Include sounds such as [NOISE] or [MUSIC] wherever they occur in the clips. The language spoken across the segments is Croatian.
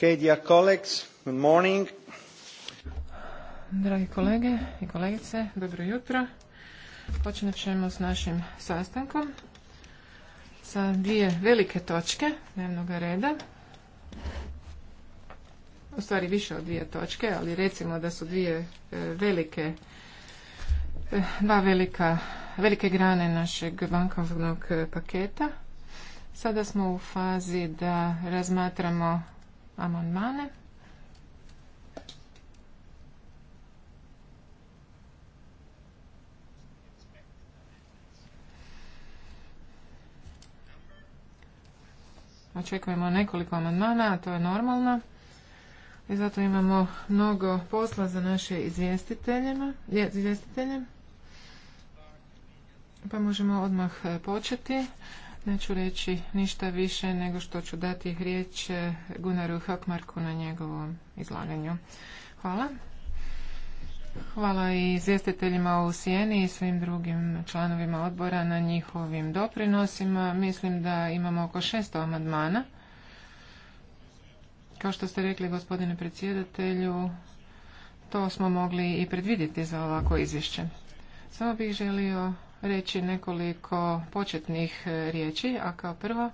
Dragi kolege i kolegice, dobro jutro. Počinat ćemo s našim sastankom sa dvije velike točke dnevnog reda. U stvari više od dvije točke, ali recimo da su dvije e, velike, e, dva velika, velike grane našeg bankovnog e, paketa. Sada smo u fazi da razmatramo amandmane. Očekujemo nekoliko amandmana, a to je normalno. I zato imamo mnogo posla za naše izvjestitelje. Pa možemo odmah e, početi. Neću reći ništa više nego što ću dati riječ eh, Gunaru Hakmarku na njegovom izlaganju. Hvala. Hvala i izvjestiteljima u Sijeni i svim drugim članovima odbora na njihovim doprinosima. Mislim da imamo oko 600 amandmana. Kao što ste rekli, gospodine predsjedatelju, to smo mogli i predvidjeti za ovako izvješće. Samo bih želio reći nekoliko početnih e, riječi, a kao prvo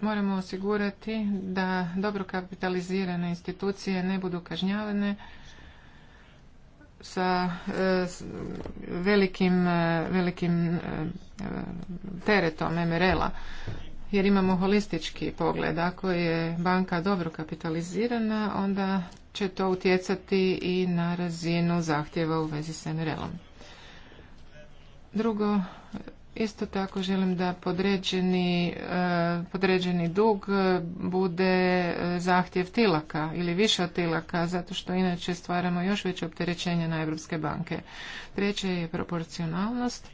moramo osigurati da dobro kapitalizirane institucije ne budu kažnjavane sa e, velikim, e, velikim teretom MRL-a jer imamo holistički pogled. Ako je banka dobro kapitalizirana, onda će to utjecati i na razinu zahtjeva u vezi s MRL-om. Drugo, isto tako želim da podređeni, e, podređeni dug e, bude e, zahtjev tilaka ili više od tilaka, zato što inače stvaramo još veće opterećenje na Europske banke. Treće je proporcionalnost.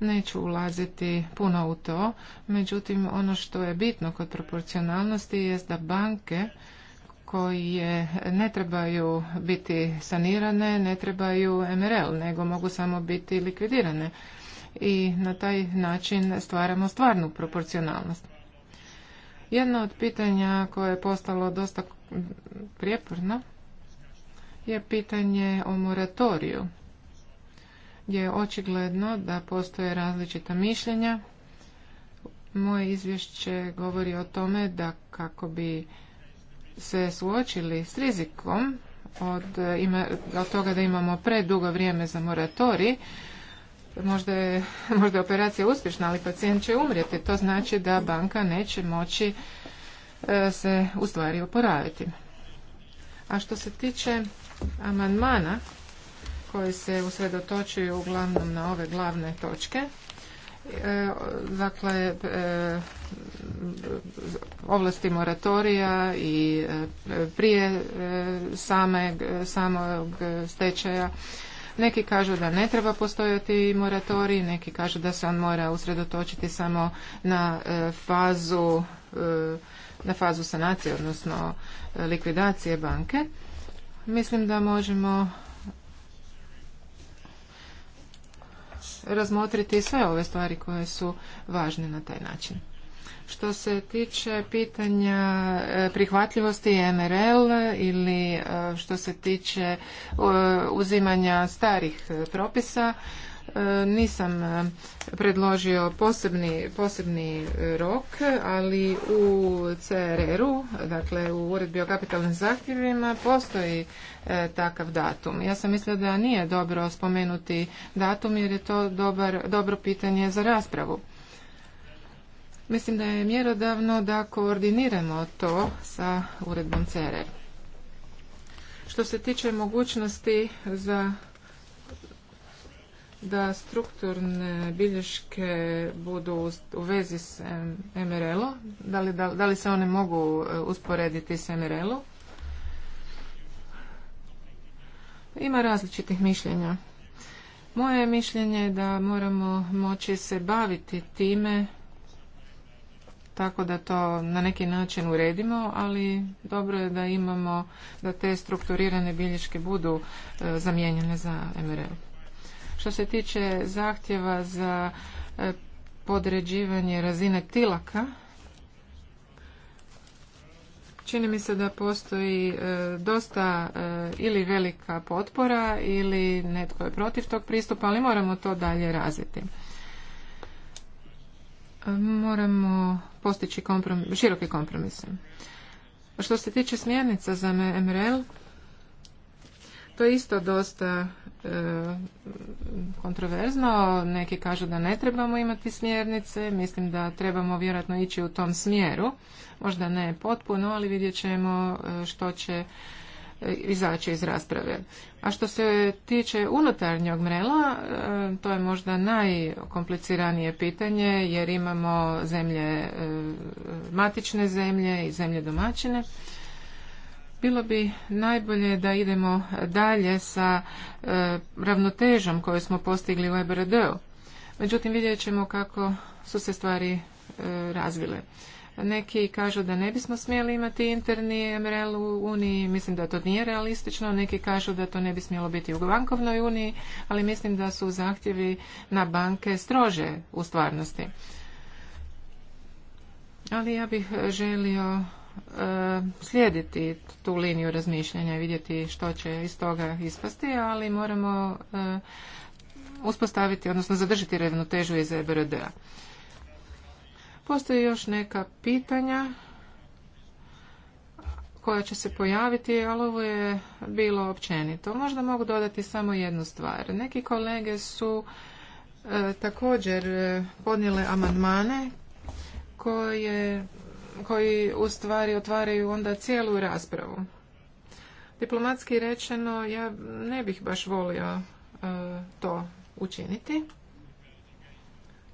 Neću ulaziti puno u to, međutim ono što je bitno kod proporcionalnosti jest da banke koje ne trebaju biti sanirane, ne trebaju MRL, nego mogu samo biti likvidirane. I na taj način stvaramo stvarnu proporcionalnost. Jedno od pitanja koje je postalo dosta prijeporno je pitanje o moratoriju, gdje je očigledno da postoje različita mišljenja. Moje izvješće govori o tome da kako bi se suočili s rizikom eh, od, toga da imamo predugo vrijeme za moratorij, [LAUGHS] možda je, operacija uspješna, ali pacijent će umrijeti. To znači da banka neće moći eh, se u stvari oporaviti. A što se tiče amandmana koji se usredotočuju uglavnom na ove glavne točke, eh, dakle ovlasti moratorija i e, prije e, samog stečaja. Neki kažu da ne treba postojati moratorij, neki kažu da se on mora usredotočiti samo na e, fazu na fazu sanacije, odnosno likvidacije banke. Mislim da možemo razmotriti sve ove stvari koje su važne na taj način. Što se tiče pitanja e, prihvatljivosti NRL ili e, što se tiče e, uzimanja starih propisa, nisam predložio posebni, rok, ali u CRR-u, dakle u uredbi o kapitalnim zahtjevima, postoji takav datum. Ja sam mislila da nije dobro spomenuti datum jer je to dobro pitanje za raspravu. Mislim da je mjerodavno da koordiniramo to sa uredbom CRR. Što se tiče mogućnosti za da strukturne bilješke budu u vezi s MRL-om, da li, da li se one mogu e, usporediti s MRL-om? Ima različitih mišljenja. Moje mišljenje je da moramo moći se baviti time tako da to na neki način uredimo, ali dobro je da imamo, da te strukturirane bilješke budu e, zamijenjene za MRL. Što se tiče zahtjeva za e, podređivanje razine tilaka, čini mi se da postoji e, dosta ili velika potpora ili netko je protiv tog pristupa, ali moramo to dalje razviti. Moramo postići kompromis, široke kompromise. što se tiče smjernica za MRL, to je isto dosta e, kontroverzno. Neki kažu da ne trebamo imati smjernice. Mislim da trebamo vjerojatno ići u tom smjeru. Možda ne potpuno, ali vidjet ćemo e, što će izaći iz rasprave. A što se tiče unutarnjog mrela, e, to je možda najkompliciranije pitanje jer imamo zemlje, e, matične zemlje i zemlje domaćine. Bilo bi najbolje da idemo dalje sa e, ravnotežom koju smo postigli u EBRD-u. Međutim, vidjet ćemo kako su se stvari razvile. Neki kažu da ne bismo smjeli imati interni MRL u Uniji, mislim da to nije realistično, neki kažu da to ne bi smjelo biti u bankovnoj Uniji, ali mislim da su zahtjevi na banke strože u stvarnosti. Ali ja bih želio e, slijediti tu liniju razmišljanja i vidjeti što će iz toga ispasti, ali moramo e, uspostaviti, odnosno zadržati ravnotežu iz EBRD-a. Postoje još neka pitanja koja će se pojaviti, ali ovo je bilo općenito. Možda mogu dodati samo jednu stvar. Neki kolege su e, također e, podnijele amandmane koje, koji u stvari otvaraju onda cijelu raspravu. Diplomatski rečeno, ja ne bih baš volio e, to učiniti.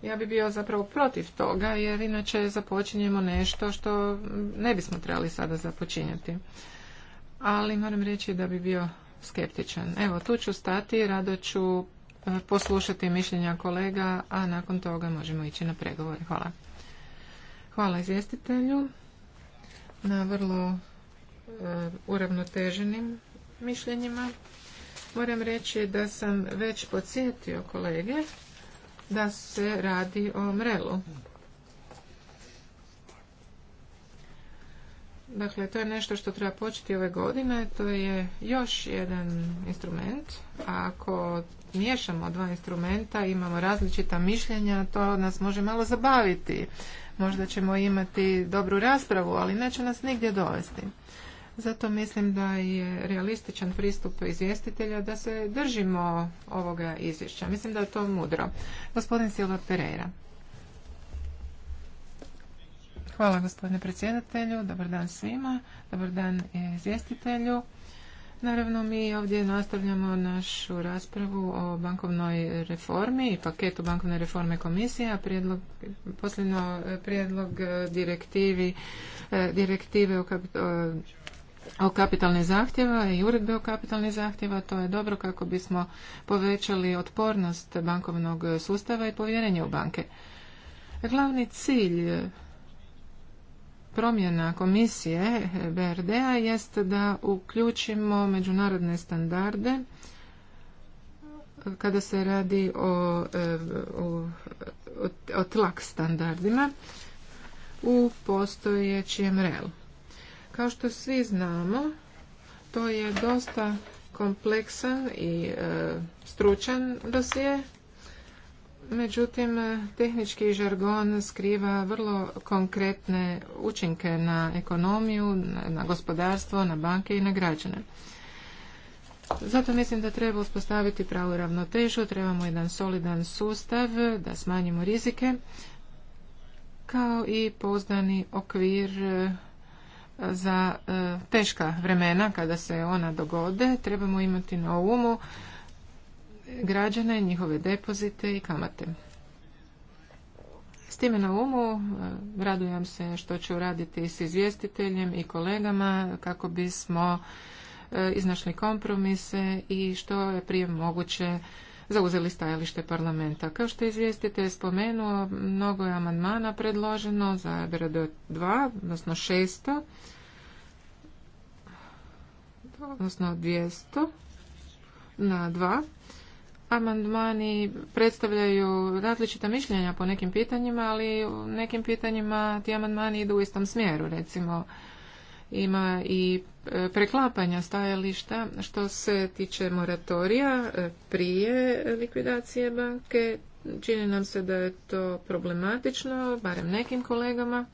Ja bi bio zapravo protiv toga jer inače započinjemo nešto što ne bismo trebali sada započinjati. Ali moram reći da bi bio skeptičan. Evo, tu ću stati, rado ću e, poslušati mišljenja kolega, a nakon toga možemo ići na pregovore. Hvala. Hvala izvjestitelju na vrlo e, uravnoteženim mišljenjima. Moram reći da sam već podsjetio kolege da se radi o mrelu. Dakle, to je nešto što treba početi ove godine. To je još jedan instrument. A ako miješamo dva instrumenta, imamo različita mišljenja, to nas može malo zabaviti. Možda ćemo imati dobru raspravu, ali neće nas nigdje dovesti. Zato mislim da je realističan pristup izvjestitelja da se držimo ovoga izvješća. Mislim da je to mudro. Gospodin Silva Pereira. Hvala gospodine predsjedatelju, dobar dan svima, dobar dan e, izvjestitelju. Naravno, mi ovdje nastavljamo našu raspravu o bankovnoj reformi i paketu bankovne reforme komisije, a prijedlog, posljedno e, prijedlog e, direktivi, direktive o o kapitalnih zahtjeva i uredbe o kapitalnih zahtjeva. To je dobro kako bismo povećali otpornost bankovnog sustava i povjerenje u banke. Glavni cilj promjena komisije BRD-a jest da uključimo međunarodne standarde kada se radi o, e, o, o tlak standardima u postojećem MREL. Kao što svi znamo, to je dosta kompleksan i e, stručan dosije. Međutim, tehnički žargon skriva vrlo konkretne učinke na ekonomiju, na gospodarstvo, na banke i na građane. Zato mislim da treba uspostaviti pravu ravnotežu, trebamo jedan solidan sustav da smanjimo rizike, kao i pozdani okvir za e, teška vremena kada se ona dogode trebamo imati na umu građane, njihove depozite i kamate. S time na umu e, radujem se što ću raditi s izvjestiteljem i kolegama kako bismo e, iznašli kompromise i što je prije moguće zauzeli stajalište parlamenta. Kao što izvijestite je spomenuo, mnogo je amandmana predloženo za BRD 2, odnosno 600, odnosno 200 na 2. Amandmani predstavljaju različita mišljenja po nekim pitanjima, ali u nekim pitanjima ti amandmani idu u istom smjeru, recimo ima i e, preklapanja stajališta što se tiče moratorija e, prije likvidacije banke. Čini nam se da je to problematično, barem nekim kolegama.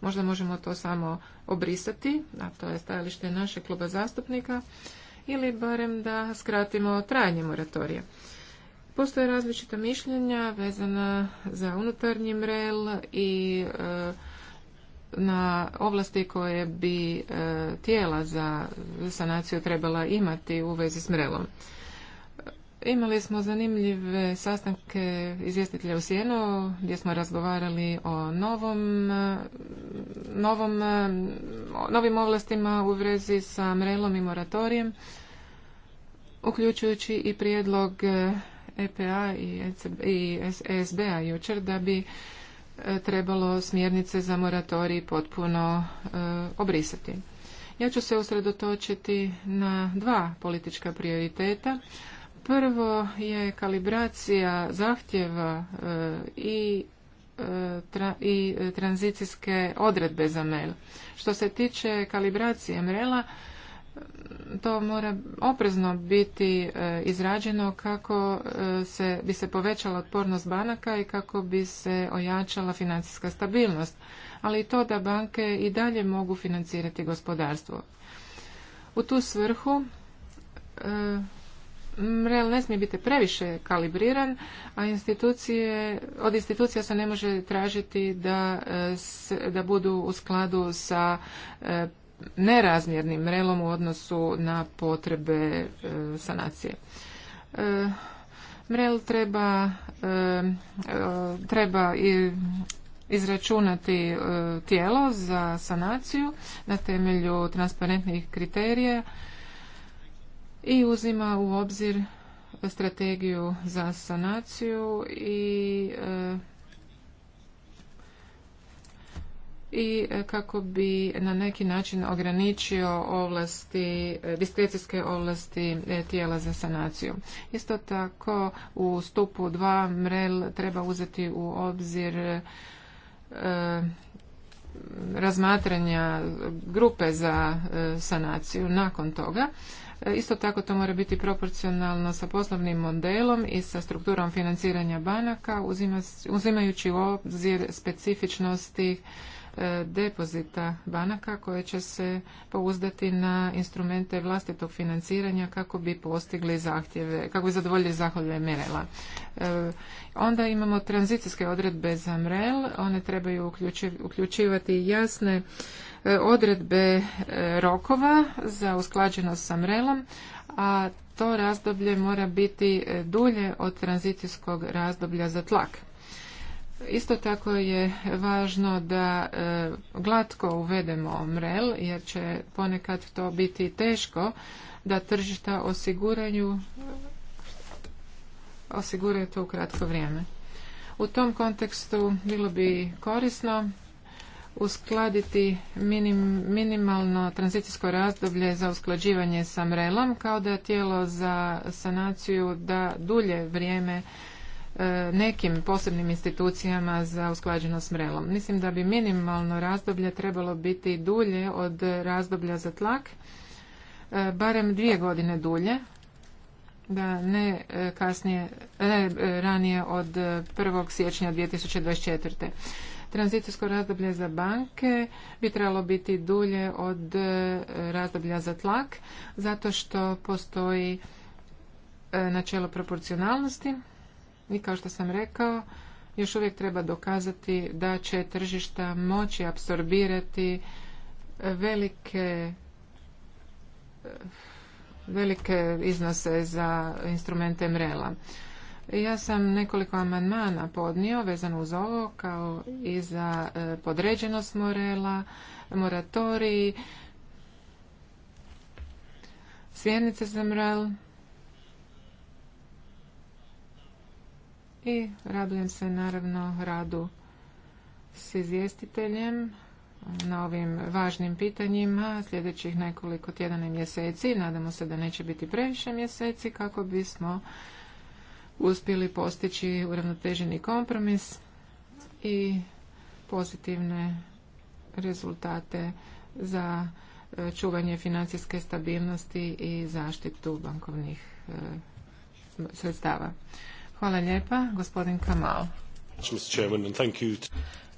Možda možemo to samo obrisati, a to je stajalište našeg kluba zastupnika, ili barem da skratimo trajanje moratorija. Postoje različita mišljenja vezana za unutarnji mrel i e, na ovlasti koje bi e, tijela za sanaciju trebala imati u vezi s mrelom. Imali smo zanimljive sastanke izvjestitelja u Sijenu gdje smo razgovarali o novom, novom, novim ovlastima u vezi sa mrelom i moratorijem, uključujući i prijedlog EPA i ESB-a e jučer da bi E, trebalo smjernice za moratorij potpuno e, obrisati. Ja ću se usredotočiti na dva politička prioriteta. Prvo je kalibracija zahtjeva e, i i tranzicijske odredbe za mail. Što se tiče kalibracije mrela, to mora oprezno biti e, izrađeno kako e, se, bi se povećala otpornost banaka i kako bi se ojačala financijska stabilnost, ali i to da banke i dalje mogu financirati gospodarstvo. U tu svrhu MREL e, ne smije biti previše kalibriran, a institucije, od institucija se ne može tražiti da, da budu u skladu sa nerazmjernim relom u odnosu na potrebe e, sanacije. E, mrel treba, e, treba izračunati tijelo za sanaciju na temelju transparentnih kriterija i uzima u obzir strategiju za sanaciju i i e, kako bi na neki način ograničio ovlasti, e, diskrecijske ovlasti e, tijela za sanaciju. Isto tako u stupu 2 MREL treba uzeti u obzir razmatranja grupe za sanaciju nakon toga. Isto tako to mora biti proporcionalno sa poslovnim modelom i sa strukturom financiranja banaka uzimajući u obzir specifičnosti E, depozita banaka koje će se pouzdati na instrumente vlastitog financiranja kako bi postigli zahtjeve, kako bi zadovoljili zahtjeve Mirela. E, onda imamo tranzicijske odredbe za MREL, one trebaju uključivati jasne e, odredbe rokova za usklađenost sa MRL-om, a to razdoblje mora biti dulje od tranzicijskog razdoblja za tlak. Isto tako je važno da e, glatko uvedemo MREL jer će ponekad to biti teško da tržišta osiguranju osiguraju to u kratko vrijeme. U tom kontekstu bilo bi korisno uskladiti minimalno tranzicijsko razdoblje za usklađivanje sa MREL-om kao da je tijelo za sanaciju da dulje vrijeme E, nekim posebnim institucijama za usklađeno s mrelom. Mislim da bi minimalno razdoblje trebalo biti dulje od razdoblja za tlak, e, barem dvije godine dulje, da ne e, kasnije, ne ranije od 1. siječnja 2024. Tranzicijsko razdoblje za banke bi trebalo biti dulje od razdoblja za tlak, zato što postoji načelo proporcionalnosti i kao što sam rekao, još uvijek treba dokazati da će tržišta moći apsorbirati velike velike iznose za instrumente mrela. Ja sam nekoliko amandmana podnio vezano uz ovo kao i za e, podređenost morela, moratoriji, svjernice za mrel i radujem se naravno radu s izvjestiteljem na ovim važnim pitanjima sljedećih nekoliko tjedana i mjeseci. Nadamo se da neće biti previše mjeseci kako bismo uspjeli postići uravnoteženi kompromis i pozitivne rezultate za e, čuvanje financijske stabilnosti i zaštitu bankovnih e, sredstava. Hvala lijepa, gospodin Kamal.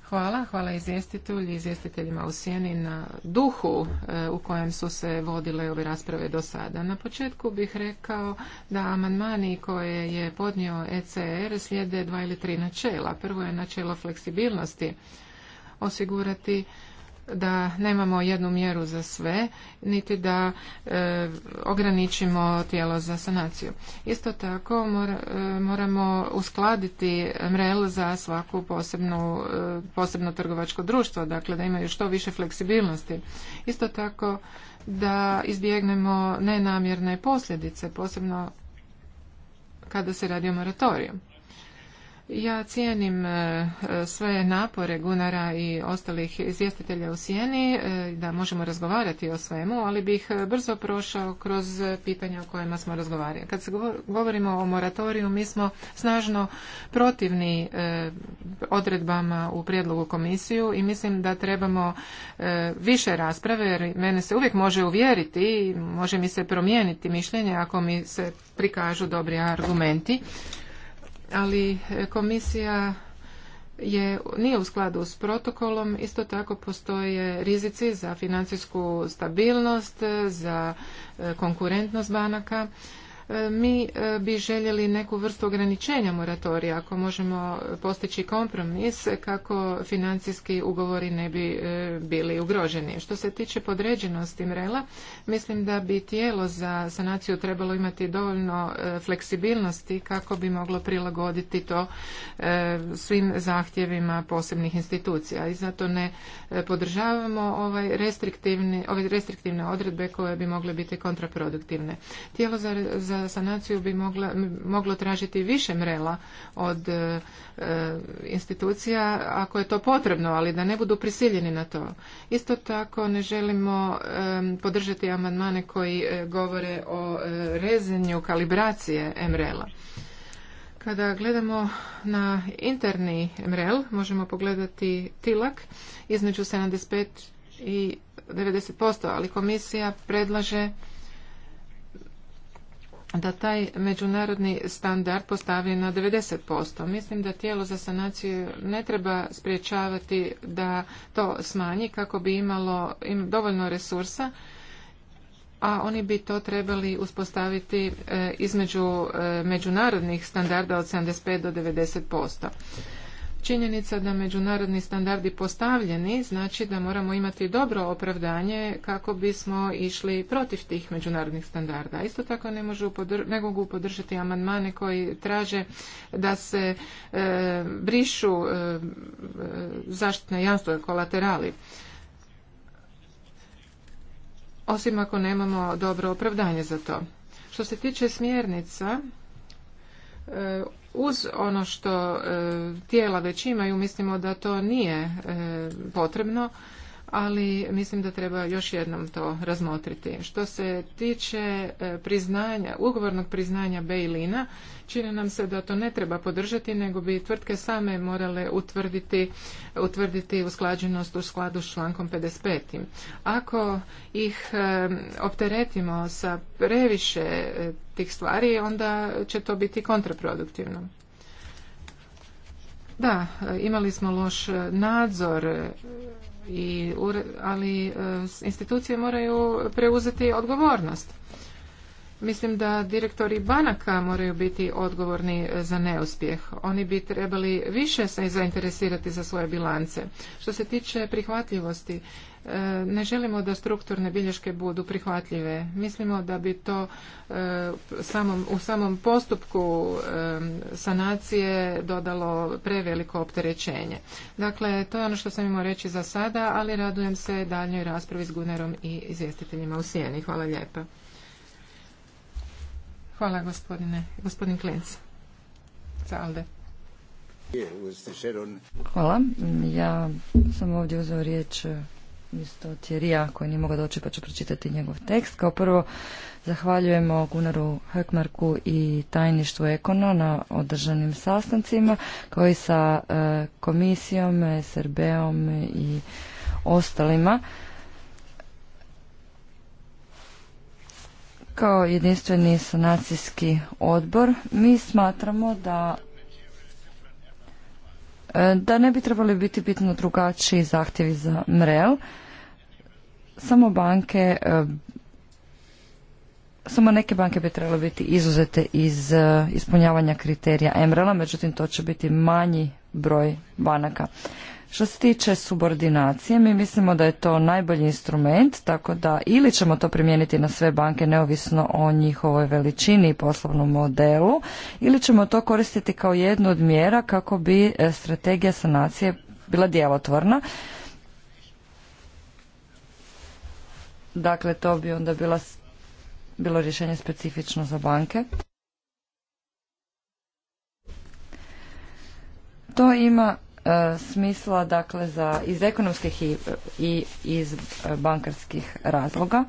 Hvala, hvala izvjestitelju i izvjestiteljima u sjeni na duhu e, u kojem su se vodile ove rasprave do sada. Na početku bih rekao da amandmani koje je podnio ECR slijede dva ili tri načela. Prvo je načelo fleksibilnosti, osigurati da nemamo jednu mjeru za sve, niti da e, ograničimo tijelo za sanaciju. Isto tako e, moramo uskladiti MREL za svaku posebnu, e, posebno trgovačko društvo, dakle da imaju što više fleksibilnosti. Isto tako da izbjegnemo nenamjerne posljedice, posebno kada se radi o moratoriju. Ja cijenim e, sve napore Gunara i ostalih izvjestitelja u Sijeni e, da možemo razgovarati o svemu, ali bih e, brzo prošao kroz pitanja o kojima smo razgovarali. Kad se govorimo o moratoriju, mi smo snažno protivni odredbama u prijedlogu komisiju i mislim da trebamo više rasprave, jer mene se uvijek može uvjeriti i može mi se promijeniti mišljenje ako mi se prikažu dobri argumenti ali e, komisija je, nije u skladu s protokolom, isto tako postoje rizici za financijsku stabilnost, e, za e, konkurentnost banaka E, mi e, bi željeli neku vrstu ograničenja moratorija ako možemo postići kompromis kako financijski ugovori ne bi e, bili ugroženi. Što se tiče podređenosti mrela, mislim da bi tijelo za sanaciju trebalo imati dovoljno fleksibilnosti kako bi moglo prilagoditi to svim zahtjevima posebnih institucija i zato ne podržavamo ovaj restriktivni, ove restriktivne odredbe koje bi mogle biti kontraproduktivne. Tijelo za za sanaciju bi mogla, moglo tražiti više mrela od e, e, institucija ako je to potrebno, ali da ne budu prisiljeni na to. Isto tako ne želimo e, podržati amandmane koji govore o rezenju kalibracije mrela. Kada gledamo na interni MREL, možemo pogledati tilak između 75 i 90%, ali komisija predlaže da taj međunarodni standard postavi na 90%. Mislim da tijelo za sanaciju ne treba spriječavati da to smanji kako bi imalo dovoljno resursa, a oni bi to trebali uspostaviti e, između e, međunarodnih standarda od 75 do 90%. Činjenica da međunarodni standardi postavljeni znači da moramo imati dobro opravdanje kako bismo išli protiv tih međunarodnih standarda. Isto tako ne, mogu podržati amandmane koji traže da se e, brišu e, e, zaštitne jamstva kolaterali. Osim ako nemamo dobro opravdanje za to. Što se tiče smjernica, u uz ono što e, tijela već imaju mislimo da to nije e, potrebno ali mislim da treba još jednom to razmotriti. Što se tiče e, priznanja, ugovornog priznanja Bejlina, čini nam se da to ne treba podržati, nego bi tvrtke same morale utvrditi, utvrditi usklađenost u skladu s člankom 55. Ako ih e, opteretimo sa previše e, tih stvari, onda će to biti kontraproduktivno. Da, imali smo loš nadzor i, ali e, institucije moraju preuzeti odgovornost Mislim da direktori banaka moraju biti odgovorni e, za neuspjeh. Oni bi trebali više se zainteresirati za svoje bilance. Što se tiče prihvatljivosti, e, ne želimo da strukturne bilješke budu prihvatljive. Mislimo da bi to e, u samom postupku sanacije dodalo preveliko opterećenje. Dakle, to je ono što sam imao reći za sada, ali radujem se daljnjoj raspravi s Gunerom i izvjestiteljima u Sijeni. Hvala lijepa. Hvala gospodine, gospodin Hvala. Ja sam ovdje uzeo riječ e, isto Tjerija koji nije mogao doći pa ću pročitati njegov tekst. Kao prvo zahvaljujemo Gunaru Hökmarku i tajništvu EKONO na održanim sastancima koji sa e, komisijom, SRB-om i ostalima Kao jedinstveni sanacijski odbor mi smatramo da e, da ne bi trebali biti bitno drugačiji zahtjevi za MREL. Samo banke e, samo neke banke bi trebale biti izuzete iz e, ispunjavanja kriterija MREL-a, međutim to će biti manji broj banaka. Što se tiče subordinacije, mi mislimo da je to najbolji instrument, tako da ili ćemo to primijeniti na sve banke neovisno o njihovoj veličini i poslovnom modelu, ili ćemo to koristiti kao jednu od mjera kako bi e, strategija sanacije bila djelotvorna. Dakle, to bi onda bila, bilo rješenje specifično za banke. To ima E, smisla dakle za iz ekonomskih i, i iz e, bankarskih razloga.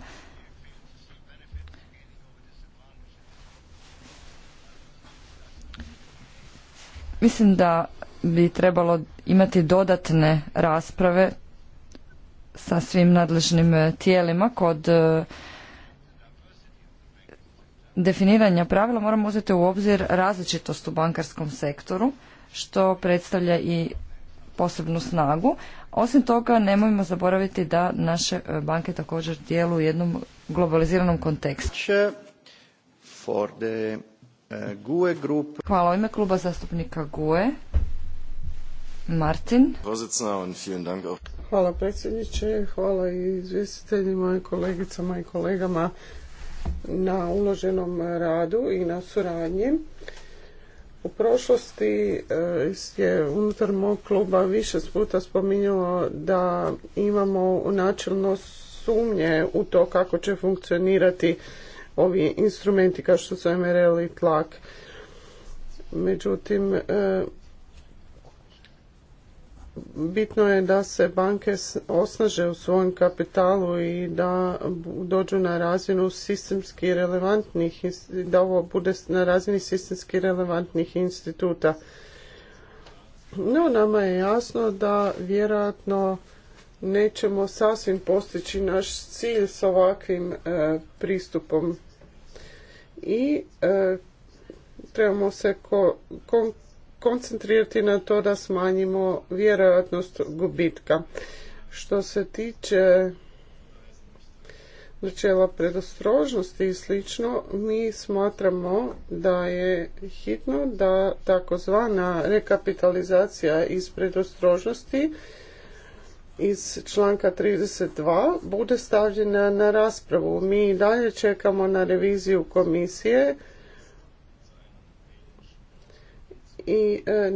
Mislim da bi trebalo imati dodatne rasprave sa svim nadležnim e, tijelima kod definiranja pravila moramo uzeti u obzir različitost u bankarskom sektoru što predstavlja i posebnu snagu. Osim toga, nemojmo zaboraviti da naše e, banke također djeluju u jednom globaliziranom kontekstu. For e, group. Hvala. U ime kluba zastupnika GUE, Martin. Hvala predsjedniče, hvala i izvjestiteljima i kolegicama i kolegama na uloženom radu i na suradnji. U prošlosti e, je unutar mog kluba više puta spominjalo da imamo načelno sumnje u to kako će funkcionirati ovi instrumenti kao što su MRL i tlak. Međutim, e, bitno je da se banke osnaže u svojem kapitalu i da dođu na razinu sistemski relevantnih, da ovo bude na razini sistemski relevantnih instituta. No, nama je jasno da vjerojatno nećemo sasvim postići naš cilj s ovakvim e, pristupom. I e, trebamo se ko, koncentrirati na to da smanjimo vjerojatnost gubitka. Što se tiče načela predostrožnosti i slično, mi smatramo da je hitno da takozvana rekapitalizacija iz predostrožnosti iz članka 32 bude stavljena na raspravu. Mi dalje čekamo na reviziju komisije i e,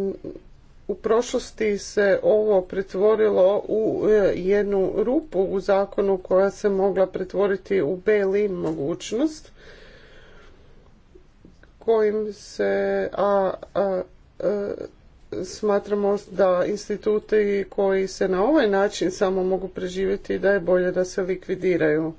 u prošlosti se ovo pretvorilo u e, jednu rupu u zakonu koja se mogla pretvoriti u beli mogućnost kojim se a, a, a, e, smatramo da instituti koji se na ovaj način samo mogu preživjeti da je bolje da se likvidiraju.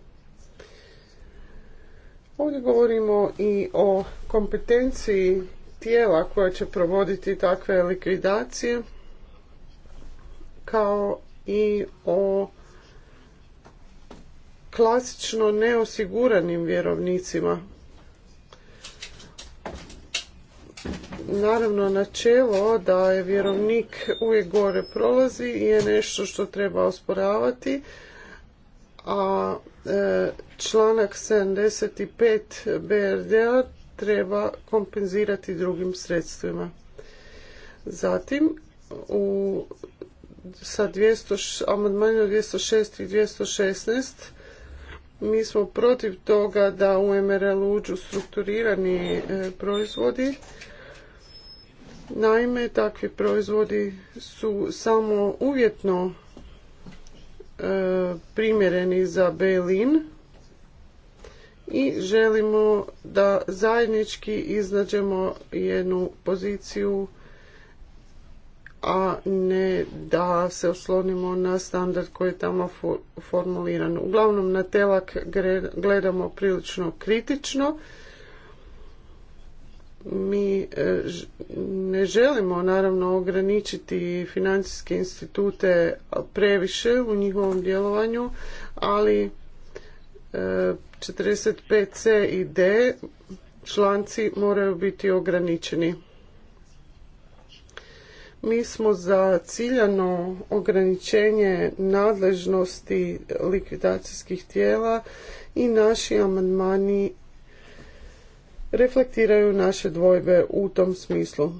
Ovdje govorimo i o kompetenciji tijela koja će provoditi takve likvidacije kao i o klasično neosiguranim vjerovnicima. Naravno, načelo da je vjerovnik uvijek gore prolazi je nešto što treba osporavati, a e, članak 75 BRD-a treba kompenzirati drugim sredstvima. Zatim u sa 200, dvjesto 206 i 216 mi smo protiv toga da u MRL uđu strukturirani e, proizvodi. Naime, takvi proizvodi su samo uvjetno e, primjereni za Belin i želimo da zajednički iznađemo jednu poziciju a ne da se oslonimo na standard koji je tamo formuliran. Uglavnom na telak gledamo prilično kritično. Mi e, ne želimo naravno ograničiti financijske institute previše u njihovom djelovanju, ali 45c e, i d članci moraju biti ograničeni. Mi smo za ciljano ograničenje nadležnosti likvidacijskih tijela i naši amandmani reflektiraju naše dvojbe u tom smislu.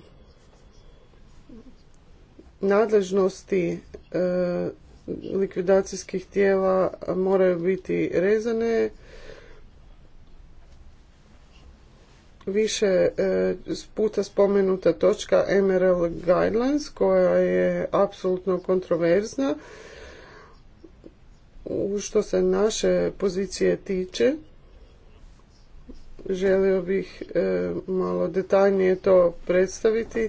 Nadležnosti e, likvidacijskih tijela moraju biti rezane. više e, puta spomenuta točka MRL Guidelines koja je apsolutno kontroverzna u što se naše pozicije tiče. Želio bih e, malo detaljnije to predstaviti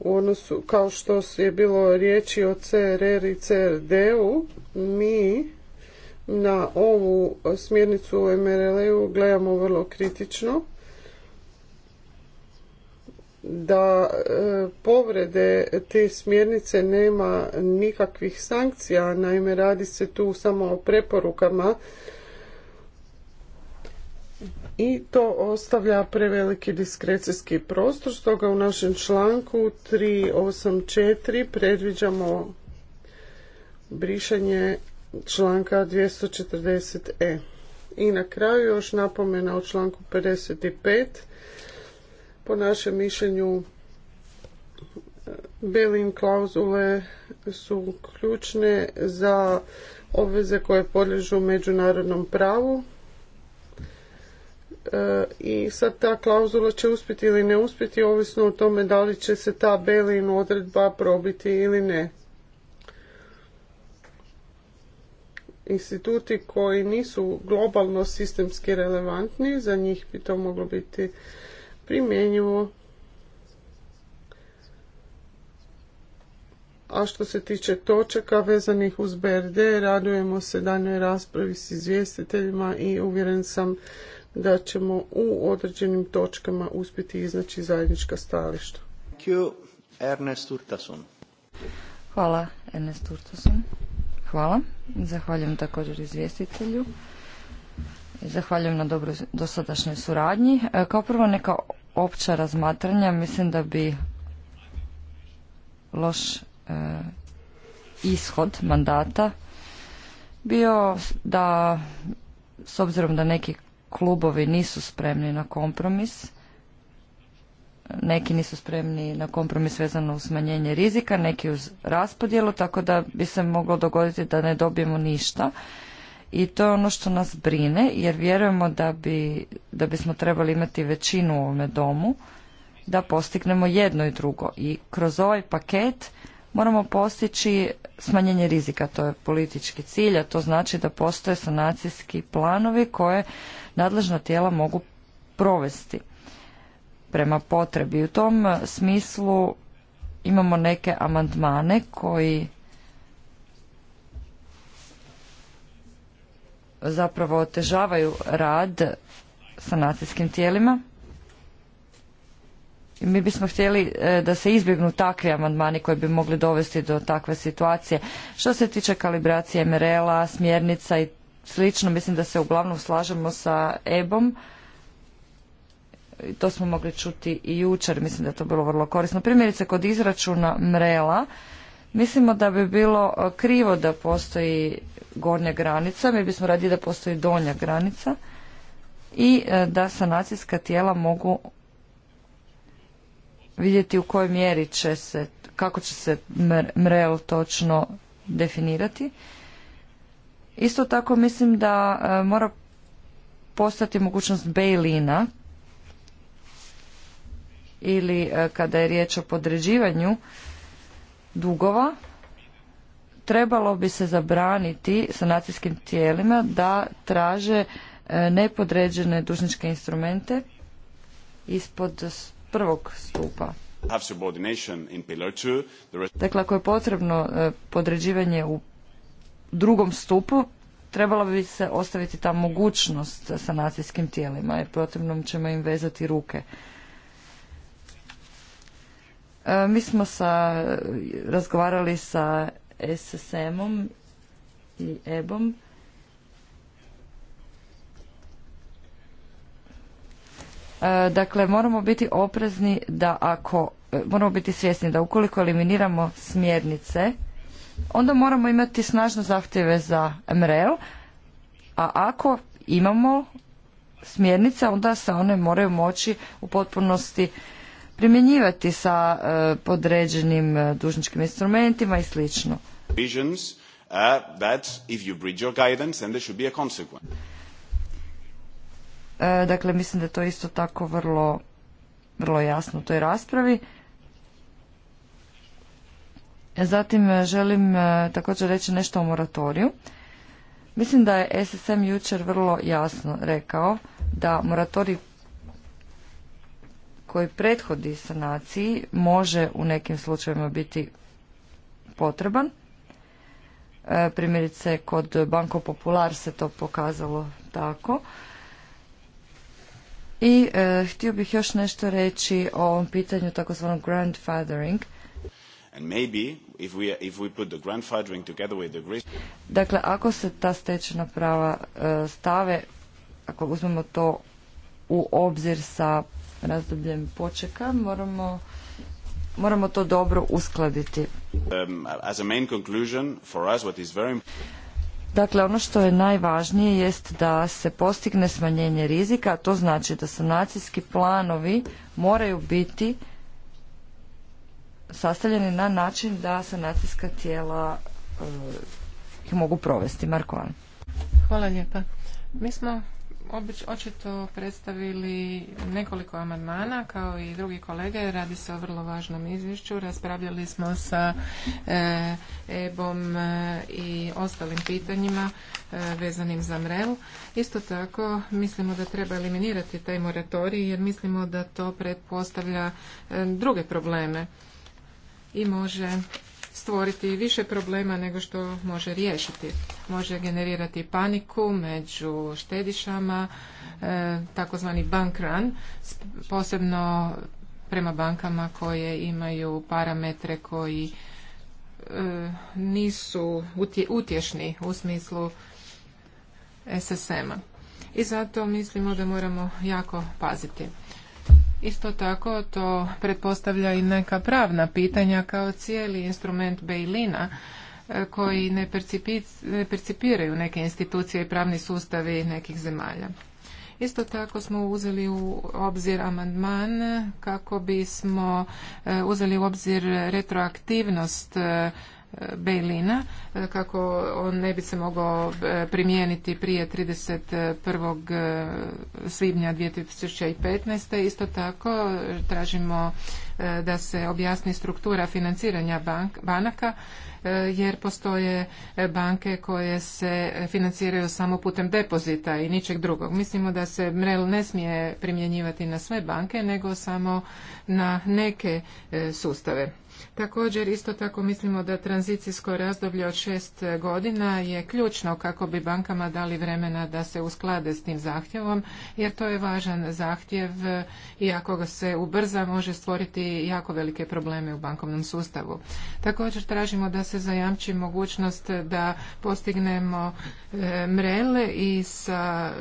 u odnosu, kao što je bilo riječi o CRR i CRD-u, mi na ovu smjernicu u MRL-u gledamo vrlo kritično da e, povrede te smjernice nema nikakvih sankcija, naime radi se tu samo o preporukama i to ostavlja preveliki diskrecijski prostor, stoga u našem članku 384 predviđamo brišanje članka 240e. I na kraju još napomena o članku 55. Po našem mišljenju Belin klauzule su ključne za obveze koje podliježu međunarodnom pravu E, i sad ta klauzula će uspjeti ili ne uspjeti ovisno o tome da li će se ta Belin odredba probiti ili ne. Instituti koji nisu globalno sistemski relevantni, za njih bi to moglo biti primjenjivo. A što se tiče točaka vezanih uz BRD, radujemo se danoj raspravi s izvjestiteljima i uvjeren sam da ćemo u određenim točkama uspjeti iznaći zajednička stajališta. Ernest Hvala Ernest Urtasun. Hvala. Zahvaljujem također izvjestitelju. Zahvaljujem na dobro dosadašnjoj suradnji. E, kao prvo neka opća razmatranja. Mislim da bi loš e, ishod mandata bio da s obzirom da neki klubovi nisu spremni na kompromis. Neki nisu spremni na kompromis vezano uz smanjenje rizika, neki uz raspodjelu, tako da bi se moglo dogoditi da ne dobijemo ništa. I to je ono što nas brine, jer vjerujemo da, bi, da bismo trebali imati većinu u ovome domu, da postignemo jedno i drugo. I kroz ovaj paket moramo postići smanjenje rizika, to je politički cilj, a to znači da postoje sanacijski planovi koje nadležna tijela mogu provesti prema potrebi. U tom smislu imamo neke amandmane koji zapravo otežavaju rad sanacijskim tijelima. Mi bismo htjeli e, da se izbjegnu takvi amandmani koji bi mogli dovesti do takve situacije. Što se tiče kalibracije MRL-a, smjernica i slično. Mislim da se uglavnom slažemo sa EBOM. To smo mogli čuti i jučer. Mislim da je to bilo vrlo korisno. Primjerice, kod izračuna mrela mislimo da bi bilo e, krivo da postoji gornja granica. Mi bismo radili da postoji donja granica i e, da sanacijska tijela mogu vidjeti u kojoj mjeri će se, kako će se mrel točno definirati. Isto tako mislim da e, mora postati mogućnost bailina ili e, kada je riječ o podređivanju dugova, trebalo bi se zabraniti sanacijskim tijelima da traže e, nepodređene dužničke instrumente ispod prvog stupa. Dakle, ako je potrebno podređivanje u drugom stupu trebala bi se ostaviti ta mogućnost sanacijskim tijelima jer potrebno ćemo im vezati ruke. E, mi smo sa, razgovarali sa SSM-om i EBOM. om e, dakle, moramo biti oprezni da ako, e, moramo biti svjesni da ukoliko eliminiramo smjernice onda moramo imati snažne zahtjeve za MREL, a ako imamo smjernice, onda se one moraju moći u potpunosti primjenjivati sa e, podređenim e, dužničkim instrumentima i slično. Dakle, mislim da je to isto tako vrlo, vrlo jasno u toj raspravi. Zatim e, želim e, također reći nešto o moratoriju. Mislim da je SSM jučer vrlo jasno rekao da moratorij koji prethodi sanaciji može u nekim slučajevima biti potreban. E, primjerice kod Banko Popular se to pokazalo tako. I htio bih još nešto reći o ovom pitanju takozvanog grandfathering. And maybe Dakle, ako se ta stečena prava e, stave, ako uzmemo to u obzir sa razdobljem počeka, moramo, moramo to dobro uskladiti. Um, as a main Dakle, ono što je najvažnije jest da se postigne smanjenje rizika, a to znači da sanacijski planovi moraju biti sastavljeni na način da sanacijska tijela eh, ih mogu provesti. Markovan. Hvala lijepa. Mi smo očito predstavili nekoliko amandmana kao i drugi kolege. Radi se o vrlo važnom izvješću. Raspravljali smo sa e, EBOM eh, i ostalim pitanjima vezanim za MREL. Isto tako mislimo da treba eliminirati taj moratorij jer mislimo da to pretpostavlja druge probleme i može stvoriti više problema nego što može riješiti. Može generirati paniku među štedišama, e, takozvani bank run, posebno prema bankama koje imaju parametre koji e, nisu utješni u smislu SSM-a. I zato mislimo da moramo jako paziti. Isto tako to pretpostavlja i neka pravna pitanja kao cijeli instrument Bejlina e, koji ne, ne percipiraju neke institucije i pravni sustavi nekih zemalja. Isto tako smo uzeli u obzir amandman kako bismo e, uzeli u obzir retroaktivnost e, Bejlina e, kako on ne bi se mogao e, primijeniti prije 31. E, svibnja 2015. Isto tako tražimo da se objasni struktura financiranja banaka jer postoje banke koje se financiraju samo putem depozita i ničeg drugog. Mislimo da se MREL ne smije primjenjivati na sve banke nego samo na neke sustave. Također, isto tako mislimo da tranzicijsko razdoblje od šest godina je ključno kako bi bankama dali vremena da se usklade s tim zahtjevom, jer to je važan zahtjev i ako ga se ubrza može stvoriti jako velike probleme u bankovnom sustavu. Također, tražimo da se zajamči mogućnost da postignemo e, mrele i sa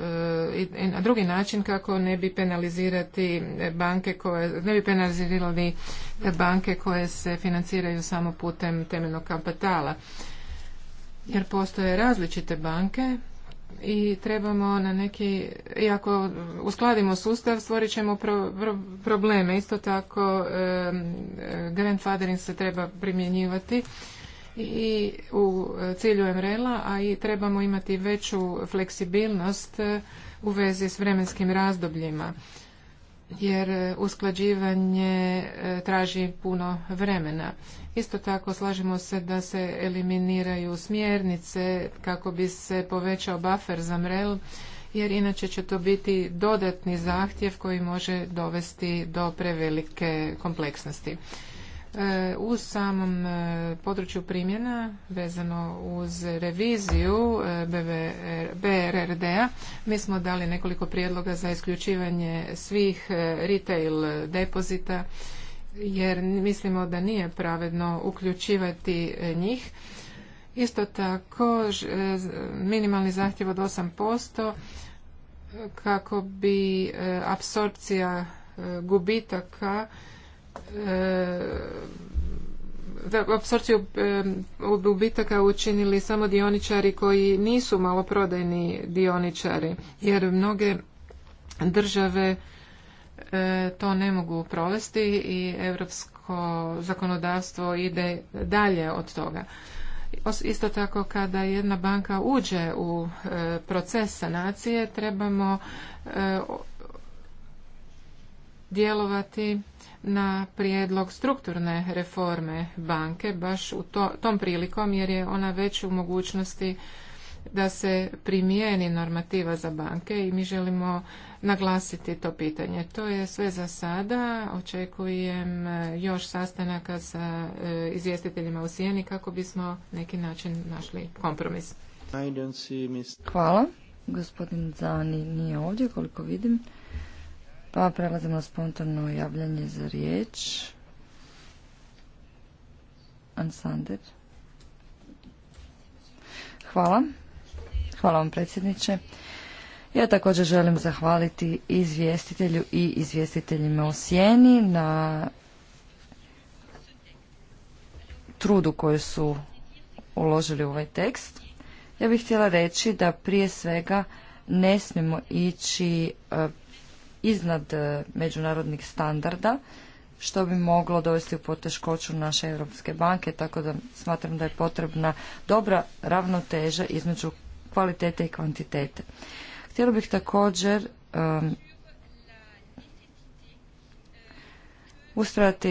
e, na drugi način kako ne bi penalizirati banke koje ne bi penalizirali banke koje se financiraju samo putem temeljnog kapitala. Jer postoje različite banke i trebamo na neki, i ako uskladimo sustav, stvorit ćemo probleme. Isto tako, e, grandfathering se treba primjenjivati i u cilju MRL-a, a i trebamo imati veću fleksibilnost u vezi s vremenskim razdobljima jer e, usklađivanje e, traži puno vremena. Isto tako slažemo se da se eliminiraju smjernice kako bi se povećao buffer za mrel, jer inače će to biti dodatni zahtjev koji može dovesti do prevelike kompleksnosti. E, u samom e, području primjena vezano uz reviziju e, BRRD-a mi smo dali nekoliko prijedloga za isključivanje svih retail depozita jer mislimo da nije pravedno uključivati njih. Isto tako minimalni zahtjev od 8% kako bi apsorpcija gubitaka E, apsorpciju gubitaka e, učinili samo dioničari koji nisu maloprodajni dioničari jer mnoge države e, to ne mogu provesti i europsko zakonodavstvo ide dalje od toga. Isto tako kada jedna banka uđe u proces sanacije trebamo djelovati na prijedlog strukturne reforme banke baš u to, tom prilikom jer je ona već u mogućnosti da se primijeni normativa za banke i mi želimo naglasiti to pitanje. To je sve za sada. Očekujem e, još sastanaka sa e, izvjestiteljima u Sijeni kako bismo neki način našli kompromis. Hvala. Gospodin Zani nije ovdje koliko vidim. Pa prelazimo na spontano javljanje za riječ. Ansander. Hvala. Hvala vam predsjedniče. Ja također želim zahvaliti izvjestitelju i izvjestiteljima o Sjeni na trudu koju su uložili u ovaj tekst. Ja bih htjela reći da prije svega ne smijemo ići e, iznad e, međunarodnih standarda što bi moglo dovesti u poteškoću naše europske banke, tako da smatram da je potrebna dobra ravnoteža između kvalitete i kvantitete. Htjela bih također um,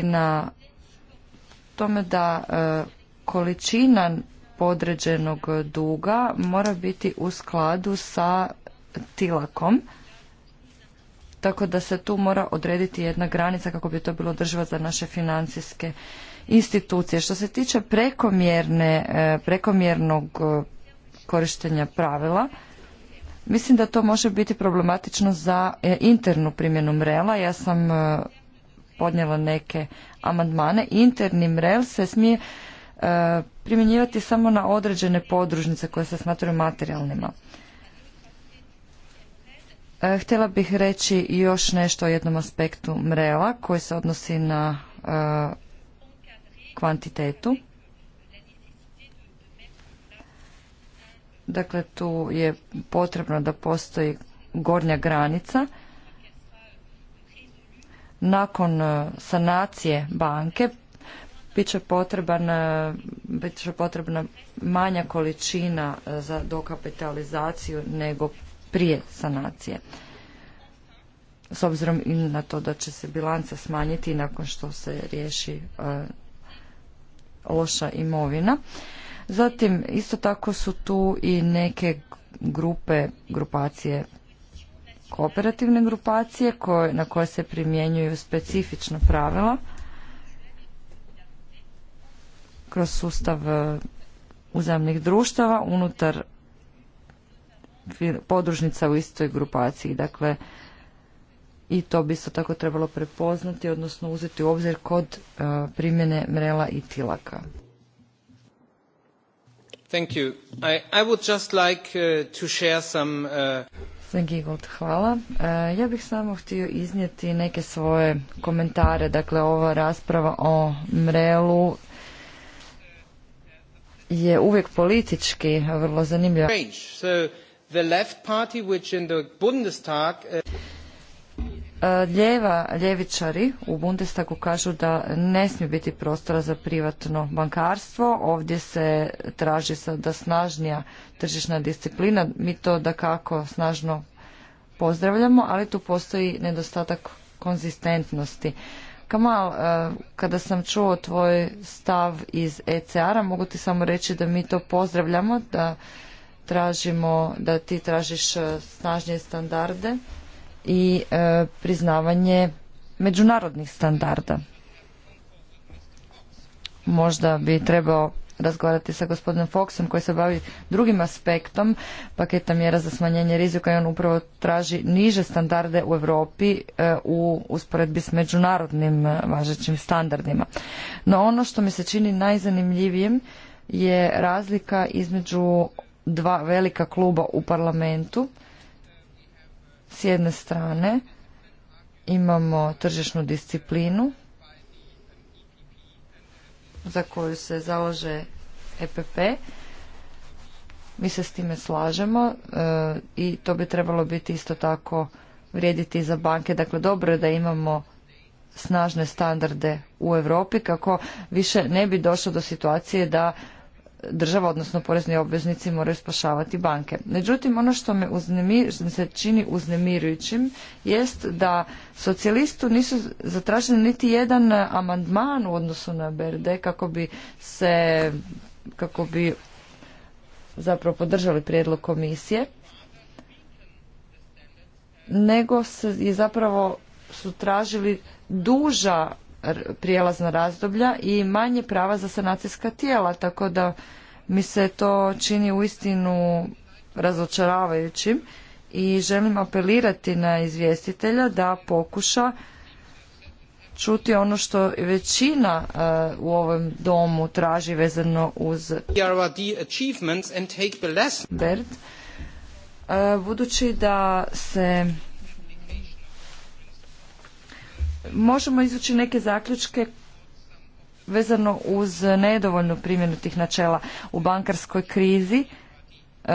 na tome da e, količina podređenog duga mora biti u skladu sa tilakom tako da se tu mora odrediti jedna granica kako bi to bilo održivo za naše financijske institucije. Što se tiče prekomjerne, e, prekomjernog e, korištenja pravila, mislim da to može biti problematično za e, internu primjenu mrela. Ja sam podnijela neke amandmane. Interni mrel se smije primjenjivati samo na određene podružnice koje se smatraju materijalnima. E, htjela bih reći još nešto o jednom aspektu mrela koji se odnosi na e, kvantitetu. Dakle, tu je potrebno da postoji gornja granica. Nakon e, sanacije banke bit će, potreban, bit će potrebna manja količina za dokapitalizaciju nego prije sanacije. S obzirom i na to da će se bilanca smanjiti nakon što se riješi e, loša imovina. Zatim, isto tako su tu i neke grupe, grupacije, kooperativne grupacije na koje se primjenjuju specifična pravila kroz sustav e, uzemnih društava unutar podružnica u istoj grupaciji. Dakle, i to bi isto tako trebalo prepoznati, odnosno uzeti u obzir kod e, primjene mrela i tilaka. Thank you. I, I would just like e, to share some... E, hvala. ja bih samo htio iznijeti neke svoje komentare. Dakle, ova rasprava o mrelu je uvijek politički vrlo zanimljiva. So, the Bundestag uh, e, Ljeva, ljevičari u Bundestagu kažu da ne smije biti prostora za privatno bankarstvo. Ovdje se traži da snažnija tržišna disciplina. Mi to da kako snažno pozdravljamo, ali tu postoji nedostatak konzistentnosti. Kamal, e, kada sam čuo tvoj stav iz ECR-a, mogu ti samo reći da mi to pozdravljamo, da tražimo da ti tražiš e, snažnije standarde i e, priznavanje međunarodnih standarda. Možda bi trebao razgovarati sa gospodinom Foxom koji se bavi drugim aspektom paketa mjera za smanjenje rizika i on upravo traži niže standarde u Europi e, u usporedbi s međunarodnim važećim standardima. No ono što mi se čini najzanimljivijim je razlika između dva velika kluba u parlamentu. S jedne strane imamo tržišnu disciplinu za koju se zalaže EPP. Mi se s time slažemo e, i to bi trebalo biti isto tako vrijediti za banke. Dakle, dobro je da imamo snažne standarde u Europi kako više ne bi došlo do situacije da država, odnosno porezni obveznici moraju spašavati banke. Međutim, ono što me, se čini uznemirujućim jest da socijalistu nisu zatraženi niti jedan amandman u odnosu na BRD kako bi se kako bi zapravo podržali prijedlog komisije nego se zapravo su tražili duža prijelazna razdoblja i manje prava za sanacijska tijela, tako da mi se to čini uistinu razočaravajućim i želim apelirati na izvjestitelja da pokuša čuti ono što većina e, u ovom domu traži vezano uz BERD, e, budući da se možemo izvući neke zaključke vezano uz nedovoljnu primjenu tih načela u bankarskoj krizi e,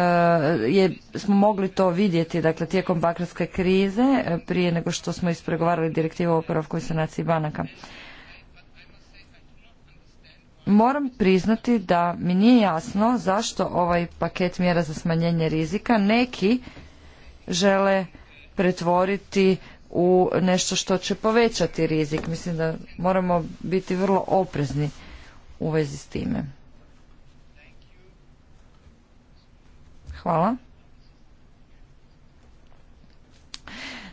je, smo mogli to vidjeti dakle tijekom bankarske krize e, prije nego što smo ispregovarali direktivu o oporavku i sanaciji banaka. Moram priznati da mi nije jasno zašto ovaj paket mjera za smanjenje rizika neki žele pretvoriti u nešto što će povećati rizik. Mislim da moramo biti vrlo oprezni u vezi s time. Hvala.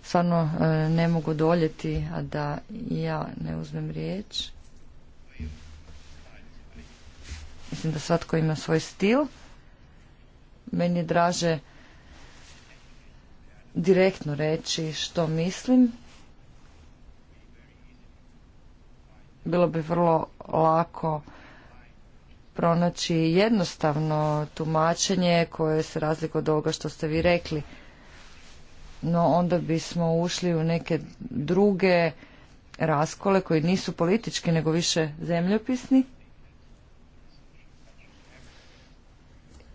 Stvarno e, ne mogu doljeti, a da ja ne uzmem riječ. Mislim da svatko ima svoj stil. Meni je draže direktno reći što mislim. Bilo bi vrlo lako pronaći jednostavno tumačenje koje se razlikuje od ovoga što ste vi rekli. No onda bismo ušli u neke druge raskole koji nisu politički nego više zemljopisni.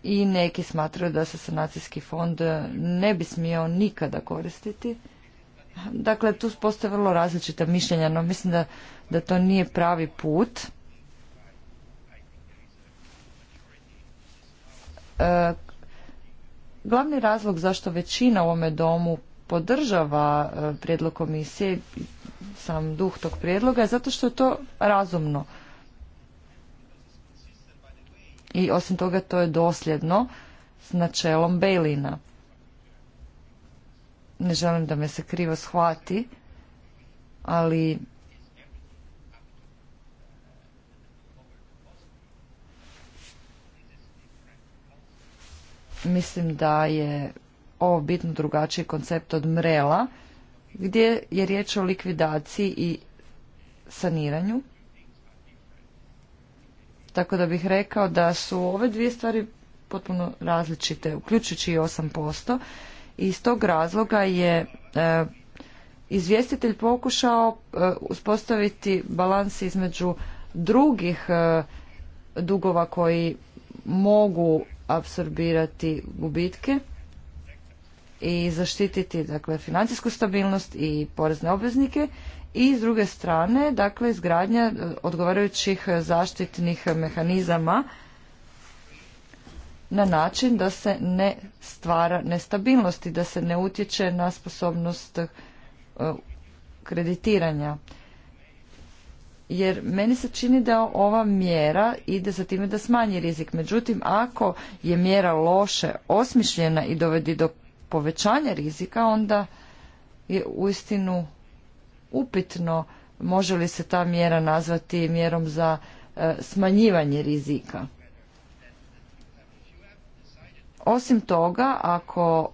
i neki smatraju da se sanacijski fond ne bi smio nikada koristiti. Dakle, tu postoje vrlo različita mišljenja, no mislim da, da to nije pravi put. E, glavni razlog zašto većina u ovome domu podržava e, prijedlog komisije, sam duh tog prijedloga, je zato što je to razumno i osim toga to je dosljedno s načelom Bejlina. Ne želim da me se krivo shvati, ali mislim da je ovo bitno drugačiji koncept od mrela, gdje je riječ o likvidaciji i saniranju. Tako da bih rekao da su ove dvije stvari potpuno različite, uključujući i 8%. I iz tog razloga je e, izvjestitelj pokušao e, uspostaviti balans između drugih e, dugova koji mogu apsorbirati gubitke i zaštititi dakle financijsku stabilnost i porezne obveznike i s druge strane dakle izgradnja e, odgovarajućih zaštitnih mehanizama na način da se ne stvara nestabilnost i da se ne utječe na sposobnost e, kreditiranja. Jer meni se čini da ova mjera ide za time da smanji rizik. Međutim, ako je mjera loše osmišljena i dovedi do povećanja rizika, onda je uistinu upitno može li se ta mjera nazvati mjerom za e, smanjivanje rizika. Osim toga, ako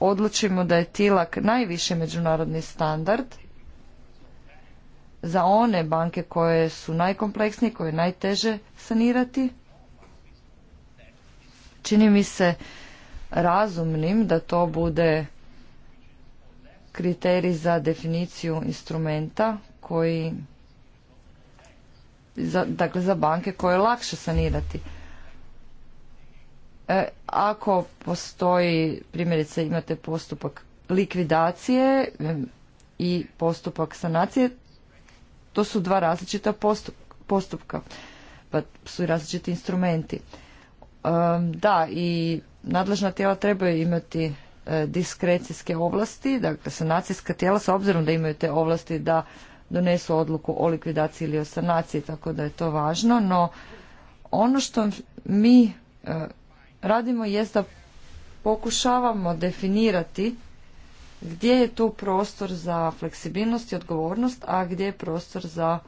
odlučimo da je tilak najviše međunarodni standard za one banke koje su najkompleksnije, koje je najteže sanirati, čini mi se razumnim da to bude kriterij za definiciju instrumenta koji za, dakle za banke koje je lakše sanirati. E, ako postoji, primjerice imate postupak likvidacije i postupak sanacije, to su dva različita postupka, pa su i različiti instrumenti. da, i nadležna tijela trebaju imati E, diskrecijske ovlasti, dakle sanacijska tijela s obzirom da imaju te ovlasti da donesu odluku o likvidaciji ili o sanaciji, tako da je to važno, no ono što mi e, radimo jest da pokušavamo definirati gdje je tu prostor za fleksibilnost i odgovornost, a gdje je prostor za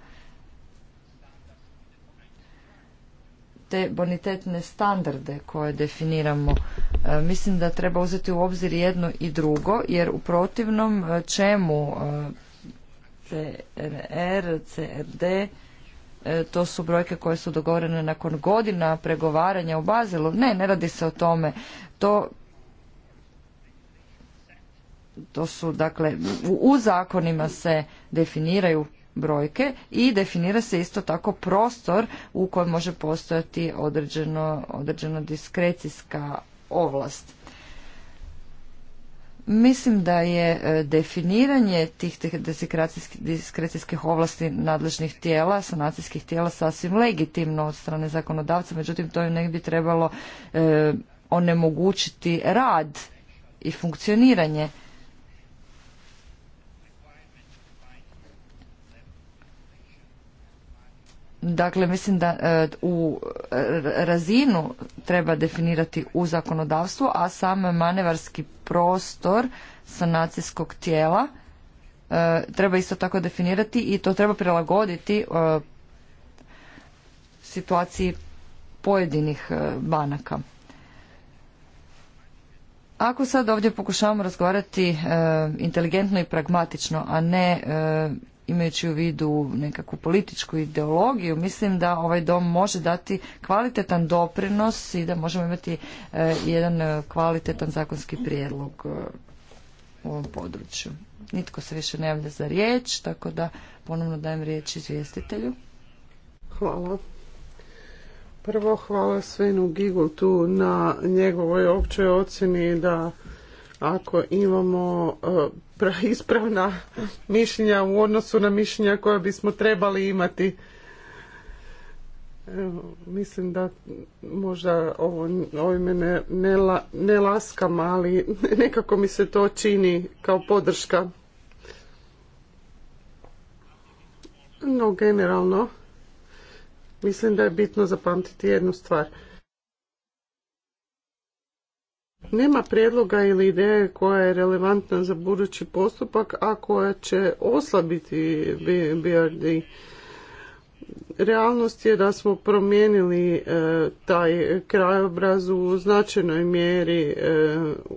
te bonitetne standarde koje definiramo. E, mislim da treba uzeti u obzir jedno i drugo, jer u protivnom e, čemu e, CRR, CRD, to su brojke koje su dogovorene nakon godina pregovaranja u Bazelu. Ne, ne radi se o tome. To to su dakle u, u zakonima se definiraju brojke i definira se isto tako prostor u kojem može postojati određeno, određena diskrecijska ovlast. Mislim da je e, definiranje tih diskrecijskih ovlasti nadležnih tijela, sanacijskih tijela sasvim legitimno od strane zakonodavca, međutim to ne bi trebalo e, onemogućiti rad i funkcioniranje Dakle, mislim da e, u e, razinu treba definirati u zakonodavstvu, a sam manevarski prostor sanacijskog tijela e, treba isto tako definirati i to treba prilagoditi situaciji pojedinih banaka. Ako sad ovdje pokušavamo razgovarati inteligentno i pragmatično, a ne imajući u vidu nekakvu političku ideologiju, mislim da ovaj dom može dati kvalitetan doprinos i da možemo imati eh, jedan eh, kvalitetan zakonski prijedlog eh, u ovom području. Nitko se više ne javlja za riječ, tako da ponovno dajem riječ izvjestitelju. Hvala. Prvo hvala Svenu tu na njegovoj općoj ocjeni da ako imamo ispravna mišljenja u odnosu na mišljenja koja bismo trebali imati. mislim da možda ovo, ovime ne, ne, la, ne laskam, ali [LAUGHS] nekako mi se to čini kao podrška. No, generalno, mislim da je bitno zapamtiti jednu stvar – nema predloga ili ideje koja je relevantna za budući postupak, a koja će oslabiti BRD. Realnost je da smo promijenili e, taj krajobraz u značajnoj mjeri e,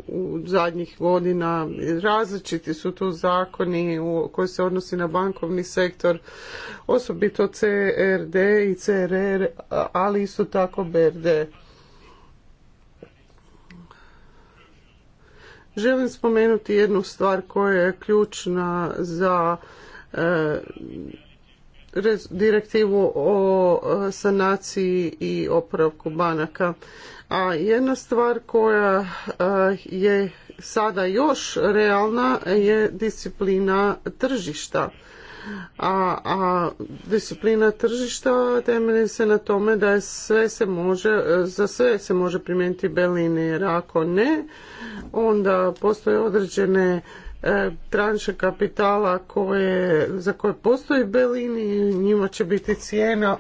u zadnjih godina. Različiti su tu zakoni koji se odnosi na bankovni sektor, osobito CRD i CRR, ali isto tako BRD Želim spomenuti jednu stvar koja je ključna za e, direktivu o e, sanaciji i opravku banaka. A jedna stvar koja e, je sada još realna je disciplina tržišta a, a disciplina tržišta temelji se na tome da sve se može, za sve se može primijeniti Berlin jer ako ne, onda postoje određene e, tranše kapitala koje, za koje postoji Berlin i njima će biti cijena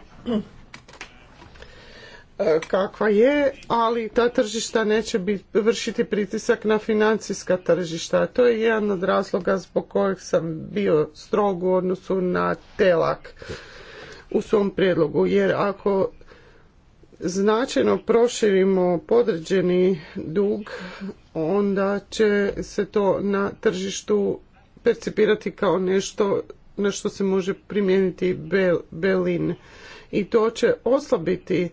E, kakva je, ali ta tržišta neće bit, vršiti pritisak na financijska tržišta. To je jedan od razloga zbog kojeg sam bio strog u odnosu na telak u svom prijedlogu. Jer ako značajno proširimo podređeni dug, onda će se to na tržištu percipirati kao nešto na što se može primijeniti belin. I to će oslabiti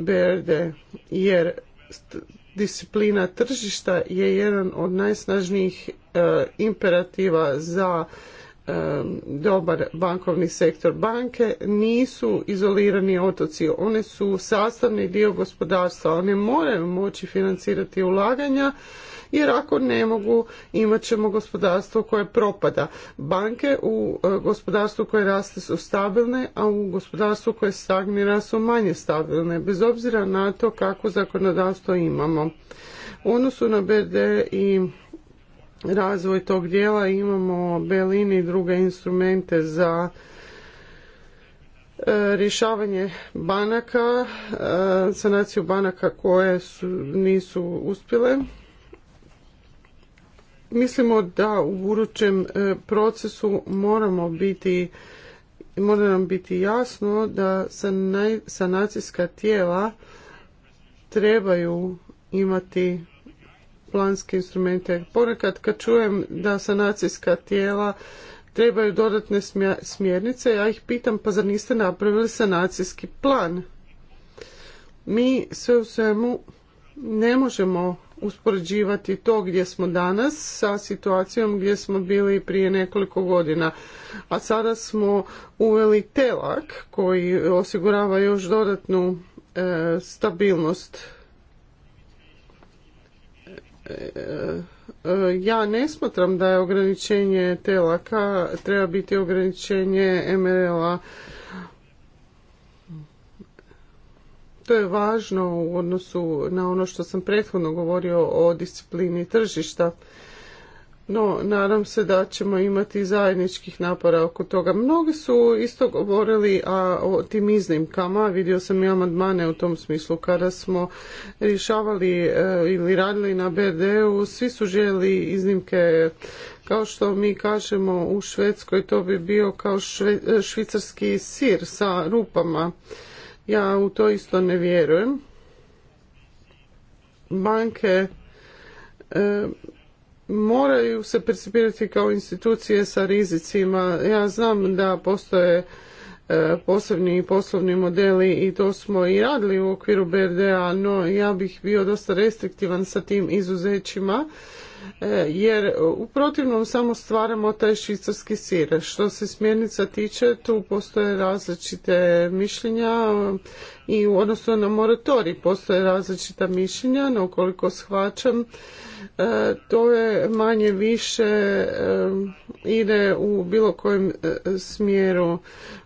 BRD, jer disciplina tržišta je jedan od najsnažnijih e, imperativa za e, dobar bankovni sektor. Banke nisu izolirani otoci, one su sastavni dio gospodarstva, one moraju moći financirati ulaganja jer ako ne mogu imat ćemo gospodarstvo koje propada. Banke u e, gospodarstvu koje raste su stabilne, a u gospodarstvu koje stagnira su manje stabilne, bez obzira na to kako zakonodavstvo imamo. U odnosu na BD i razvoj tog dijela imamo Belini i druge instrumente za e, rješavanje banaka, e, sanaciju banaka koje nisu uspjele mislimo da u budućem e, procesu moramo biti mora nam biti jasno da sanacijska tijela trebaju imati planske instrumente. Ponekad kad čujem da sanacijska tijela trebaju dodatne smjernice, ja ih pitam pa zar niste napravili sanacijski plan? Mi sve u svemu ne možemo uspoređivati to gdje smo danas sa situacijom gdje smo bili prije nekoliko godina. A sada smo uveli telak koji osigurava još dodatnu e, stabilnost e, e, ja ne smatram da je ograničenje telaka treba biti ograničenje MRL-a je važno u odnosu na ono što sam prethodno govorio o disciplini tržišta. No, nadam se da ćemo imati zajedničkih napora oko toga. Mnogi su isto govorili a, o tim iznimkama, vidio sam i amandmane u tom smislu. Kada smo rješavali e, ili radili na BDU. svi su želi iznimke kao što mi kažemo u Švedskoj, to bi bio kao e, švicarski sir sa rupama. Ja u to isto ne vjerujem. Banke e, moraju se percipirati kao institucije sa rizicima. Ja znam da postoje e, posebni poslovni modeli i to smo i radili u okviru BRD-a, no ja bih bio dosta restriktivan sa tim izuzećima E, jer u protivnom samo stvaramo taj švicarski sir. Što se smjernica tiče, tu postoje različite mišljenja e, i u odnosu na moratorij postoje različita mišljenja, no koliko shvaćam, e, to je manje više ide u bilo kojem smjeru.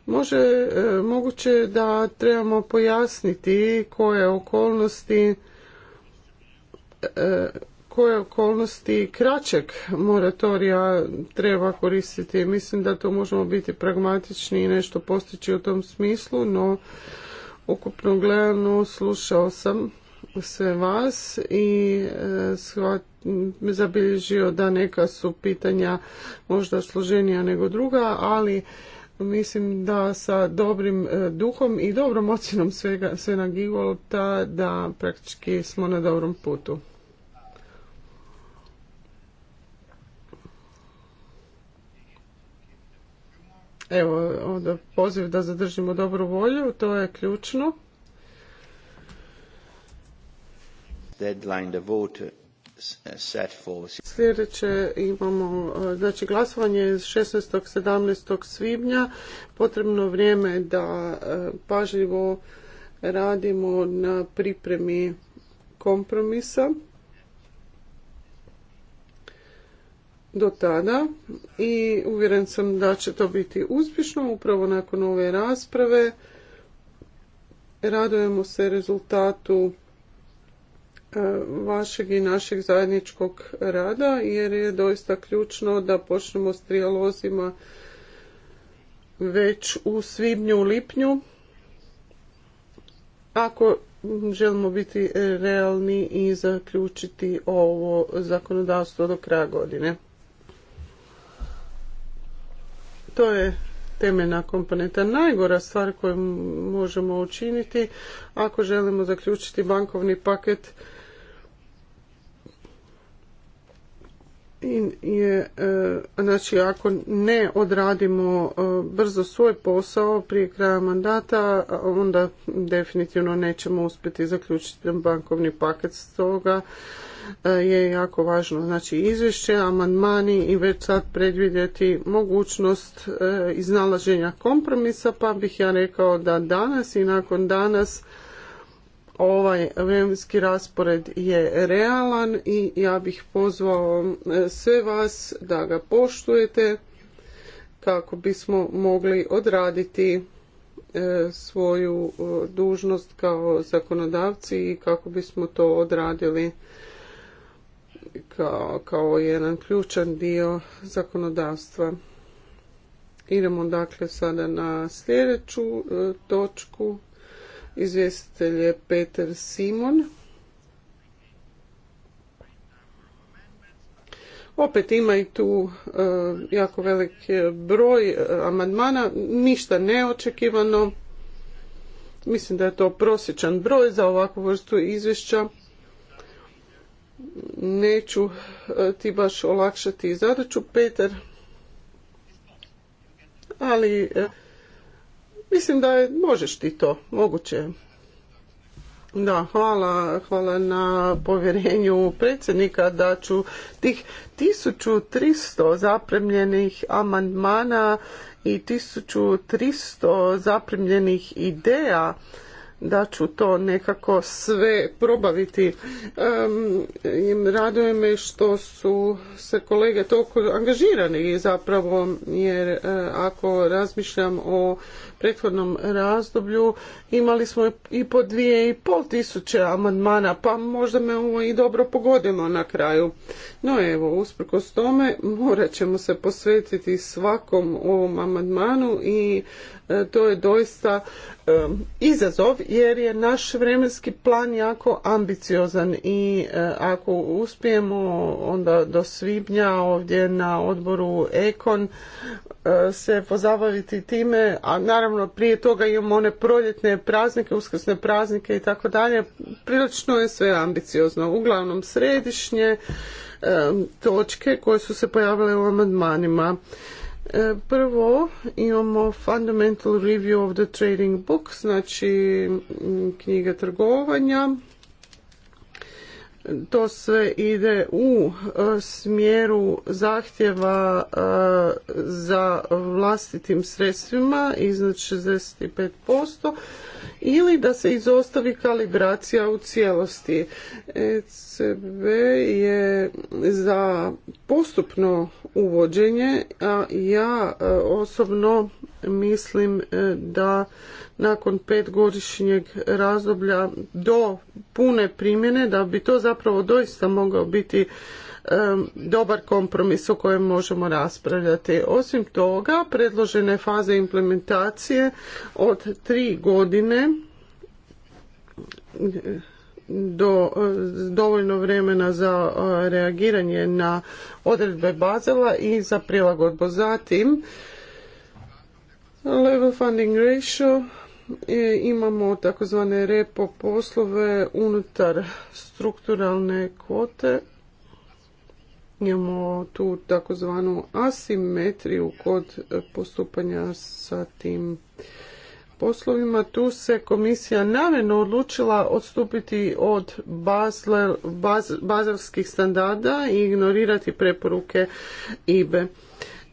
Može, moguće da trebamo pojasniti koje okolnosti koje okolnosti kraćeg moratorija treba koristiti. Mislim da to možemo biti pragmatični i nešto postići u tom smislu, no ukupno gledano slušao sam sve vas i mi e, zabilježio da neka su pitanja možda složenija nego druga, ali mislim da sa dobrim e, duhom i dobrom ocjenom svega svega Gigolta da praktički smo na dobrom putu. Evo, onda poziv da zadržimo dobru volju, to je ključno. Deadline, uh, Sljedeće imamo, uh, znači glasovanje je 16. 17. svibnja, potrebno vrijeme da uh, pažljivo radimo na pripremi kompromisa. do tada i uvjeren sam da će to biti uspješno upravo nakon ove rasprave. Radujemo se rezultatu e, vašeg i našeg zajedničkog rada jer je doista ključno da počnemo s trijalozima već u svibnju, lipnju. Ako želimo biti realni i zaključiti ovo zakonodavstvo do kraja godine to je temeljna komponenta. Najgora stvar koju možemo učiniti ako želimo zaključiti bankovni paket je, e, znači ako ne odradimo e, brzo svoj posao prije kraja mandata, onda definitivno nećemo uspjeti zaključiti bankovni paket. Stoga E, je jako važno. Znači izvješće, amandmani i već sad predvidjeti mogućnost e, iznalaženja kompromisa pa bih ja rekao da danas i nakon danas ovaj vremenski raspored je realan i ja bih pozvao e, sve vas da ga poštujete kako bismo mogli odraditi svoju dužnost kao zakonodavci i kako bismo to odradili kao, kao jedan ključan dio zakonodavstva. Idemo dakle sada na sljedeću e, točku. Izvjestitelj je Peter Simon. Opet ima i tu e, jako velik broj e, amandmana, ništa neočekivano. Mislim da je to prosječan broj za ovakvu vrstu izvješća neću e, ti baš olakšati zadaću, Peter. Ali e, mislim da je, možeš ti to, moguće da, hvala, hvala na povjerenju predsjednika da ću tih 1300 zapremljenih amandmana i 1300 zapremljenih ideja da ću to nekako sve probaviti. Um, raduje me što su se kolege toliko angažirani zapravo jer e, ako razmišljam o prethodnom razdoblju imali smo i po dvije i pol tisuće amandmana pa možda me ovo i dobro pogodimo na kraju. No evo, usprkos tome morat ćemo se posvetiti svakom ovom amandmanu i E, to je doista izazov jer je naš vremenski plan jako ambiciozan i e, ako uspijemo onda do svibnja ovdje na odboru Ekon e, se pozabaviti time, a naravno prije toga imamo one proljetne praznike, uskrsne praznike i tako dalje. Prilično je sve ambiciozno. Uglavnom središnje točke koje su se pojavile u amandmanima. E, prvo imamo Fundamental Review of the Trading Book, znači knjiga trgovanja to sve ide u e, smjeru zahtjeva e, za vlastitim sredstvima iznad 65% ili da se izostavi kalibracija u cijelosti. ECB je za postupno uvođenje, a ja e, osobno mislim da nakon petgodišnjeg razdoblja do pune primjene da bi to zapravo doista mogao biti dobar kompromis o kojem možemo raspravljati. Osim toga, predložene faze implementacije od tri godine do dovoljno vremena za reagiranje na odredbe Bazela i za prilagodbu. Zatim, level funding ratio E, imamo takozvane repo poslove unutar strukturalne kvote. Imamo tu takozvanu asimetriju kod postupanja sa tim poslovima. Tu se komisija namjerno odlučila odstupiti od bazelskih standarda i ignorirati preporuke IBE.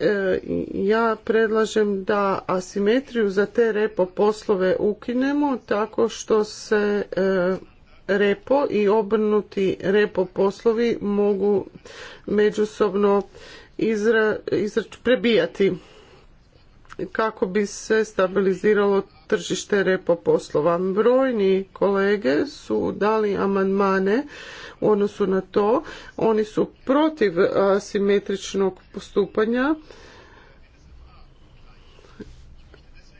E, ja predlažem da asimetriju za te repo poslove ukinemo tako što se e, repo i obrnuti repo poslovi mogu međusobno prebijati kako bi se stabiliziralo tržište repo poslova. Brojni kolege su dali amandmane u odnosu na to. Oni su protiv asimetričnog postupanja.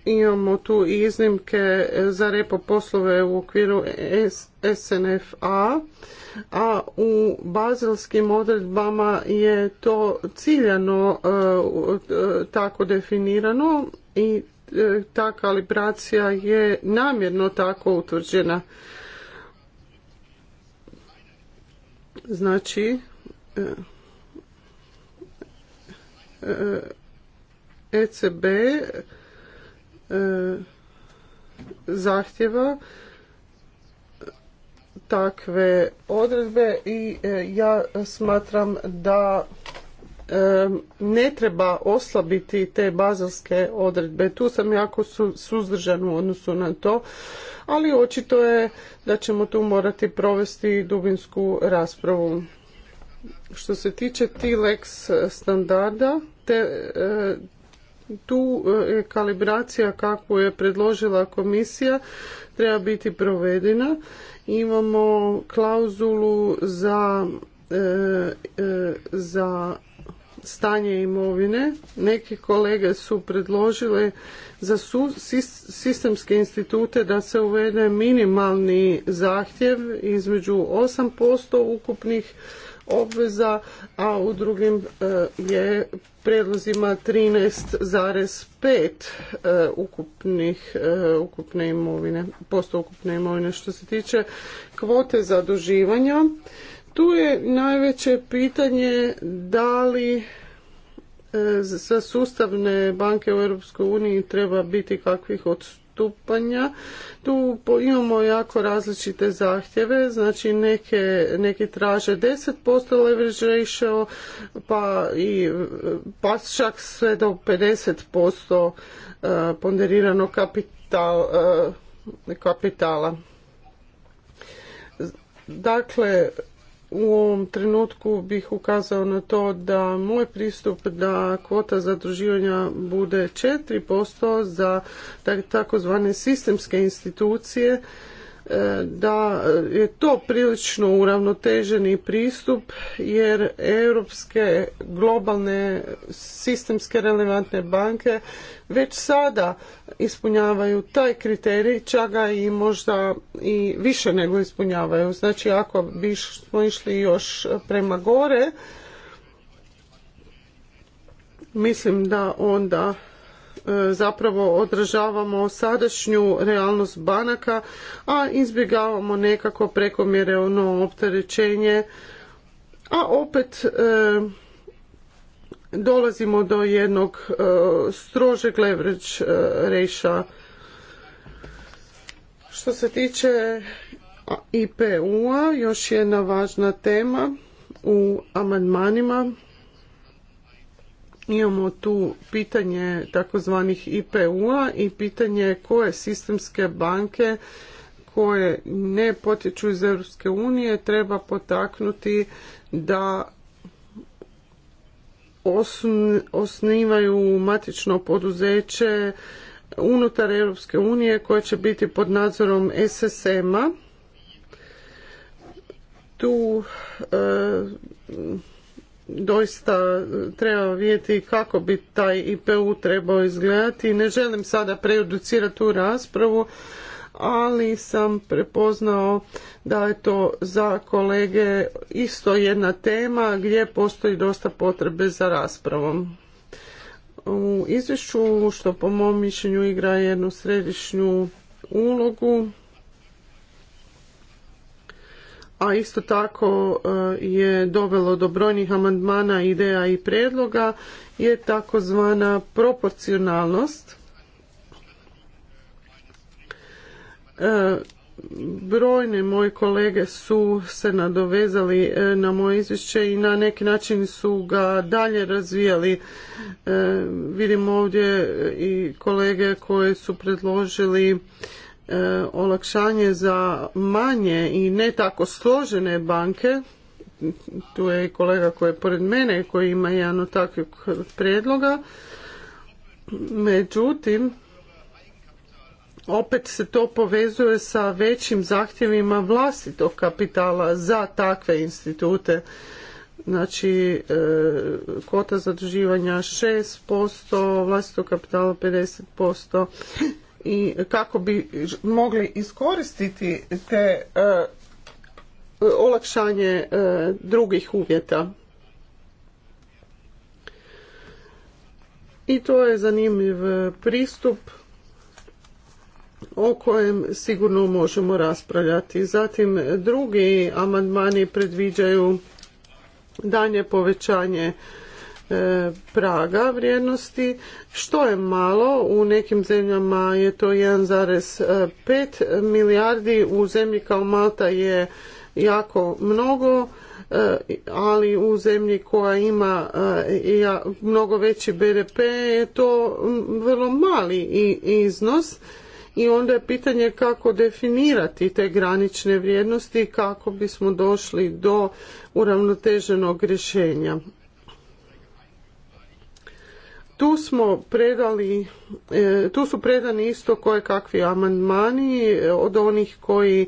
Imamo tu iznimke za repo poslove u okviru SNFA, a u bazilskim odredbama je to ciljano e, e, tako definirano i E, ta kalibracija je namjerno tako utvrđena. Znači, ECB e, e zahtjeva takve odredbe i ja smatram da ne treba oslabiti te bazalske odredbe. Tu sam jako suzdržan u odnosu na to, ali očito je da ćemo tu morati provesti dubinsku raspravu. Što se tiče t standarda, te, e, tu e, kalibracija kakvu je predložila komisija treba biti provedena. Imamo klauzulu za, e, za stanje imovine. Neki kolege su predložile za sistemske institute da se uvede minimalni zahtjev između 8% ukupnih obveza, a u drugim e, je predlozima 13,5 e, e, ukupne imovine, posto ukupne imovine. Što se tiče kvote zaduživanja, tu je najveće pitanje da li e, za sustavne banke u EU treba biti kakvih odstupanja. Tu imamo jako različite zahtjeve, znači neke, neki traže 10% leverage ratio, pa, i, pa čak sve do 50% e, ponderirano kapital, e, kapitala. Dakle, u ovom trenutku bih ukazao na to da moj pristup da kvota zadruživanja bude 4% za takozvane sistemske institucije E, da je to prilično uravnoteženi pristup jer europske globalne sistemske relevantne banke već sada ispunjavaju taj kriterij, čak i možda i više nego ispunjavaju. Znači ako smo išli još prema gore, mislim da onda E, zapravo odražavamo sadašnju realnost banaka, a izbjegavamo nekako prekomjereno opterećenje, a opet e, dolazimo do jednog e, strožeg leverage reša. Što se tiče IPU-a, još jedna važna tema u amandmanima Imamo tu pitanje takozvanih IPU-a i pitanje koje sistemske banke koje ne potječu iz Europske unije treba potaknuti da osnivaju matično poduzeće unutar Europske unije koje će biti pod nadzorom SSM-a. Tu e, doista e, treba vidjeti kako bi taj IPU trebao izgledati. Ne želim sada prejuducirati tu raspravu, ali sam prepoznao da je to za kolege isto jedna tema gdje postoji dosta potrebe za raspravom. U izvješću, što po mom mišljenju igra jednu središnju ulogu, a isto tako e, je dovelo do brojnih amandmana, ideja i predloga, je takozvana proporcionalnost. E, brojne moji kolege su se nadovezali e, na moje izvješće i na neki način su ga dalje razvijali. Vidimo ovdje i kolege koje su predložili E, olakšanje za manje i ne tako složene banke tu je i kolega koji je pored mene koji ima jedan od takvih predloga međutim opet se to povezuje sa većim zahtjevima vlastitog kapitala za takve institute znači e, kota zadrživanja 6% vlastitog kapitala 50% i kako bi mogli iskoristiti te e, olakšanje e, drugih uvjeta. I to je zanimljiv e, pristup o kojem sigurno možemo raspravljati. Zatim drugi amandmani predviđaju danje povećanje E, praga vrijednosti, što je malo, u nekim zemljama je to 1,5 milijardi, u zemlji kao Malta je jako mnogo, e, ali u zemlji koja ima e, mnogo veći BDP je to vrlo mali iznos i onda je pitanje kako definirati te granične vrijednosti kako bismo došli do uravnoteženog rješenja. Tu smo predali, e, tu su predani isto koje kakvi amandmani e, od onih koji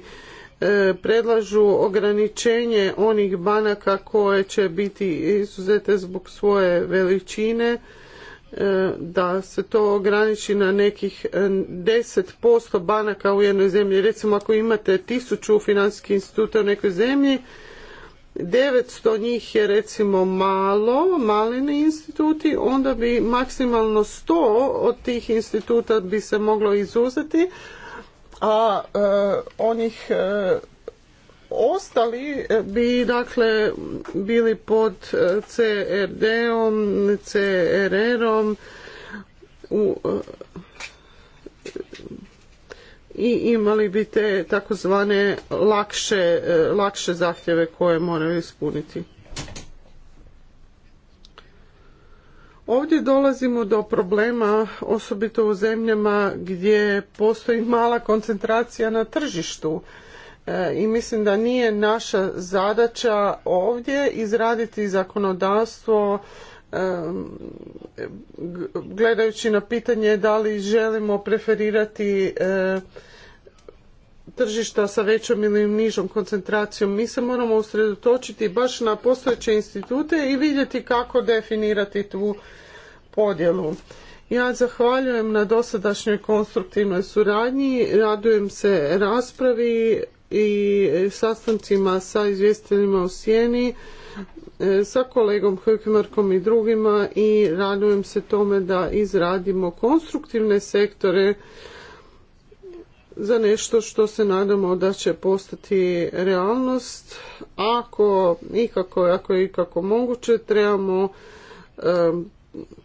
e, predlažu ograničenje onih banaka koje će biti izuzete zbog svoje veličine da se to ograniči na nekih 10% banaka u jednoj zemlji. Recimo ako imate tisuću financijskih instituta u nekoj zemlji, 900 njih je recimo malo, malini instituti, onda bi maksimalno 100 od tih instituta bi se moglo izuzeti, a eh, onih eh, ostali bi dakle bili pod eh, CRD-om, CRR-om, u, i imali bi te takozvane lakše, e, lakše zahtjeve koje moraju ispuniti. Ovdje dolazimo do problema, osobito u zemljama gdje postoji mala koncentracija na tržištu e, i mislim da nije naša zadaća ovdje izraditi zakonodavstvo gledajući na pitanje da li želimo preferirati e, tržišta sa većom ili nižom koncentracijom. Mi se moramo usredotočiti baš na postojeće institute i vidjeti kako definirati tu podjelu. Ja zahvaljujem na dosadašnjoj konstruktivnoj suradnji, radujem se raspravi i sastancima sa izvjestiteljima u Sjeni E, sa kolegom Hökmarkom i drugima i radujem se tome da izradimo konstruktivne sektore za nešto što se nadamo da će postati realnost. Ako ikako, ako je ikako moguće, trebamo e,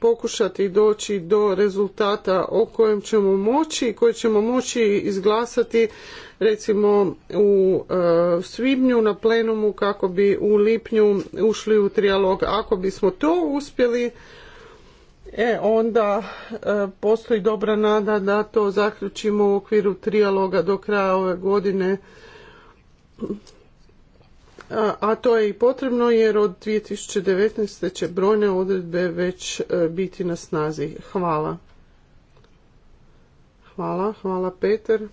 pokušati doći do rezultata o kojem ćemo moći, i koji ćemo moći izglasati recimo u e, svibnju na plenumu kako bi u lipnju ušli u trijalog. Ako bismo to uspjeli, E, onda e, postoji dobra nada da to zaključimo u okviru trijaloga do kraja ove godine. A, to je i potrebno jer od 2019. će brojne odredbe već e, biti na snazi. Hvala. Hvala, hvala Peter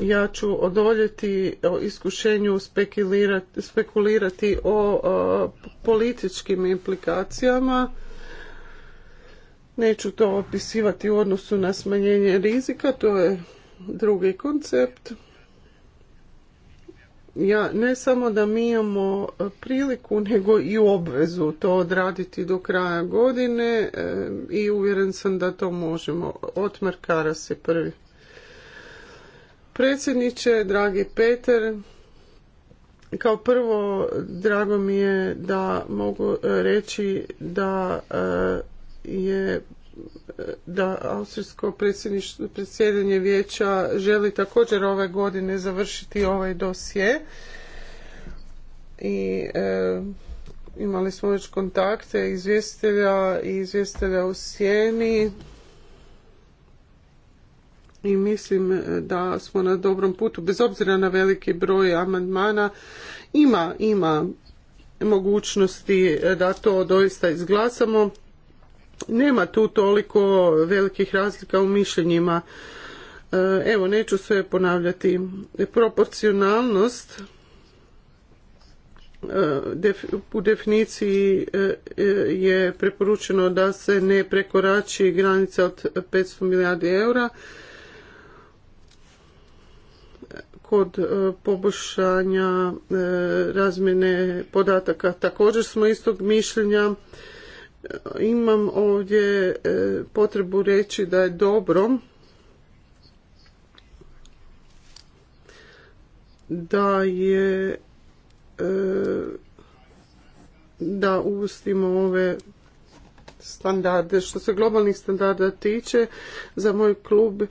ja ću odoljeti iskušenju spekulirati, spekulirati o političkim implikacijama. Neću to opisivati u odnosu na smanjenje rizika, to je drugi koncept. Ja, ne samo da mi imamo priliku, nego i obvezu to odraditi do kraja godine e, i uvjeren sam da to možemo. Otmar se je prvi predsjedniče, dragi Peter. Kao prvo, drago mi je da mogu reći da e, je da austrijsko predsjedanje vijeća želi također ove godine završiti ovaj dosje i e, imali smo već kontakte izvjestitelja i izvjestitelja u sjeni i mislim e, da smo na dobrom putu, bez obzira na veliki broj amandmana, ima, ima mogućnosti e, da to doista izglasamo. Nema tu toliko velikih razlika u mišljenjima. E, evo, neću sve ponavljati. Proporcionalnost u definiciji je preporučeno da se ne prekorači granica od 500 milijardi eura kod e, poboljšanja e, razmjene podataka također smo istog mišljenja. Imam ovdje e, potrebu reći da je dobro da je da uvustimo ove standarde. Što se globalnih standarda tiče, za moj klub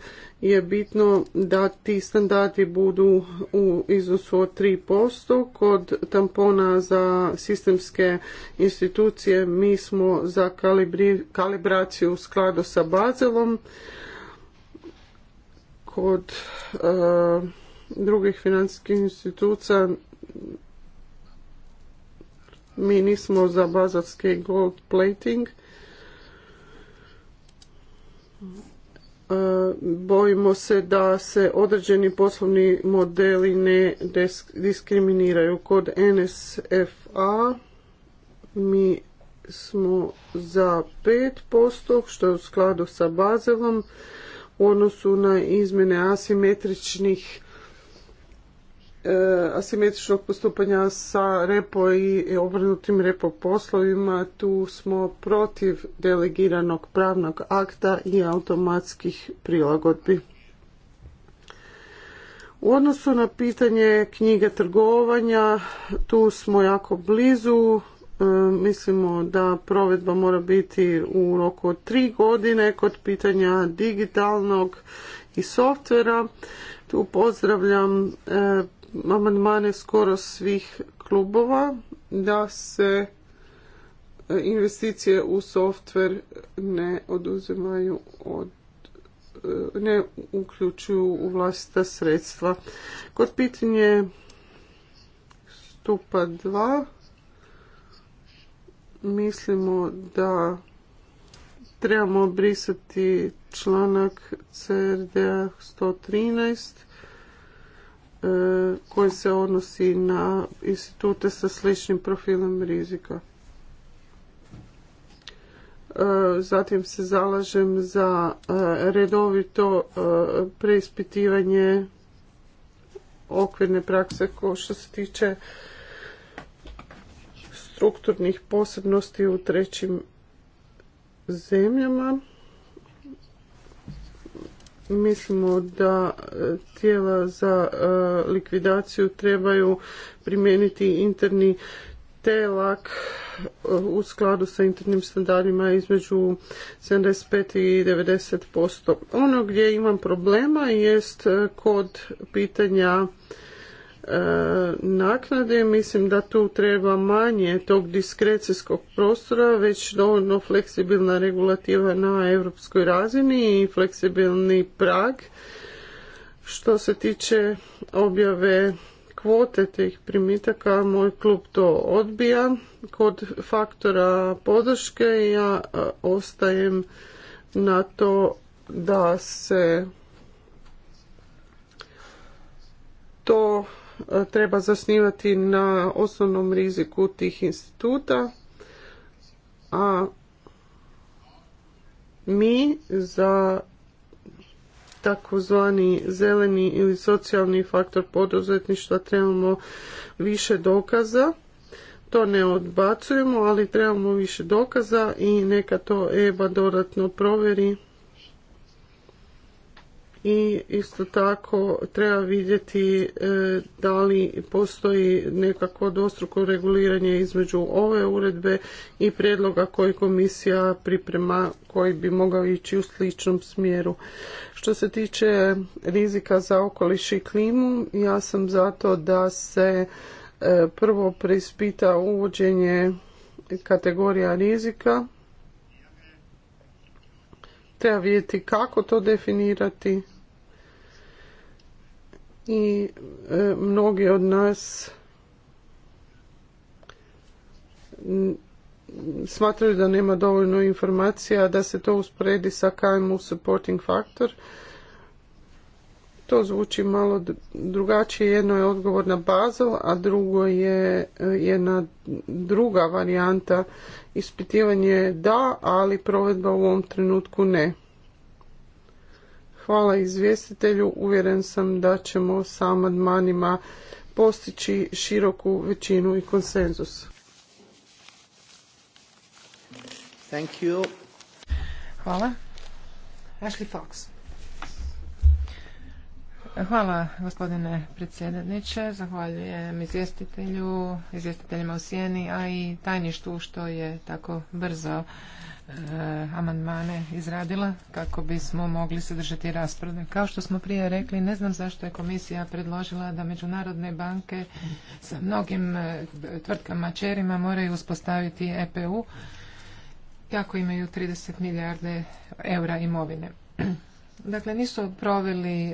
je bitno da ti standardi budu u iznosu od 3%. Kod tampona za sistemske institucije mi smo za kalibraciju u skladu sa bazelom. Kod eh, drugih financijskih institucija mi nismo za bazarski gold plating bojimo se da se određeni poslovni modeli ne diskriminiraju. Kod NSFA mi smo za 5%, što je u skladu sa Bazelom, u odnosu na izmjene asimetričnih E, asimetričnog postupanja sa repo i obrnutim repo poslovima. Tu smo protiv delegiranog pravnog akta i automatskih prilagodbi. U odnosu na pitanje knjige trgovanja, tu smo jako blizu. E, mislimo da provedba mora biti u roku od tri godine kod pitanja digitalnog i softvera. Tu pozdravljam e, amandmane skoro svih klubova da se e, investicije u softver ne oduzimaju od e, ne uključuju u vlastita sredstva. Kod pitanje stupa 2 mislimo da trebamo brisati članak CRD 113 E, koji se odnosi na institute sa sličnim profilom rizika. E, zatim se zalažem za e, redovito preispitivanje okvirne prakse ko što se tiče strukturnih posebnosti u trećim zemljama mislimo da e, tijela za e, likvidaciju trebaju primijeniti interni telak e, u skladu sa internim standardima između 75 i 90%. Ono gdje imam problema jest kod pitanja E, naknade. Mislim da tu treba manje tog diskrecijskog prostora, već dovoljno fleksibilna regulativa na europskoj razini i fleksibilni prag. Što se tiče objave kvote tih primitaka, moj klub to odbija. Kod faktora podrške ja e, ostajem na to da se to treba zasnivati na osnovnom riziku tih instituta, a mi za takozvani zeleni ili socijalni faktor poduzetništva trebamo više dokaza. To ne odbacujemo, ali trebamo više dokaza i neka to EBA dodatno provjeri i isto tako treba vidjeti e, da li postoji nekako dvostruko reguliranje između ove uredbe i predloga koji komisija priprema koji bi mogao ići u sličnom smjeru. Što se tiče rizika za okoliš i klimu, ja sam zato da se e, prvo preispita uvođenje kategorija rizika. Treba vidjeti kako to definirati i e, mnogi od nas smatraju da nema dovoljno informacija da se to usporedi sa KMU supporting factor. To zvuči malo drugačije. Jedno je odgovor na a drugo je e, jedna druga varijanta. Ispitivanje da, ali provedba u ovom trenutku ne. Hvala izvjestitelju. Uvjeren sam da ćemo sa amandmanima postići široku većinu i konsenzus. Thank you. Ashley Fox. Hvala gospodine predsjedniče, zahvaljujem izvjestitelju, izvjestiteljima u sjeni, a i tajništu što je tako brzo e, amandmane izradila kako bismo mogli sadržati rasprave. Kao što smo prije rekli, ne znam zašto je komisija predložila da međunarodne banke sa mnogim e, tvrtkama čerima moraju uspostaviti EPU kako imaju 30 milijarde eura imovine. Dakle, nisu proveli e,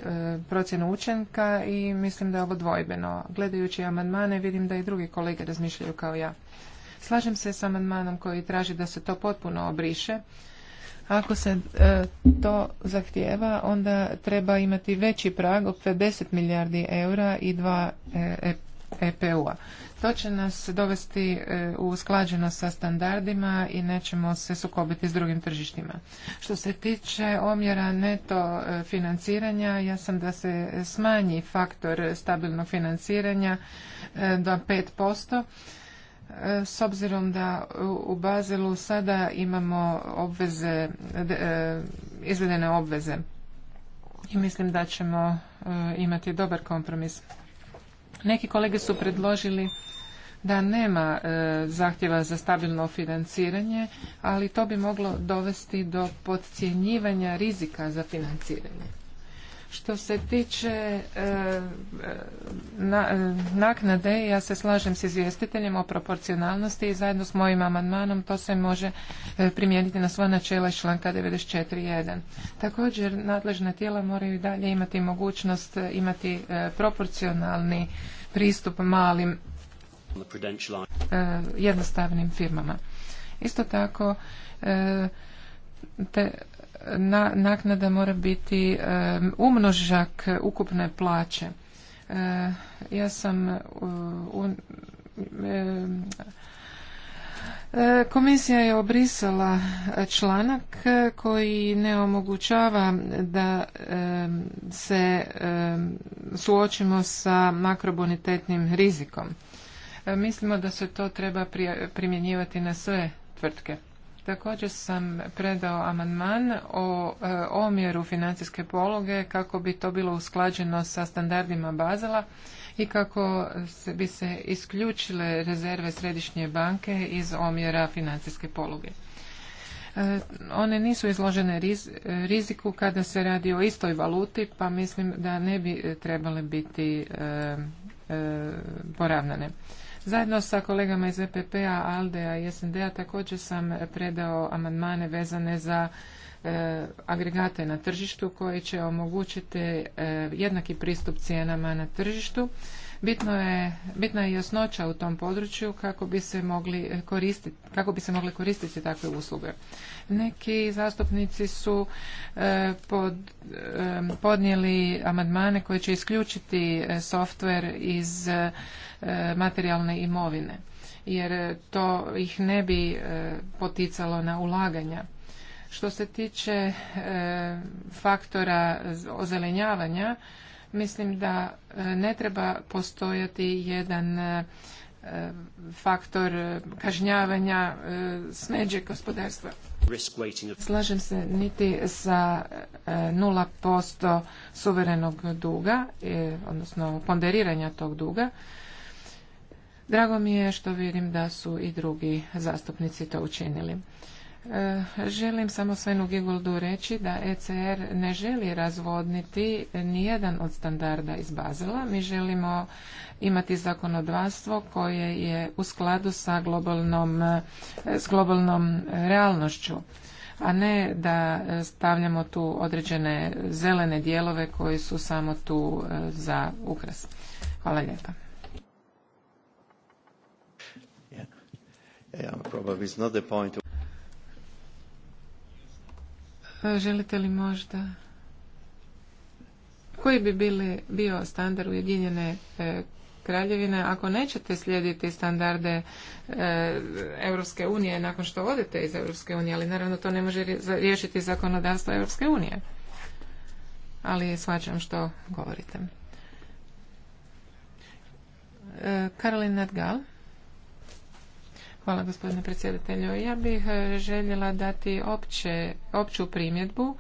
procjenu učenka i mislim da je ovo dvojbeno. Gledajući amandmane vidim da i drugi kolege razmišljaju kao ja. Slažem se s amandmanom koji traži da se to potpuno obriše. Ako se e, to zahtijeva, onda treba imati veći prag od 50 milijardi eura i dva EPU-a. E, to će nas dovesti e, u usklađenost sa standardima i nećemo se sukobiti s drugim tržištima. Što se tiče omjera neto e, financiranja, ja sam da se smanji faktor stabilnog financiranja e, do 5% s obzirom da u Bazelu sada imamo obveze, izvedene obveze i mislim da ćemo imati dobar kompromis. Neki kolege su predložili da nema e, zahtjeva za stabilno financiranje, ali to bi moglo dovesti do podcjenjivanja rizika za financiranje. Što se tiče e, e, na, naknade, ja se slažem s izvjestiteljem o proporcionalnosti i zajedno s mojim amandmanom to se može primijeniti na sva načela iz članka 94.1. Također, nadležna tijela moraju dalje imati mogućnost imati proporcionalni pristup malim E, jednostavnim firmama. Isto tako, e, te naknada mora biti e, umnožak ukupne plaće. Ja sam Komisija je obrisala članak koji ne omogućava da se suočimo sa makrobonitetnim rizikom. E, mislimo da se to treba primjenjivati na sve tvrtke. Također sam predao amandman o e, omjeru financijske pologe kako bi to bilo usklađeno sa standardima Bazela i kako bi se isključile rezerve središnje banke iz omjera financijske poluge. E, one nisu izložene riziku kada se radi o istoj valuti, pa mislim da ne bi trebale biti poravnane. Zajedno sa kolegama iz EPP-a, ALDE-a i SND-a također sam predao amandmane vezane za e, agregate na tržištu koji će omogućiti e, jednaki pristup cijenama na tržištu. Bitno je, bitna je jasnoća u tom području kako bi se mogli koristiti, kako bi se mogle koristiti takve usluge. Neki zastupnici su e, pod, podnijeli amandmane koji će isključiti softver iz E, materijalne imovine jer to ih ne bi e, poticalo na ulaganja. Što se tiče e, faktora ozelenjavanja, mislim da ne treba postojati jedan faktor kažnjavanja smeđe gospodarstva. Slažem se niti sa 0% suverenog duga, odnosno ponderiranja tog duga, Drago mi je što vidim da su i drugi zastupnici to učinili. E, želim samo Svenu Gigoldu reći da ECR ne želi razvodniti nijedan od standarda iz Bazela. Mi želimo imati zakonodavstvo koje je u skladu sa globalnom, e, s globalnom realnošću a ne da stavljamo tu određene zelene dijelove koji su samo tu e, za ukras. Hvala lijepa. E, želite li možda koji bi bili, bio standard Ujedinjene e, kraljevine ako nećete slijediti standarde e, Europske unije nakon što odete iz Europske unije, ali naravno to ne može riješiti zakonodavstvo Europske unije. Ali shvaćam što govorite. E, Nadgal. Hvala gospodine predsjedatelju. Ja bih e, željela dati opće, opću primjedbu,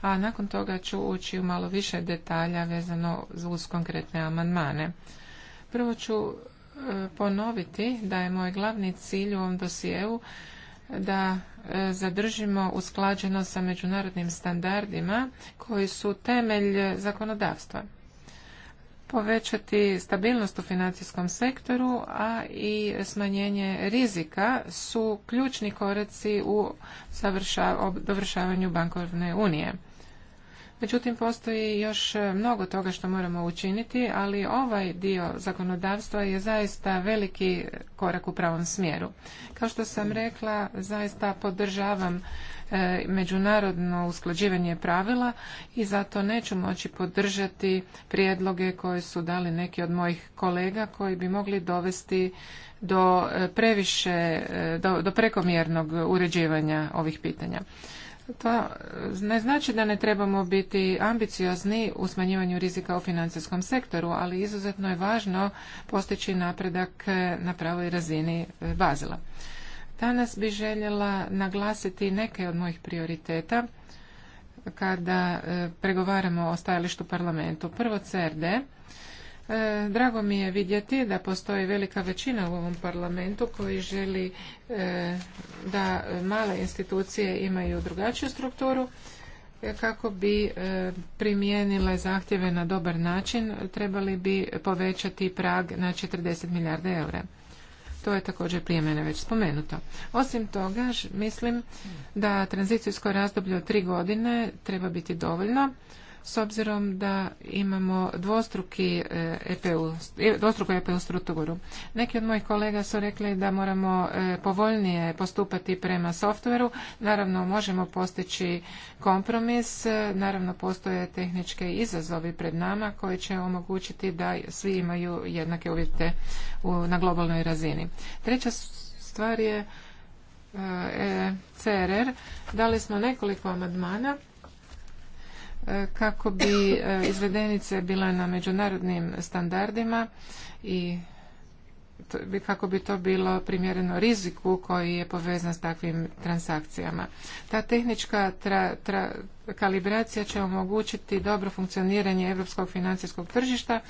a nakon toga ću ući u malo više detalja vezano uz konkretne amandmane. Prvo ću e, ponoviti da je moj glavni cilj u ovom dosjeu da e, zadržimo usklađenost sa međunarodnim standardima koji su temelj zakonodavstva povećati stabilnost u financijskom sektoru, a i smanjenje rizika su ključni koreci u dovršavanju bankovne unije. Međutim, postoji još e, mnogo toga što moramo učiniti, ali ovaj dio zakonodavstva je zaista veliki korak u pravom smjeru. Kao što sam rekla, zaista podržavam e, međunarodno usklađivanje pravila i zato neću moći podržati prijedloge koje su dali neki od mojih kolega koji bi mogli dovesti do e, previše, do, do prekomjernog uređivanja ovih pitanja. To pa, ne znači da ne trebamo biti ambiciozni u smanjivanju rizika u financijskom sektoru, ali izuzetno je važno postići napredak na pravoj razini e, bazila. Danas bi željela naglasiti neke od mojih prioriteta kada e, pregovaramo o stajalištu parlamentu. Prvo CRD, E, drago mi je vidjeti da postoji velika većina u ovom parlamentu koji želi e, da male institucije imaju drugačiju strukturu e, kako bi primijenile zahtjeve na dobar način trebali bi povećati prag na 40 milijarde eura. To je također prije mene već spomenuto. Osim toga, mislim da tranzicijsko razdoblje od tri godine treba biti dovoljno s obzirom da imamo dvostruki eh, EPU, eh, dvostruku EPU strukturu. Neki od mojih kolega su rekli da moramo eh, povoljnije postupati prema softveru. Naravno, možemo postići kompromis. Naravno, postoje tehničke izazovi pred nama koji će omogućiti da svi imaju jednake uvjete na globalnoj razini. Treća stvar je e CRR. Dali smo nekoliko amandmana kako bi e, izvedenice bile na međunarodnim standardima i kako bi to bilo primjereno riziku koji je povezan s takvim transakcijama. Ta tehnička tra, kalibracija će omogućiti dobro funkcioniranje europskog financijskog tržišta,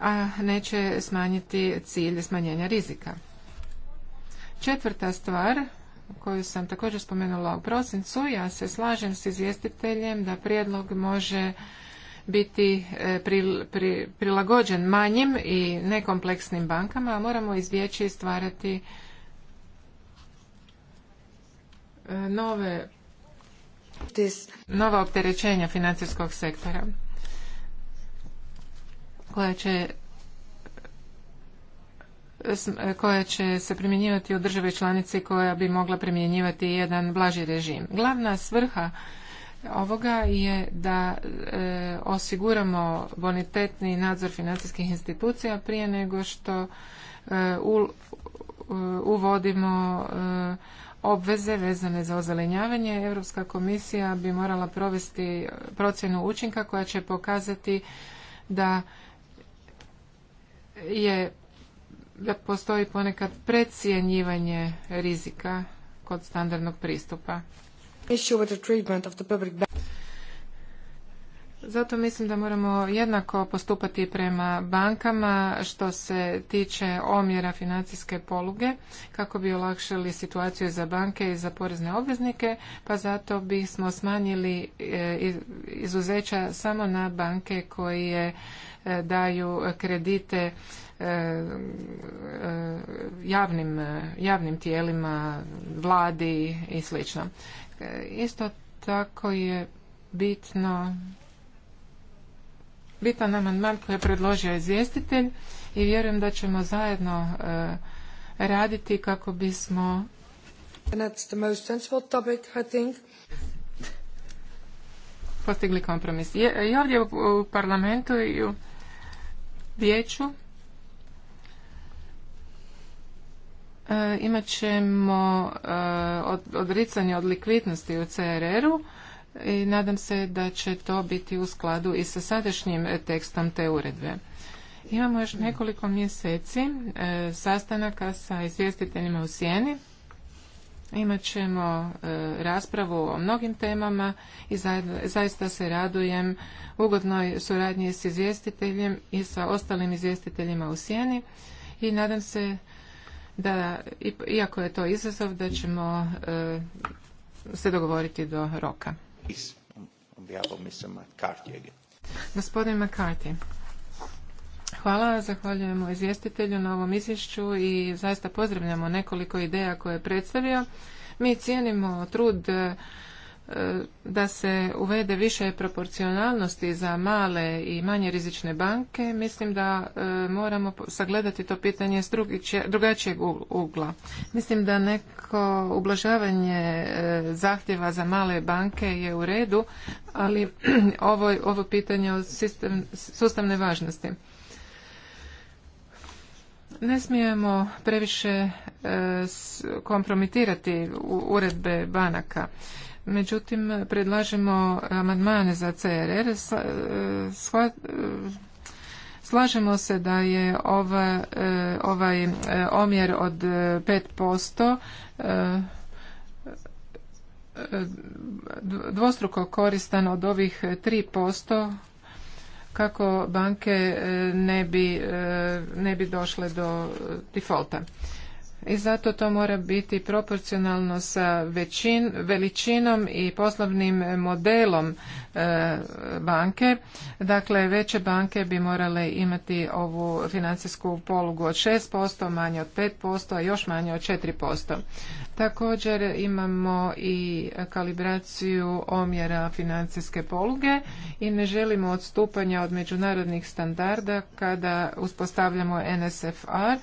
a neće smanjiti cilj smanjenja rizika. Četvrta stvar koju sam također spomenula u prosincu, ja se slažem s izvjestiteljem da prijedlog može biti e, prilagođen manjim i nekompleksnim bankama, a moramo izvjeći i stvarati e, nove nova opterećenja financijskog sektora koja će koja će se primjenjivati u države članici koja bi mogla primjenjivati jedan blaži režim. Glavna svrha ovoga je da e, osiguramo bonitetni nadzor financijskih institucija prije nego što e, e, uvodimo obveze vezane za ozelenjavanje. Europska komisija bi morala provesti procjenu učinka koja će pokazati da je da postoji ponekad precijenjivanje rizika kod standardnog pristupa. Zato mislim da moramo jednako postupati prema bankama što se tiče omjera financijske poluge kako bi olakšali situaciju za banke i za porezne obveznike, pa zato bismo smanjili e, izuzeća samo na banke koje e, daju kredite e, javnim, javnim tijelima, vladi i sl. Isto tako je bitno bitan amandman koji je predložio izvjestitelj i vjerujem da ćemo zajedno e, raditi kako bismo postigli kompromis. I ovdje u, parlamentu i u vijeću e, imat ćemo e, odricanje od likvidnosti u CRR-u i nadam se da će to biti u skladu i sa sadašnjim tekstom te uredbe. Imamo još nekoliko mjeseci e, sastanaka sa izvjestiteljima u Sijeni. Imat ćemo e, raspravu o mnogim temama i zaista se radujem ugodnoj suradnji s izvjestiteljem i sa ostalim izvjestiteljima u Sjeni i nadam se da, iako je to izazov, da ćemo e, se dogovoriti do roka. Gospodin McCarthy. Hvala, zahvaljujemo izvjestitelju na ovom izvješću i zaista pozdravljamo nekoliko ideja koje je predstavio. Mi cijenimo trud E, da se uvede više proporcionalnosti za male i manje rizične banke, mislim da e, moramo sagledati to pitanje s drugačijeg ugla. Mislim da neko ublažavanje e, zahtjeva za male banke je u redu, ali [CLEARS THROAT] ovo, ovo pitanje sistem, sustavne važnosti. Ne smijemo previše kompromitirati uredbe banaka Međutim, predlažemo amandmane za CRR. E, e, slažemo se da je e, ovaj omjer od 5% dvostruko koristan od ovih 3% kako banke ne bi, ne bi došle do defolta i zato to mora biti proporcionalno sa veličinom i poslovnim modelom e, banke. Dakle, veće banke bi morale imati ovu financijsku polugu od 6%, manje od 5%, a još manje od 4%. Također imamo i kalibraciju omjera financijske poluge i ne želimo odstupanja od međunarodnih standarda kada uspostavljamo NSFR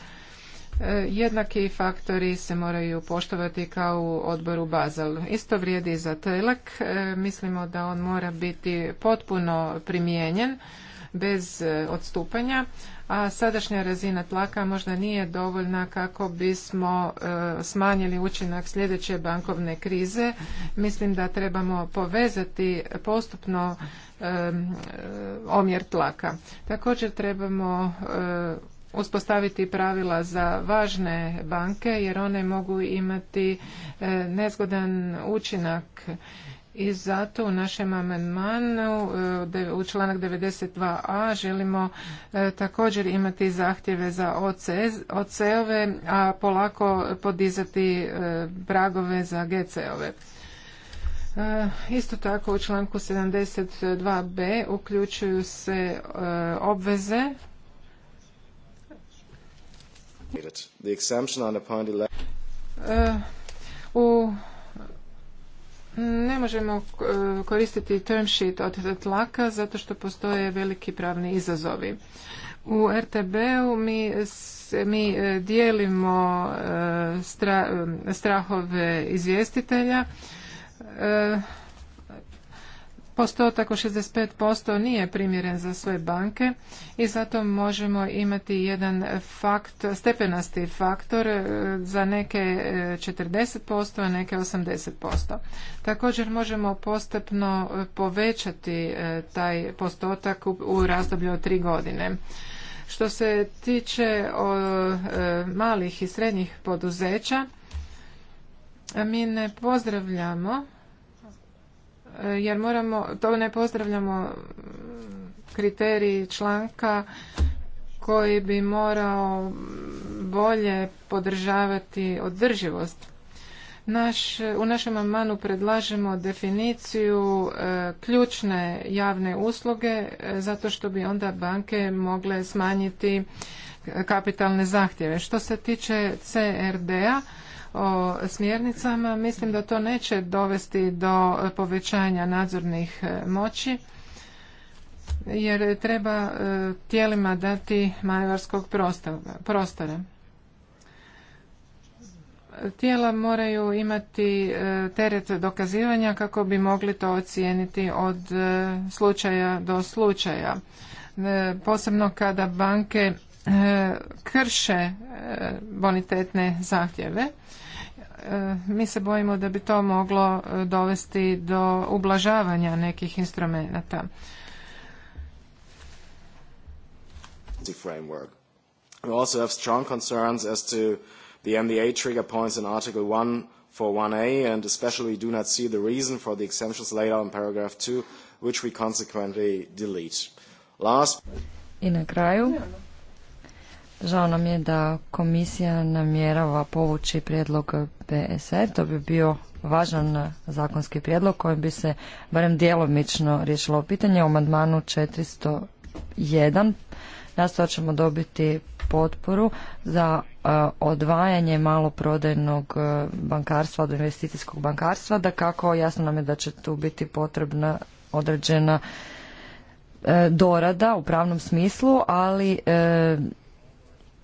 Jednaki faktori se moraju poštovati kao u odboru Bazal. Isto vrijedi i za TELAK. E, mislimo da on mora biti potpuno primijenjen bez e, odstupanja, a sadašnja razina tlaka možda nije dovoljna kako bismo e, smanjili učinak sljedeće bankovne krize. Mislim da trebamo povezati postupno omjer tlaka. Također trebamo uspostaviti pravila za važne banke jer one mogu imati e, nezgodan učinak i zato u našem amandmanu e, u članak 92a želimo e, također imati zahtjeve za OC-ove, a polako podizati pragove za GC-ove. Isto tako u članku 72b uključuju se obveze E, u ne možemo e, koristiti term sheet od tlaka zato što postoje veliki pravni izazovi. U RTB-u mi, mi e, dijelimo strahove izvjestitelja postotak od 65% nije primjeren za sve banke i zato možemo imati jedan fakt, stepenasti faktor e, za neke 40%, e, a neke 80%. Također možemo postepno e, povećati taj postotak u razdoblju od tri godine. Što se tiče o, malih i srednjih poduzeća, mi ne pozdravljamo E, jer moramo, to ne pozdravljamo kriteriji članka koji bi morao bolje podržavati održivost. Naš, u našem amandmanu predlažemo definiciju e, ključne javne usluge e, zato što bi onda banke mogle smanjiti kapitalne zahtjeve. Što se tiče CRD-a, o smjernicama, mislim da to neće dovesti do povećanja nadzornih e, moći jer treba e, tijelima dati manevarskog prostora. Tijela moraju imati e, teret dokazivanja kako bi mogli to ocijeniti od slučaja do slučaja. Posebno kada banke E, krše e, bonitetne zahtjeve e, mi se bojimo da bi to moglo dovesti do ublažavanja nekih instrumenata. framework. We also have strong concerns as to the MDA trigger points in Article 1 for 1 a and especially do not see the reason for the exemptions laid out in paragraph 2, which we consequently delete. Last... I na kraju, Žao nam je da komisija namjerava povući prijedlog BSR. To bi bio važan zakonski prijedlog kojim bi se barem djelomično riješilo pitanje. U amandmanu 401 to ćemo dobiti potporu za e, odvajanje maloprodajnog e, bankarstva od investicijskog bankarstva. Da kako jasno nam je da će tu biti potrebna određena e, dorada u pravnom smislu, ali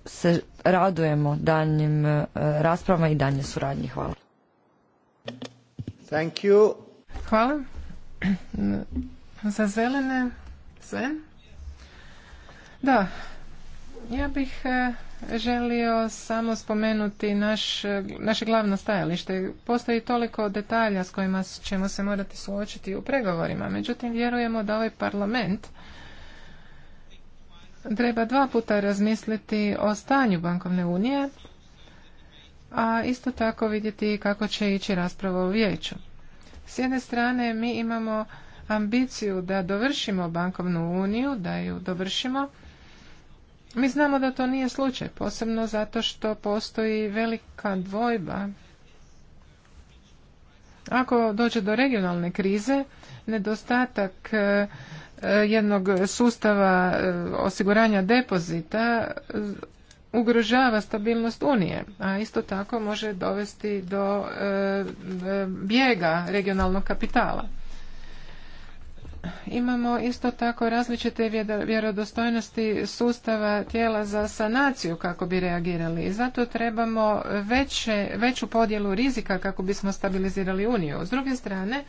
se radujemo daljnjim e, raspravama i danje suradnji. Hvala. Thank you. Hvala. Za zelene sve? Da, ja bih e, želio samo spomenuti naš, e, naše glavno stajalište. Postoji toliko detalja s kojima ćemo se morati suočiti u pregovorima. Međutim, vjerujemo da ovaj parlament treba dva puta razmisliti o stanju bankovne unije, a isto tako vidjeti kako će ići rasprava u vijeću. S jedne strane mi imamo ambiciju da dovršimo bankovnu uniju, da ju dovršimo. Mi znamo da to nije slučaj, posebno zato što postoji velika dvojba. Ako dođe do regionalne krize, nedostatak E, jednog sustava e, osiguranja depozita ugrožava stabilnost Unije, a isto tako može dovesti do e, bijega regionalnog kapitala. Imamo isto tako različite vjerodostojnosti sustava tijela za sanaciju kako bi reagirali i zato trebamo veće, veću podjelu rizika kako bismo stabilizirali Uniju. S druge strane,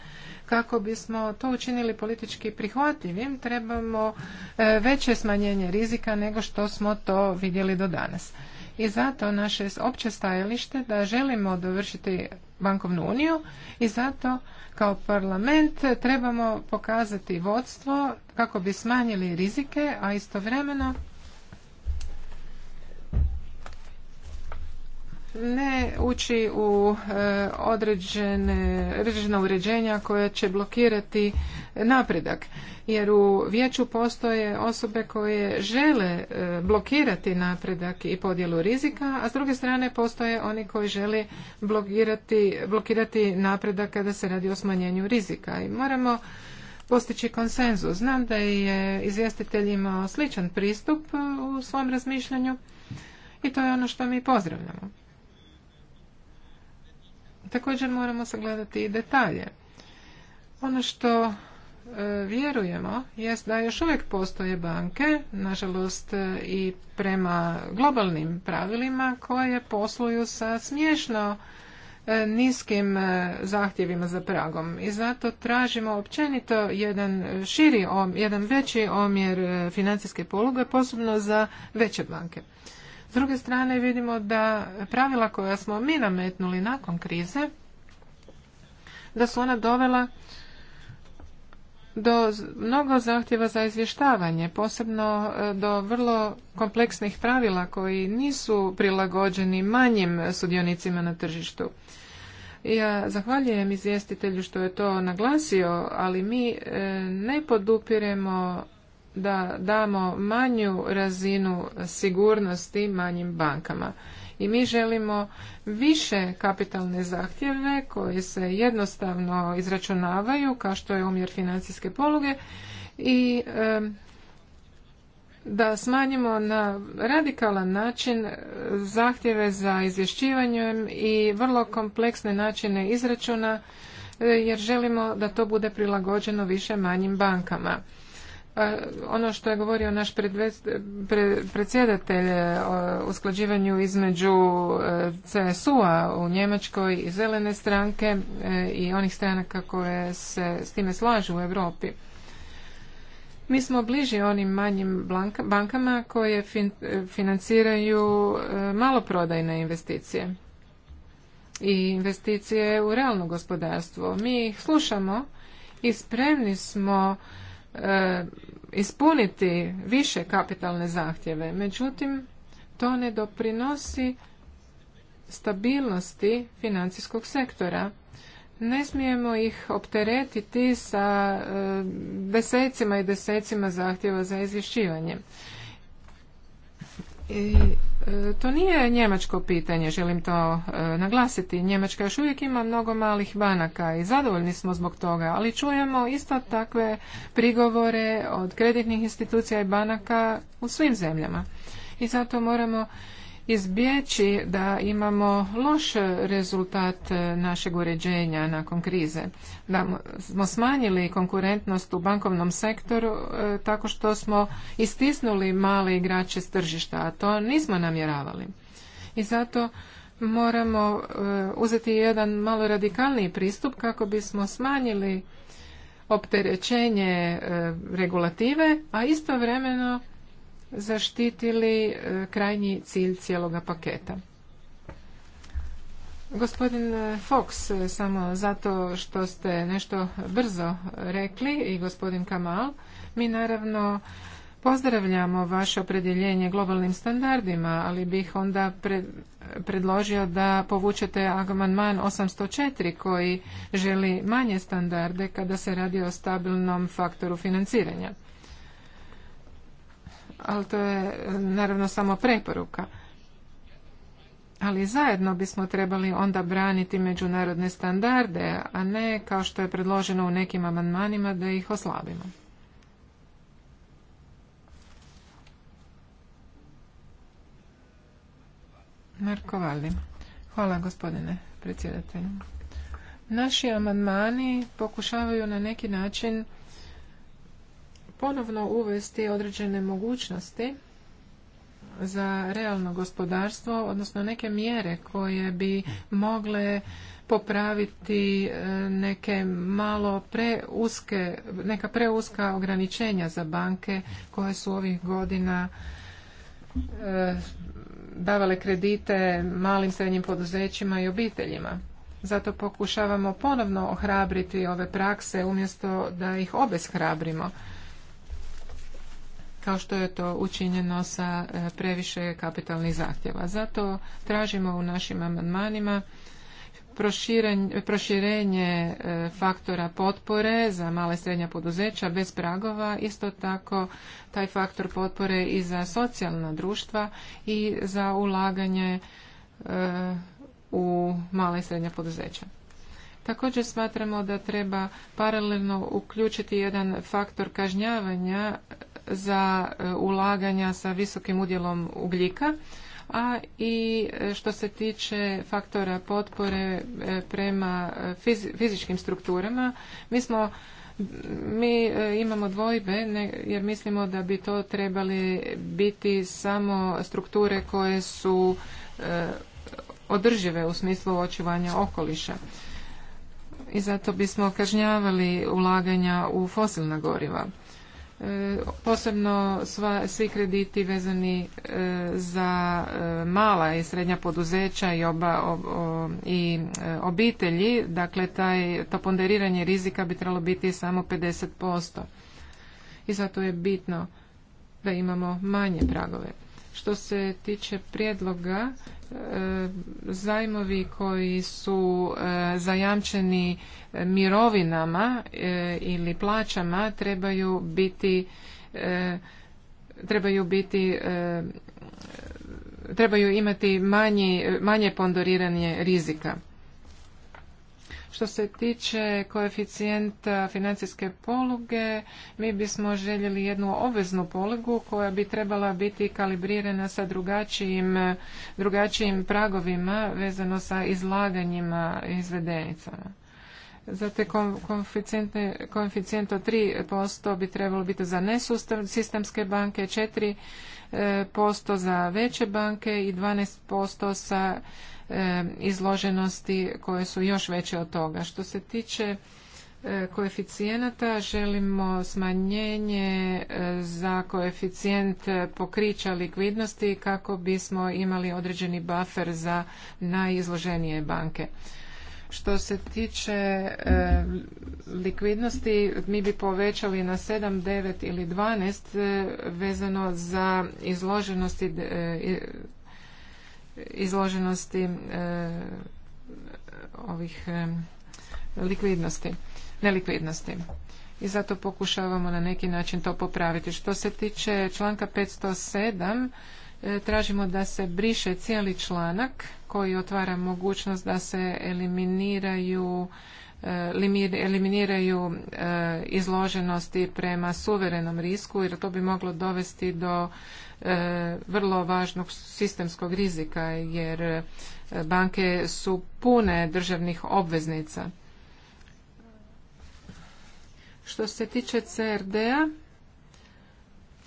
kako bismo to učinili politički prihvatljivim, trebamo e, veće smanjenje rizika nego što smo to vidjeli do danas. I zato naše opće stajalište da želimo dovršiti bankovnu uniju i zato kao parlament trebamo pokazati vodstvo kako bi smanjili rizike, a istovremeno ne ući u e, određene, određena uređenja koja će blokirati napredak. Jer u vijeću postoje osobe koje žele e, blokirati napredak i podjelu rizika, a s druge strane postoje oni koji žele blokirati, blokirati napredak kada se radi o smanjenju rizika. I moramo postići konsenzus. Znam da je izvjestitelj imao sličan pristup u svom razmišljanju i to je ono što mi pozdravljamo. Također moramo sagledati i detalje. Ono što e, vjerujemo jest da još uvijek postoje banke, nažalost e, i prema globalnim pravilima koje posluju sa smiješno e, niskim zahtjevima za pragom i zato tražimo općenito jedan širi, jedan veći omjer financijske poluge, posebno za veće banke druge strane vidimo da pravila koja smo mi nametnuli nakon krize, da su ona dovela do mnogo zahtjeva za izvještavanje, posebno e, do vrlo kompleksnih pravila koji nisu prilagođeni manjim sudionicima na tržištu. Ja zahvaljujem izvjestitelju što je to naglasio, ali mi e, ne podupiremo da damo manju razinu sigurnosti manjim bankama. I mi želimo više kapitalne zahtjeve koje se jednostavno izračunavaju kao što je umjer financijske poluge i da smanjimo na radikalan način zahtjeve za izvješćivanjem i vrlo kompleksne načine izračuna e, jer želimo da to bude prilagođeno više manjim bankama ono što je govorio naš predsjedatelj e, o usklađivanju između e, CSU-a u Njemačkoj i zelene stranke e, i onih stranaka koje se s time slažu u Europi. Mi smo bliži onim manjim bankama koje financiraju maloprodajne investicije i investicije u realno gospodarstvo. Mi ih slušamo i spremni smo E, ispuniti više kapitalne zahtjeve. Međutim, to ne doprinosi stabilnosti financijskog sektora. Ne smijemo ih opteretiti sa e, desecima i desecima zahtjeva za izvješćivanje. I e, to nije njemačko pitanje, želim to e, naglasiti. Njemačka još uvijek ima mnogo malih banaka i zadovoljni smo zbog toga, ali čujemo isto takve prigovore od kreditnih institucija i banaka u svim zemljama. I zato moramo izbjeći da imamo loš rezultat e, našeg uređenja nakon krize. Da smo smanjili konkurentnost u bankovnom sektoru e, tako što smo istisnuli male igrače s tržišta, a to nismo namjeravali. I zato moramo e, uzeti jedan malo radikalniji pristup kako bismo smanjili opterećenje regulative, a istovremeno zaštitili e, krajnji cilj cijeloga paketa. Gospodin e, Fox, e, samo zato što ste nešto brzo rekli i gospodin Kamal, mi naravno pozdravljamo vaše opredjeljenje globalnim standardima, ali bih onda predložio da povučete amandman 804 koji želi manje standarde kada se radi o stabilnom faktoru financiranja ali to je naravno samo preporuka. Ali zajedno bismo trebali onda braniti međunarodne standarde, a ne kao što je predloženo u nekim amandmanima da ih oslabimo. Marko Valdi. Hvala gospodine predsjedatelju. Naši amandmani pokušavaju na neki način ponovno uvesti određene mogućnosti za realno gospodarstvo, odnosno neke mjere koje bi mogle popraviti e, neke malo preuske, neka preuska ograničenja za banke koje su ovih godina e, davale kredite malim srednjim poduzećima i obiteljima. Zato pokušavamo ponovno ohrabriti ove prakse umjesto da ih obeshrabrimo kao što je to učinjeno sa e, previše kapitalnih zahtjeva. Zato tražimo u našim amandmanima proširenje e, faktora potpore za male i srednja poduzeća bez pragova, isto tako taj faktor potpore i za socijalna društva i za ulaganje e, u mala i srednja poduzeća. Također smatramo da treba paralelno uključiti jedan faktor kažnjavanja za e, ulaganja sa visokim udjelom ugljika, a i e, što se tiče faktora potpore e, prema fizičkim strukturama, mi smo mi imamo dvojbe jer mislimo da bi to trebali biti samo strukture koje su održive u smislu očuvanja okoliša. I zato bismo kažnjavali ulaganja u fosilna goriva. E, posebno sva, svi krediti vezani e, za e, mala i srednja poduzeća i, oba, i obitelji, dakle taj, to ponderiranje rizika bi trebalo biti samo 50%. I zato je bitno da imamo manje pragove. Što se tiče prijedloga E, zajmovi koji su e, zajamčeni e, mirovinama ili plaćama trebaju biti trebaju biti trebaju imati manje ponderiranje rizika. Što se tiče koeficijenta financijske poluge, mi bismo željeli jednu obveznu polugu koja bi trebala biti kalibrirana sa drugačijim, drugačijim pragovima vezano sa izlaganjima izvedenicama. te koeficijent od 3% bi trebalo biti za sistemske banke, 4% e, za veće banke i 12% sa E, izloženosti koje su još veće od toga. Što se tiče e, koeficijenata želimo smanjenje e, za koeficijent pokrića likvidnosti kako bismo imali određeni buffer za najizloženije banke. Što se tiče likvidnosti, mi bi povećali na 7, 9 ili 12 vezano za izloženosti izloženosti e, ovih e, likvidnosti, nelikvidnosti. I zato pokušavamo na neki način to popraviti. Što se tiče članka 507, e, tražimo da se briše cijeli članak koji otvara mogućnost da se eliminiraju eliminiraju izloženosti prema suverenom risku jer to bi moglo dovesti do E, vrlo važnog sistemskog rizika jer e, banke su pune državnih obveznica. Što se tiče CRD-a,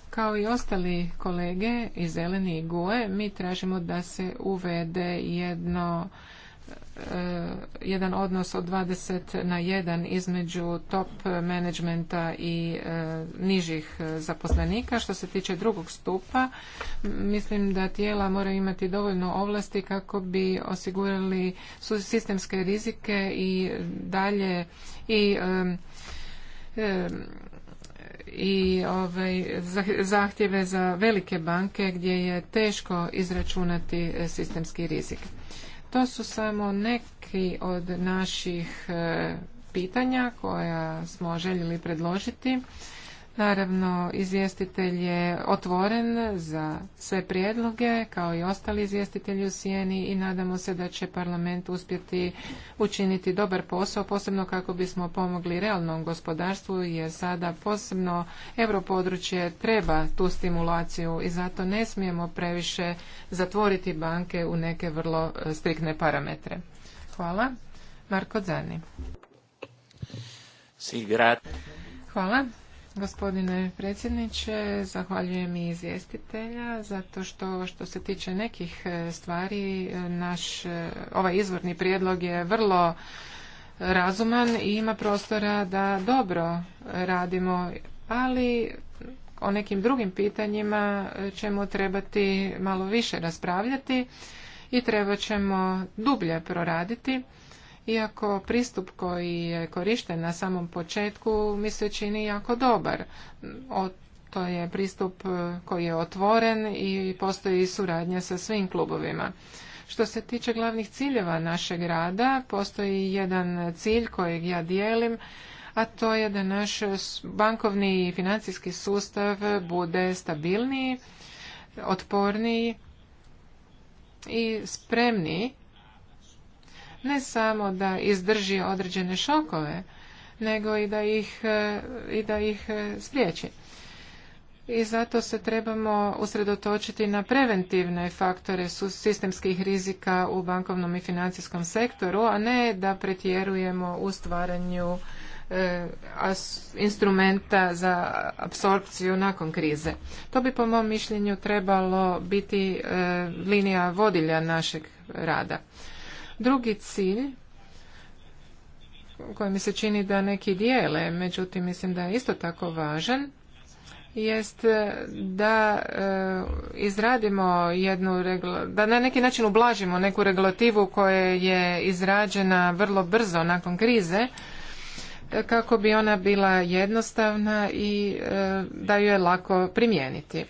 kao i ostali kolege iz Zeleni i GUE, mi tražimo da se uvede jedno Eh, jedan odnos od 20 na 1 između top menadžmenta i eh, nižih eh, zaposlenika. Što se tiče drugog stupa, mislim da tijela moraju imati dovoljno ovlasti kako bi osigurali sistemske rizike i dalje i i ovaj, zahtjeve za velike banke gdje je teško izračunati sistemski rizik. To su samo neki od naših e, pitanja koja smo željeli predložiti Naravno, izvjestitelj je otvoren za sve prijedloge, kao i ostali izvjestitelji u Sijeni i nadamo se da će parlament uspjeti učiniti dobar posao, posebno kako bismo pomogli realnom gospodarstvu, jer sada posebno europodručje treba tu stimulaciju i zato ne smijemo previše zatvoriti banke u neke vrlo e, strikne parametre. Hvala. Marko Zani. Hvala. Gospodine predsjedniče, zahvaljujem i izvjestitelja zato što što se tiče nekih e, stvari e, naš e, ovaj izvorni prijedlog je vrlo razuman i ima prostora da dobro radimo, ali o nekim drugim pitanjima ćemo trebati malo više raspravljati i treba ćemo dublje proraditi iako pristup koji je korišten na samom početku mi se čini jako dobar. To je pristup e, koji je otvoren i postoji suradnja sa svim klubovima. Što se tiče glavnih ciljeva našeg rada, postoji jedan cilj kojeg ja dijelim, a to je da naš bankovni i financijski sustav bude stabilniji, otporniji i spremniji ne samo da izdrži određene šokove, nego i da ih, e, i da ih e, spriječi. I zato se trebamo usredotočiti na preventivne faktore sistemskih rizika u bankovnom i financijskom sektoru, a ne da pretjerujemo u stvaranju e, instrumenta za apsorpciju nakon krize. To bi po mom mišljenju trebalo biti linija vodilja našeg rada. Drugi cilj koji mi se čini da neki dijele, međutim mislim da je isto tako važan, jest e, da e, izradimo jednu da na neki način ublažimo neku regulativu koja je izrađena vrlo brzo nakon krize e, kako bi ona bila jednostavna i da ju je lako primijeniti.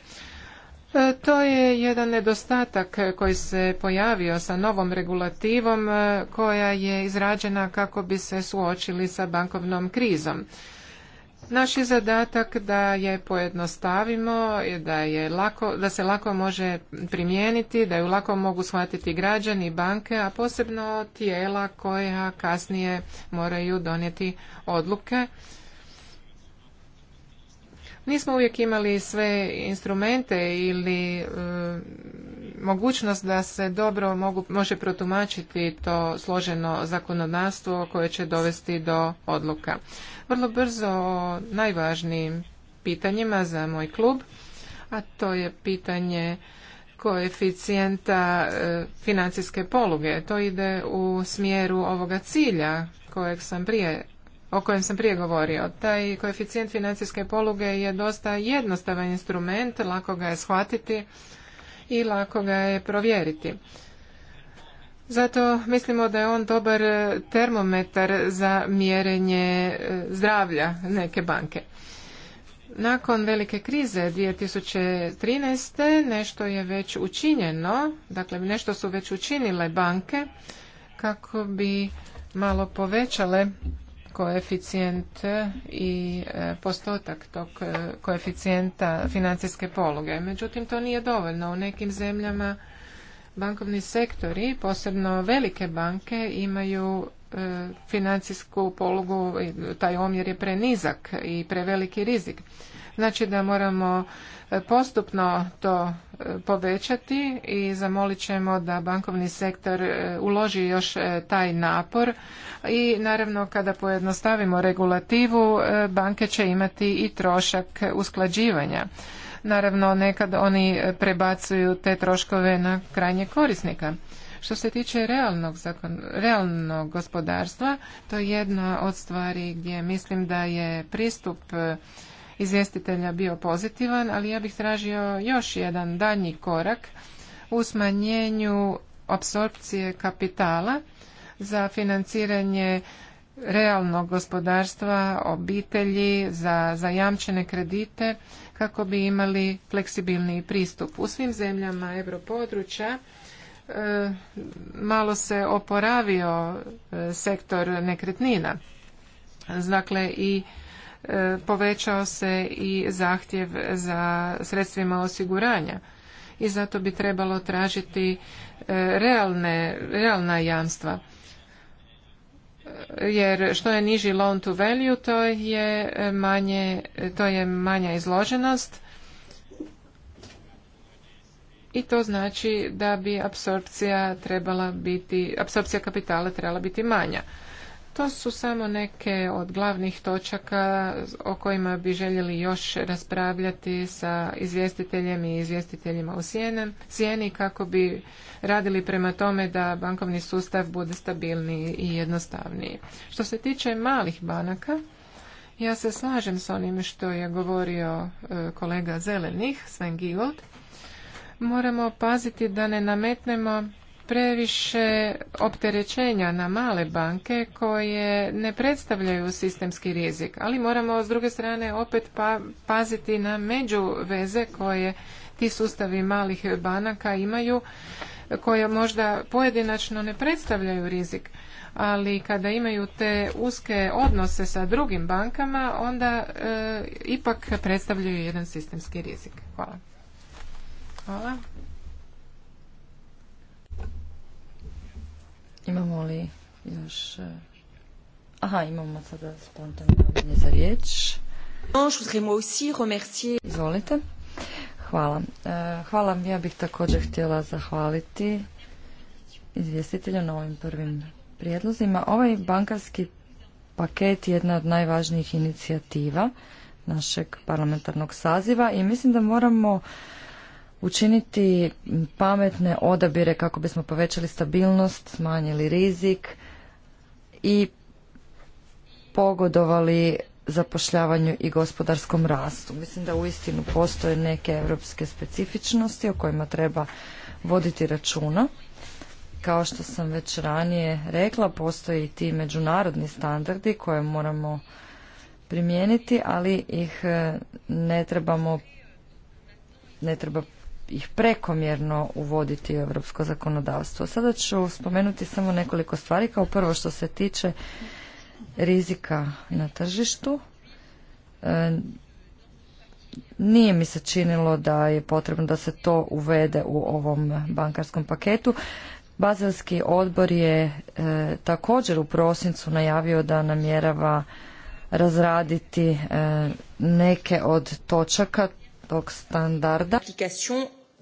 E, to je jedan nedostatak koji se pojavio sa novom regulativom e, koja je izrađena kako bi se suočili sa bankovnom krizom. Naš je zadatak da je pojednostavimo, da, je lako, da se lako može primijeniti, da ju lako mogu shvatiti građani, banke, a posebno tijela koja kasnije moraju donijeti odluke Nismo uvijek imali sve instrumente ili e, mogućnost da se dobro mogu, može protumačiti to složeno zakonodavstvo koje će dovesti do odluka. Vrlo brzo o najvažnijim pitanjima za moj klub, a to je pitanje koeficijenta e, financijske poluge. To ide u smjeru ovoga cilja kojeg sam prije o kojem sam prije govorio. Taj koeficijent financijske poluge je dosta jednostavan instrument, lako ga je shvatiti i lako ga je provjeriti. Zato mislimo da je on dobar termometar za mjerenje e, zdravlja neke banke. Nakon velike krize 2013. nešto je već učinjeno, dakle nešto su već učinile banke kako bi malo povećale koeficijent i e, postotak tog e, koeficijenta financijske poluge. Međutim, to nije dovoljno. U nekim zemljama bankovni sektori, posebno velike banke, imaju e, financijsku polugu, taj omjer je prenizak i preveliki rizik. Znači da moramo postupno to e, povećati i zamolit ćemo da bankovni sektor e, uloži još e, taj napor i naravno kada pojednostavimo regulativu banke će imati i trošak usklađivanja. Naravno nekad oni prebacuju te troškove na krajnje korisnika. Što se tiče realnog, zakon, realnog gospodarstva, to je jedna od stvari gdje mislim da je pristup izvjestitelja bio pozitivan, ali ja bih tražio još jedan danji korak u smanjenju apsorpcije kapitala za financiranje realnog gospodarstva, obitelji, za zajamčene kredite kako bi imali fleksibilni pristup. U svim zemljama europodručja e, malo se oporavio e, sektor nekretnina. Dakle, i E, povećao se i zahtjev za sredstvima osiguranja i zato bi trebalo tražiti e, realne, realna jamstva. E, jer što je niži loan to value, to je, manje, to je manja izloženost i to znači da bi apsorpcija trebala biti, apsorpcija kapitala trebala biti manja. To su samo neke od glavnih točaka o kojima bi željeli još raspravljati sa izvjestiteljem i izvjestiteljima u sjeni kako bi radili prema tome da bankovni sustav bude stabilniji i jednostavniji. Što se tiče malih banaka, ja se slažem s onim što je govorio e, kolega Zelenih, Sven Giegold. Moramo paziti da ne nametnemo previše opterećenja na male banke koje ne predstavljaju sistemski rizik, ali moramo s druge strane opet pa, paziti na međuveze koje ti sustavi malih banaka imaju koje možda pojedinačno ne predstavljaju rizik, ali kada imaju te uske odnose sa drugim bankama, onda e, ipak predstavljaju jedan sistemski rizik. Hvala. Hvala. Imamo li još... E, aha, imamo sada spontano javljanje za riječ. Izvolite. Hvala. E, hvala. Ja bih također htjela zahvaliti izvjestitelju na ovim prvim prijedlozima. Ovaj bankarski paket je jedna od najvažnijih inicijativa našeg parlamentarnog saziva i mislim da moramo učiniti pametne odabire kako bismo povećali stabilnost, smanjili rizik i pogodovali zapošljavanju i gospodarskom rastu. Mislim da uistinu postoje neke europske specifičnosti o kojima treba voditi računa. Kao što sam već ranije rekla, postoje i ti međunarodni standardi koje moramo primijeniti, ali ih eh, ne trebamo ne treba ih prekomjerno uvoditi u europsko zakonodavstvo. Sada ću spomenuti samo nekoliko stvari. Kao prvo što se tiče rizika na tržištu, e, nije mi se činilo da je potrebno da se to uvede u ovom bankarskom paketu. Bazelski odbor je e, također u prosincu najavio da namjerava razraditi e, neke od točaka tog standarda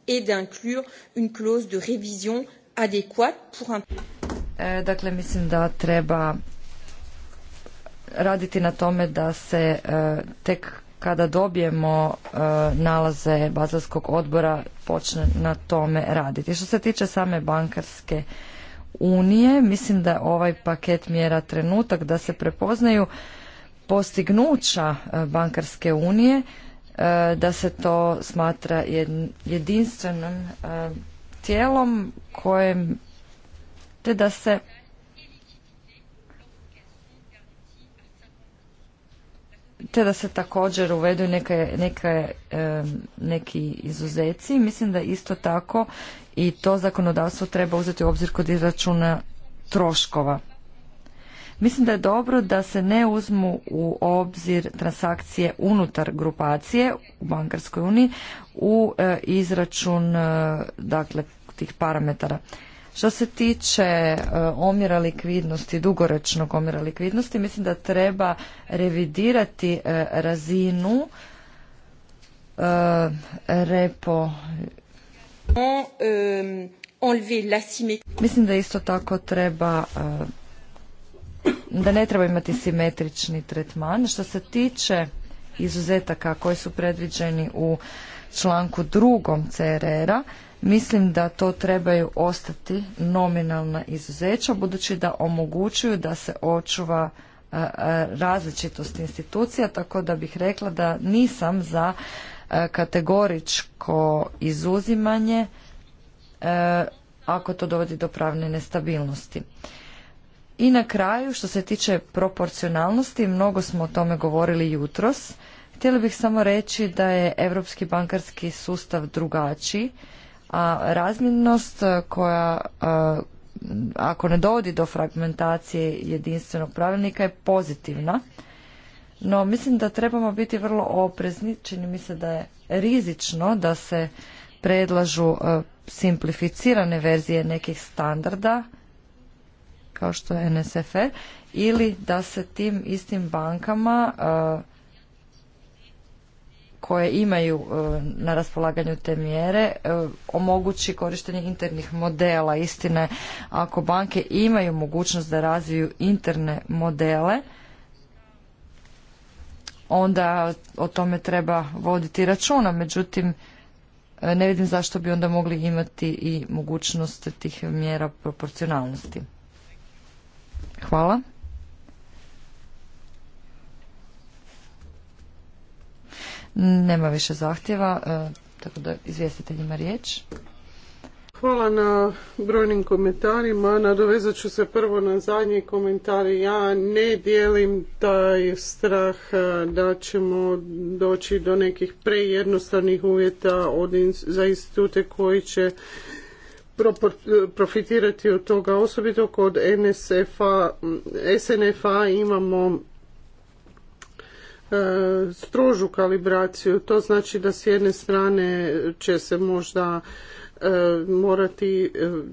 et d'inclure une clause de révision adéquate pour un... E, dakle, mislim da treba raditi na tome da se e, tek kada dobijemo e, nalaze Bazelskog odbora počne na tome raditi. Što se tiče same bankarske unije, mislim da je ovaj paket mjera trenutak da se prepoznaju postignuća bankarske unije E, da se to smatra jedinstvenom e, tijelom kojem te da se te da se također uvedu neke, neke, e, neki izuzeci. Mislim da isto tako i to zakonodavstvo treba uzeti u obzir kod izračuna troškova. Mislim da je dobro da se ne uzmu u obzir transakcije unutar grupacije u bankarskoj uniji u e, izračun e, dakle tih parametara. Što se tiče e, omjera likvidnosti, dugoročnog omjera likvidnosti, mislim da treba revidirati razinu repo Mislim da isto tako treba da ne treba imati simetrični tretman. Što se tiče izuzetaka koji su predviđeni u članku drugom CRR-a, mislim da to trebaju ostati nominalna izuzeća budući da omogućuju da se očuva e, e, različitost institucija, tako da bih rekla da nisam za e, kategoričko izuzimanje ako to dovodi do pravne nestabilnosti. I na kraju, što se tiče proporcionalnosti, mnogo smo o tome govorili jutros. Htjeli bih samo reći da je europski bankarski sustav drugačiji, a razmjernost e, koja e, ako ne dovodi do fragmentacije jedinstvenog pravilnika je pozitivna. No, mislim da trebamo biti vrlo oprezni. Čini mi se da je rizično da se predlažu e, simplificirane verzije nekih standarda kao što je NSFR ili da se tim istim bankama e, koje imaju e, na raspolaganju te mjere e, omogući korištenje internih modela. istine ako banke imaju mogućnost da razviju interne modele, onda o tome treba voditi računa. Međutim, ne vidim zašto bi onda mogli imati i mogućnost tih mjera proporcionalnosti. Hvala. Nema više zahtjeva, e, tako da izvjestiteljima riječ. Hvala na brojnim komentarima. Nadovezat ću se prvo na zadnji komentar. Ja ne dijelim taj strah e, da ćemo doći do nekih prejednostavnih uvjeta za institute koji će profitirati od toga. Osobito kod NSF-a, imamo e, strožu kalibraciju. To znači da s jedne strane će se možda e, morati e,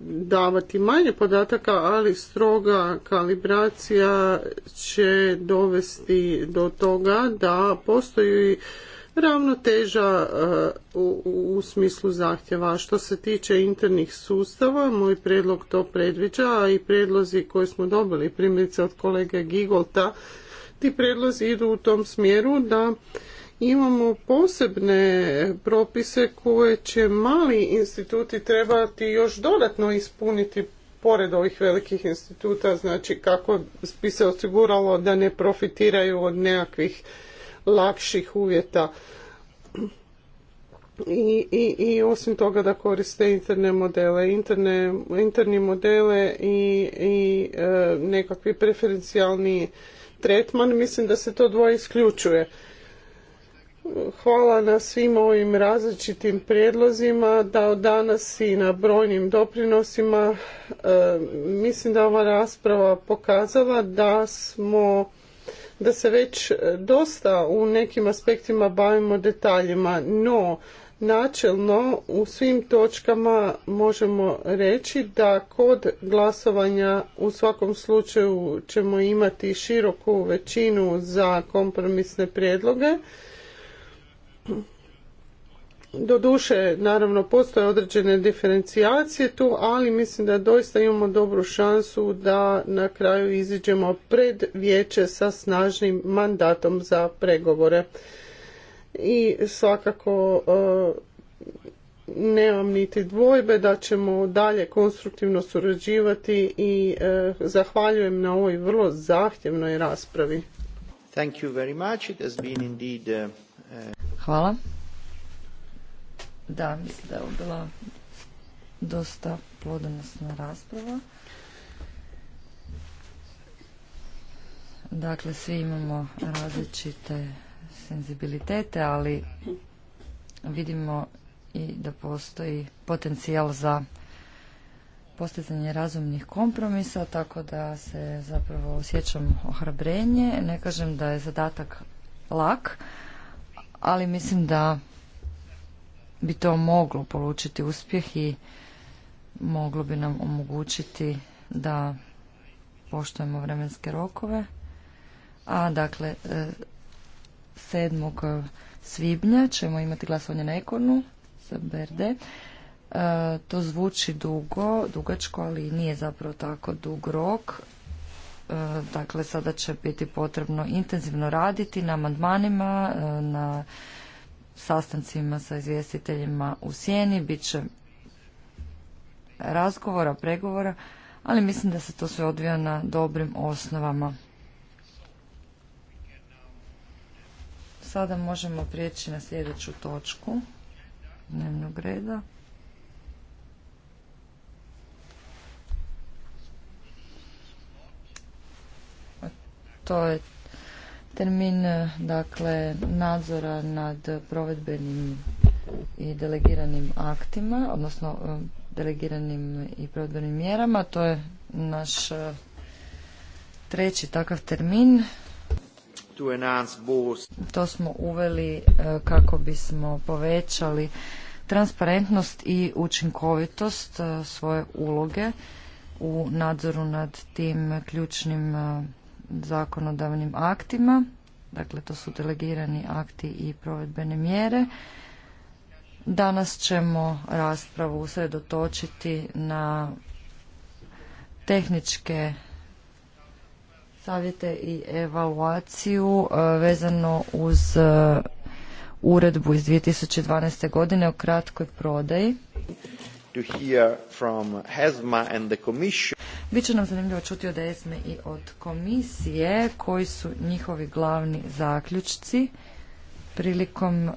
davati manje podataka, ali stroga kalibracija će dovesti do toga da postoji ravnoteža e, u, u, smislu zahtjeva. Što se tiče internih sustava, moj predlog to predviđa, a i predlozi koje smo dobili, primjerice od kolege Gigolta, ti predlozi idu u tom smjeru da imamo posebne propise koje će mali instituti trebati još dodatno ispuniti pored ovih velikih instituta, znači kako bi se osiguralo da ne profitiraju od nekakvih lakših uvjeta i, i, i osim toga da koriste interne modele, interne, interni modele i, i e, nekakvi preferencijalni tretman, mislim da se to dvoje isključuje. Hvala na svim ovim različitim prijedlozima, da od danas i na brojnim doprinosima. E, mislim da ova rasprava pokazala da smo da se već e, dosta u nekim aspektima bavimo detaljima, no načelno u svim točkama možemo reći da kod glasovanja u svakom slučaju ćemo imati široku većinu za kompromisne prijedloge Doduše, naravno, postoje određene diferencijacije tu, ali mislim da doista imamo dobru šansu da na kraju iziđemo pred vijeće sa snažnim mandatom za pregovore. I svakako e, nemam niti dvojbe da ćemo dalje konstruktivno surađivati i e, zahvaljujem na ovoj vrlo zahtjevnoj raspravi. Thank you very much. It has been indeed, e, Hvala. Da, mislim da je bila dosta plodonosna rasprava. Dakle, svi imamo različite senzibilitete, ali vidimo i da postoji potencijal za postizanje razumnih kompromisa, tako da se zapravo osjećam ohrabrenje. Ne kažem da je zadatak lak, ali mislim da bi to moglo polučiti uspjeh i moglo bi nam omogućiti da poštujemo vremenske rokove. A dakle, 7. E, svibnja ćemo imati glasovanje na ekonu za BRD. E, to zvuči dugo, dugačko, ali nije zapravo tako dug rok. E, dakle, sada će biti potrebno intenzivno raditi na amandmanima, na sastancima sa izvjestiteljima u sjeni, bit će razgovora, pregovora, ali mislim da se to sve odvija na dobrim osnovama. Sada možemo prijeći na sljedeću točku dnevnog reda. To je Termin eh, dakle nadzora nad provedbenim i delegiranim aktima, odnosno eh, delegiranim i provedbenim mjerama, to je naš eh, treći takav termin. To smo uveli kako bismo povećali transparentnost i učinkovitost svoje uloge u nadzoru nad tim ključnim zakonodavnim aktima, dakle to su delegirani akti i provedbene mjere. Danas ćemo raspravu usredotočiti na tehničke savjete i evaluaciju e, vezano uz e, uredbu iz 2012. godine o kratkoj prodaji to hear from nam zanimljivo čuti od ESME i od komisije koji su njihovi glavni zaključci prilikom e,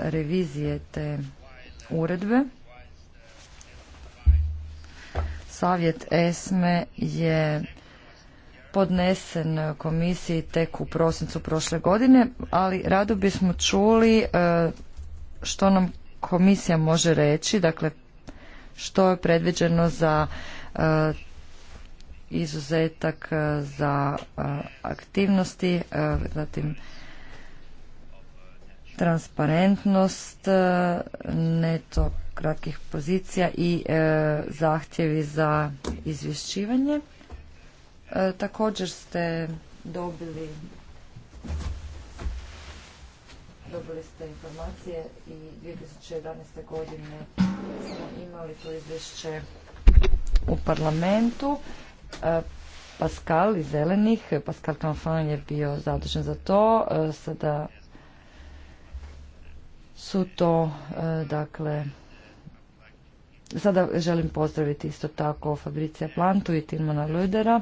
revizije te uredbe. Savjet ESME je podnesen komisiji tek u prosincu prošle godine, ali rado bismo čuli e, što nam komisija može reći, dakle što je predviđeno za e, izuzetak e, za e, aktivnosti, zatim transparentnost neto kratkih pozicija i zahtjevi za izvješćivanje. Također ste dobili Dobili ste informacije i 2011. godine smo imali to izvješće u parlamentu. E, Pascal iz Zelenih, Pascal Canfan je bio zadužen za to. E, sada su to, e, dakle, sada želim pozdraviti isto tako Fabricija Plantu i Tilmana Ludera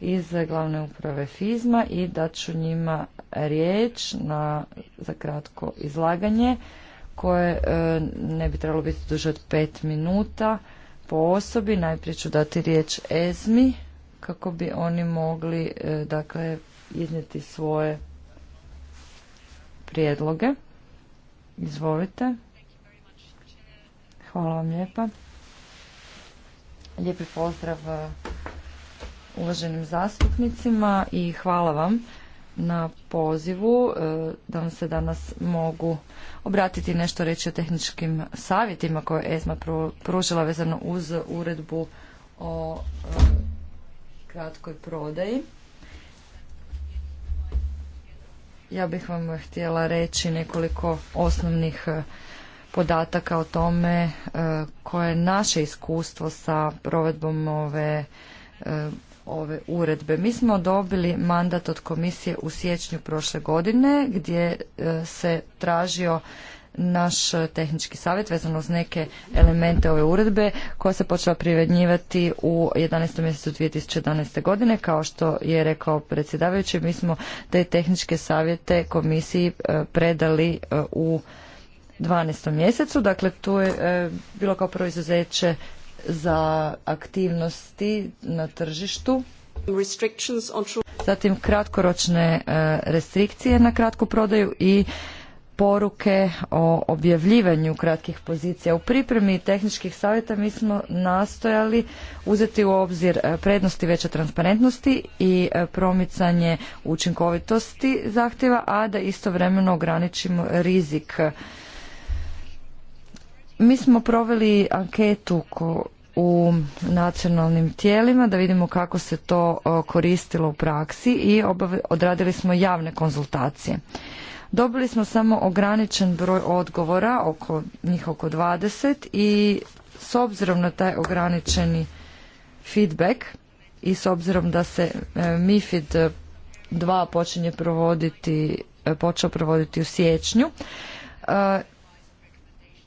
iz glavne uprave FIZMA i dat ću njima riječ na, za kratko izlaganje koje e, ne bi trebalo biti duže od pet minuta po osobi. Najprije ću dati riječ EZMI kako bi oni mogli e, dakle iznijeti svoje prijedloge. Izvolite. Hvala vam lijepa. Lijepi pozdrav uvaženim zastupnicima i hvala vam na pozivu e, da vam se danas mogu obratiti nešto reći o tehničkim savjetima koje je ESMA pružila vezano uz uredbu o e, kratkoj prodaji. Ja bih vam htjela reći nekoliko osnovnih e, podataka o tome koje je naše iskustvo sa provedbom ove ove uredbe. Mi smo dobili mandat od komisije u siječnju prošle godine gdje e, se tražio naš tehnički savjet vezano uz neke elemente ove uredbe koja se počela privednjivati u 11. mjesecu 2011. godine. Kao što je rekao predsjedavajući, mi smo te tehničke savjete komisiji e, predali e, u 12. mjesecu. Dakle, tu je bilo kao proizuzeće za aktivnosti na tržištu, zatim kratkoročne e, restrikcije na kratku prodaju i poruke o objavljivanju kratkih pozicija. U pripremi tehničkih savjeta mi smo nastojali uzeti u obzir e, prednosti veće transparentnosti i e, promicanje učinkovitosti zahtjeva, a da istovremeno ograničimo rizik. Mi smo proveli anketu u nacionalnim tijelima da vidimo kako se to koristilo u praksi i odradili smo javne konzultacije. Dobili smo samo ograničen broj odgovora, oko njih oko 20 i s obzirom na taj ograničeni feedback i s obzirom da se e, MIFID 2 počinje provoditi, e, počeo provoditi u siječnju, e,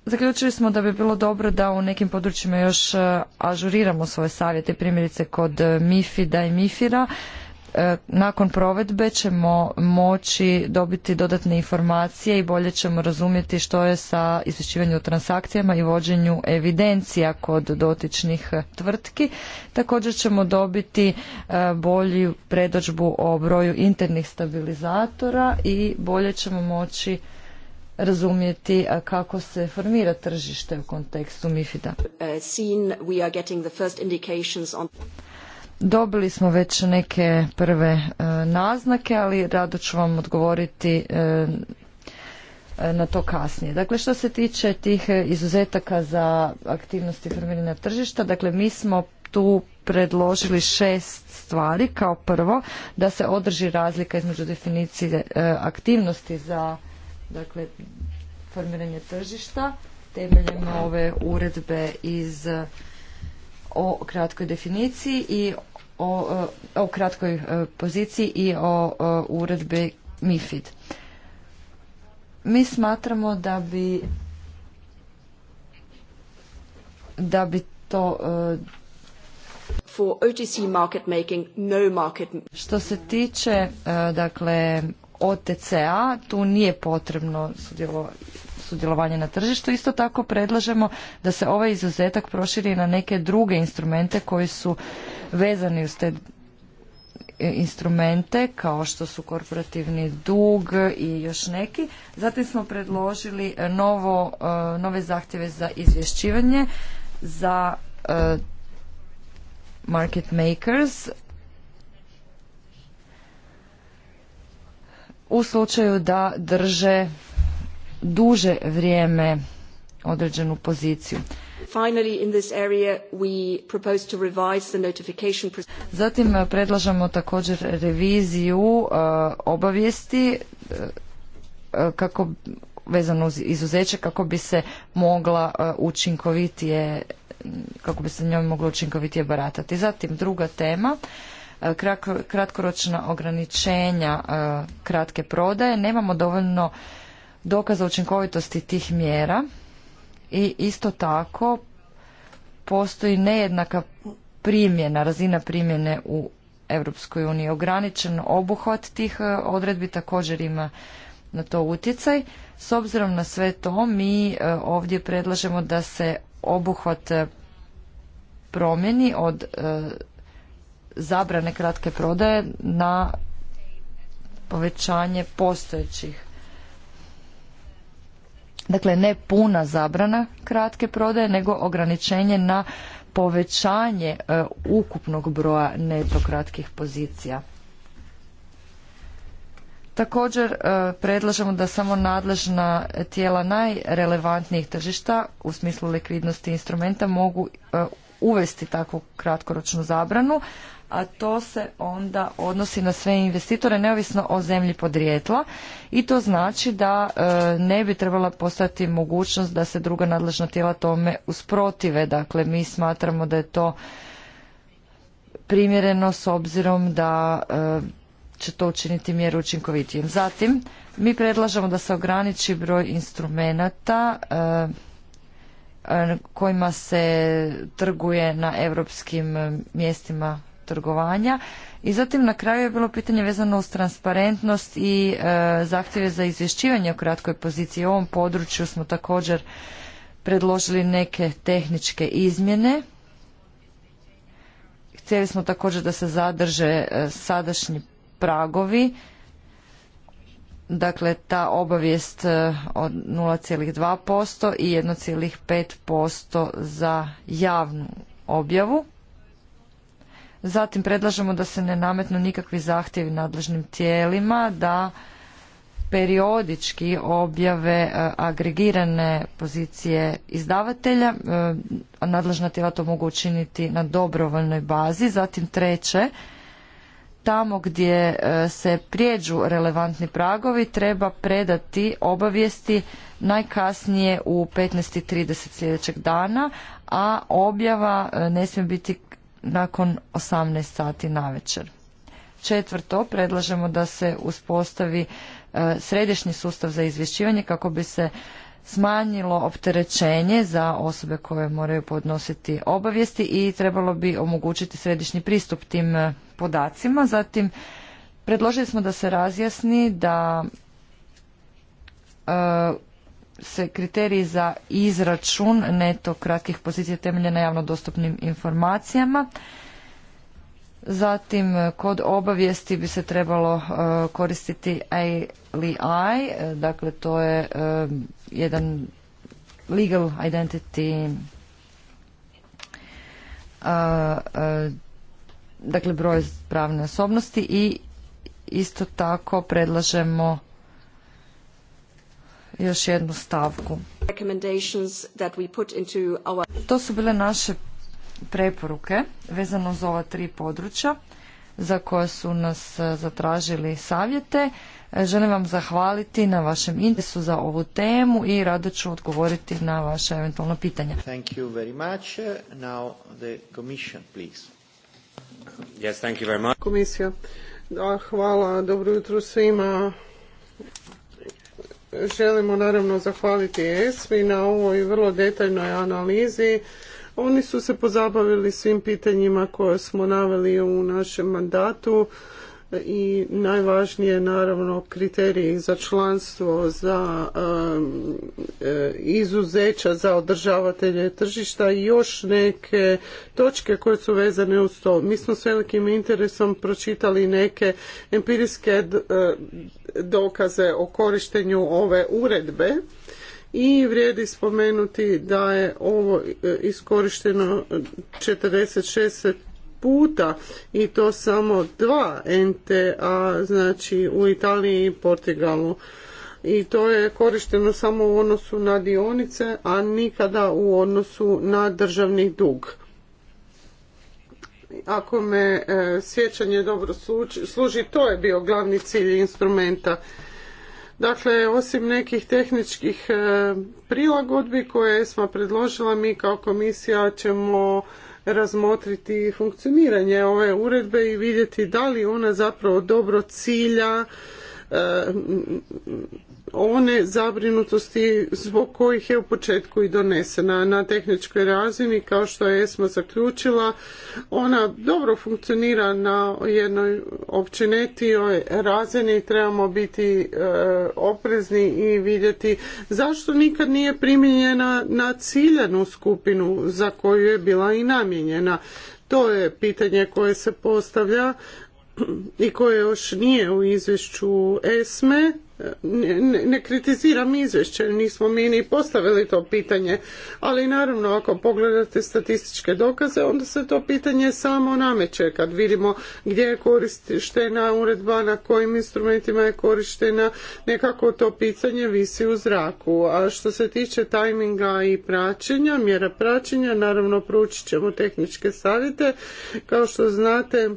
Zaključili smo da bi bilo dobro da u nekim područjima još e, ažuriramo svoje savjete, primjerice kod e, mifid i mifir e, Nakon provedbe ćemo moći dobiti dodatne informacije i bolje ćemo razumjeti što je sa izvješćivanjem o transakcijama i vođenju evidencija kod dotičnih tvrtki. Također ćemo dobiti bolju predođbu o broju internih stabilizatora i bolje ćemo moći razumjeti kako se formira tržište u kontekstu MIFID-a. Uh, Dobili smo već neke prve uh, naznake, ali rado ću vam odgovoriti uh, na to kasnije. Dakle, što se tiče tih izuzetaka za aktivnosti formiranja tržišta, dakle, mi smo tu predložili šest stvari. Kao prvo, da se održi razlika između definicije aktivnosti za dakle formiranje tržišta temeljem ove uredbe iz e, o kratkoj definiciji i o, e, o kratkoj e, poziciji i o, o uredbi MIFID. Mi smatramo da bi da bi to for OTC market making market što se tiče dakle OTCA, tu nije potrebno sudjelovanje na tržištu. Isto tako predlažemo da se ovaj izuzetak proširi na neke druge instrumente koji su vezani uz te instrumente kao što su korporativni dug i još neki. Zatim smo predložili e, novo, e, nove zahtjeve za izvješćivanje za e, market makers u slučaju da drže duže vrijeme određenu poziciju. Zatim eh, predlažemo također reviziju eh, obavijesti eh, kako vezano uz izuzeće kako bi se mogla učinkovitije kako bi se njom moglo učinkovitije baratati. Zatim druga tema E, kratkoročna ograničenja e, kratke prodaje, nemamo dovoljno dokaza učinkovitosti tih mjera i isto tako postoji nejednaka primjena, razina primjene u Europskoj uniji. Ograničen obuhvat tih e, odredbi također ima na to utjecaj. S obzirom na sve to mi ovdje predlažemo da se obuhvat promjeni od zabrane kratke prodaje na povećanje postojećih. Dakle, ne puna zabrana kratke prodaje, nego ograničenje na povećanje e, ukupnog broja neto kratkih pozicija. Također e, predlažemo da samo nadležna tijela najrelevantnijih tržišta u smislu likvidnosti instrumenta mogu e, uvesti takvu kratkoročnu zabranu, a to se onda odnosi na sve investitore neovisno o zemlji podrijetla i to znači da e, ne bi trebala postati mogućnost da se druga nadležna tijela tome usprotive. Dakle, mi smatramo da je to primjereno s obzirom da e, će to učiniti mjeru učinkovitijim. Zatim, mi predlažemo da se ograniči broj instrumenata e, kojima se trguje na europskim mjestima trgovanja. I zatim na kraju je bilo pitanje vezano uz transparentnost i e, zahtjeve za izvješćivanje o kratkoj poziciji. U ovom području smo također predložili neke tehničke izmjene. Htjeli smo također da se zadrže e, sadašnji pragovi, dakle ta obavijest e, od 0,2% i 1,5% za javnu objavu. Zatim predlažemo da se ne nametnu nikakvi zahtjevi nadležnim tijelima da periodički objave e, agregirane pozicije izdavatelja. E, nadležna tijela to mogu učiniti na dobrovoljnoj bazi. Zatim treće, tamo gdje e, se prijeđu relevantni pragovi treba predati obavijesti najkasnije u 15.30 sljedećeg dana, a objava ne smije biti nakon 18 sati navečer. Četvrto, predlažemo da se uspostavi e, središnji sustav za izvješćivanje kako bi se smanjilo opterećenje za osobe koje moraju podnositi obavijesti i trebalo bi omogućiti središnji pristup tim e, podacima. Zatim, predložili smo da se razjasni da e, se kriteriji za izračun neto kratkih pozicija temelje na javno dostupnim informacijama. Zatim, kod obavijesti bi se trebalo e, koristiti ALI, e, dakle to je e, jedan legal identity dakle broj pravne osobnosti i isto tako predlažemo još jednu stavku. To su bile naše preporuke vezano za ova tri područja za koje su nas e, zatražili savjete. E, želim vam zahvaliti na vašem interesu za ovu temu i rado ću odgovoriti na vaše eventualno pitanje. Thank you very much. Now the commission, please. Yes, thank you very much. Komisija. hvala. Dobro jutro svima želimo naravno zahvaliti ESVI na ovoj vrlo detaljnoj analizi. Oni su se pozabavili svim pitanjima koje smo naveli u našem mandatu i najvažnije naravno kriteriji za članstvo za um, e, izuzeća za održavatelje tržišta i još neke točke koje su vezane uz to. Mi smo s velikim interesom pročitali neke empirijske e, dokaze o korištenju ove uredbe i vrijedi spomenuti da je ovo e, iskorišteno 46 puta i to samo dva NTA, znači u Italiji i Portugalu. I to je korišteno samo u odnosu na dionice, a nikada u odnosu na državni dug. Ako me e, sjećanje dobro služi, to je bio glavni cilj instrumenta. Dakle, osim nekih tehničkih e, prilagodbi koje smo predložila, mi kao komisija ćemo razmotriti funkcioniranje ove uredbe i vidjeti da li ona zapravo dobro cilja Eh, one zabrinutosti zbog kojih je u početku i donesena na tehničkoj razini kao što je ESMA zaključila ona dobro funkcionira na jednoj općenetijoj razini trebamo biti eh, oprezni i vidjeti zašto nikad nije primijenjena na ciljanu skupinu za koju je bila i namijenjena to je pitanje koje se postavlja i koje još nije u izvješću ESME, ne, ne kritiziram izvješće, nismo mi ni postavili to pitanje, ali naravno ako pogledate statističke dokaze, onda se to pitanje samo nameće kad vidimo gdje je korištena uredba, na kojim instrumentima je korištena, nekako to pitanje visi u zraku. A što se tiče tajminga i praćenja, mjera praćenja, naravno proučit ćemo tehničke savjete. Kao što znate,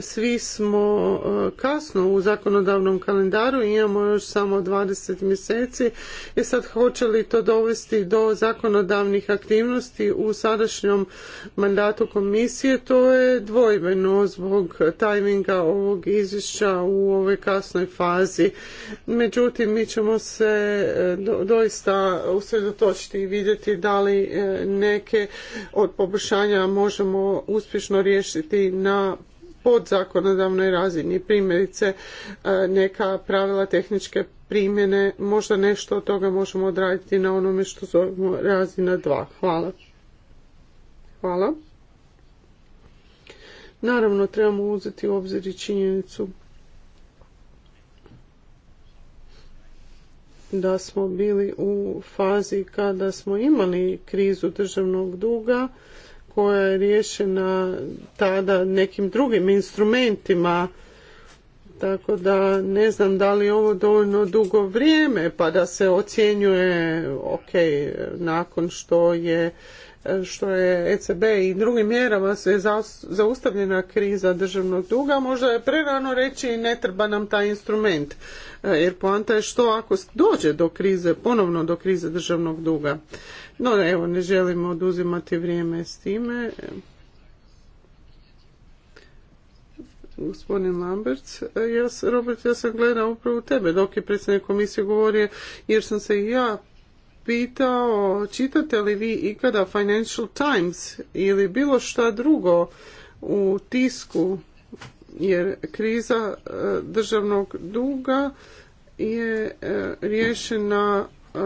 svi smo e, kasno u zakonodavnom kalendaru, imamo još samo 20 mjeseci. i e sad, hoće li to dovesti do zakonodavnih aktivnosti u sadašnjom mandatu komisije, to je dvojbeno zbog tajminga ovog izvješća u ovoj kasnoj fazi. Međutim, mi ćemo se e, doista usredotočiti i vidjeti da li neke od poboljšanja možemo uspješno riješiti na podzakonodavnoj razini. Primjerice e, neka pravila tehničke primjene, možda nešto od toga možemo odraditi na onome što zovemo razina 2. Hvala. Hvala. Naravno, trebamo uzeti u obzir i činjenicu da smo bili u fazi kada smo imali krizu državnog duga koja je riješena tada nekim drugim instrumentima tako da ne znam da li je ovo dovoljno dugo vrijeme pa da se ocjenjuje ok nakon što je što je ECB i drugim mjerama se zaustavljena kriza državnog duga, možda je prerano reći ne treba nam taj instrument. E, jer poanta je što ako dođe do krize, ponovno do krize državnog duga. No, evo, ne želimo oduzimati vrijeme s time. Gospodin Lamberts, ja, Robert, ja sam gledao upravo tebe dok je predsjednik komisije govorio, jer sam se i ja pitao čitate li vi ikada Financial Times ili bilo šta drugo u tisku jer kriza e, državnog duga je e, riješena. E,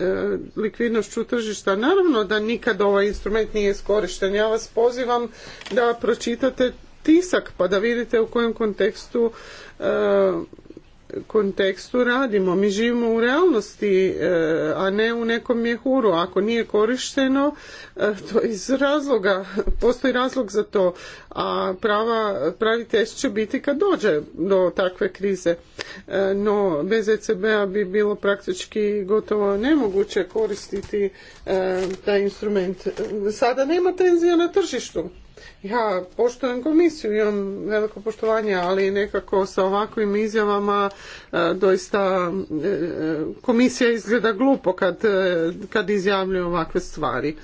E, likvidnošću tržišta. Naravno da nikad ovaj instrument nije iskorišten. Ja vas pozivam da pročitate tisak pa da vidite u kojem kontekstu e, kontekstu radimo. Mi živimo u realnosti, e, a ne u nekom mjehuru. Ako nije korišteno, e, to iz razloga, postoji razlog za to. A prava, pravi test će biti kad dođe do takve krize. E, no, bez ECB-a bi bilo praktički gotovo nemoguće koristiti taj instrument. Sada nema tenzija na tržištu ja poštujem komisiju, imam veliko poštovanje, ali nekako sa ovakvim izjavama e, doista e, komisija izgleda glupo kad, e, kad izjavljuje ovakve stvari.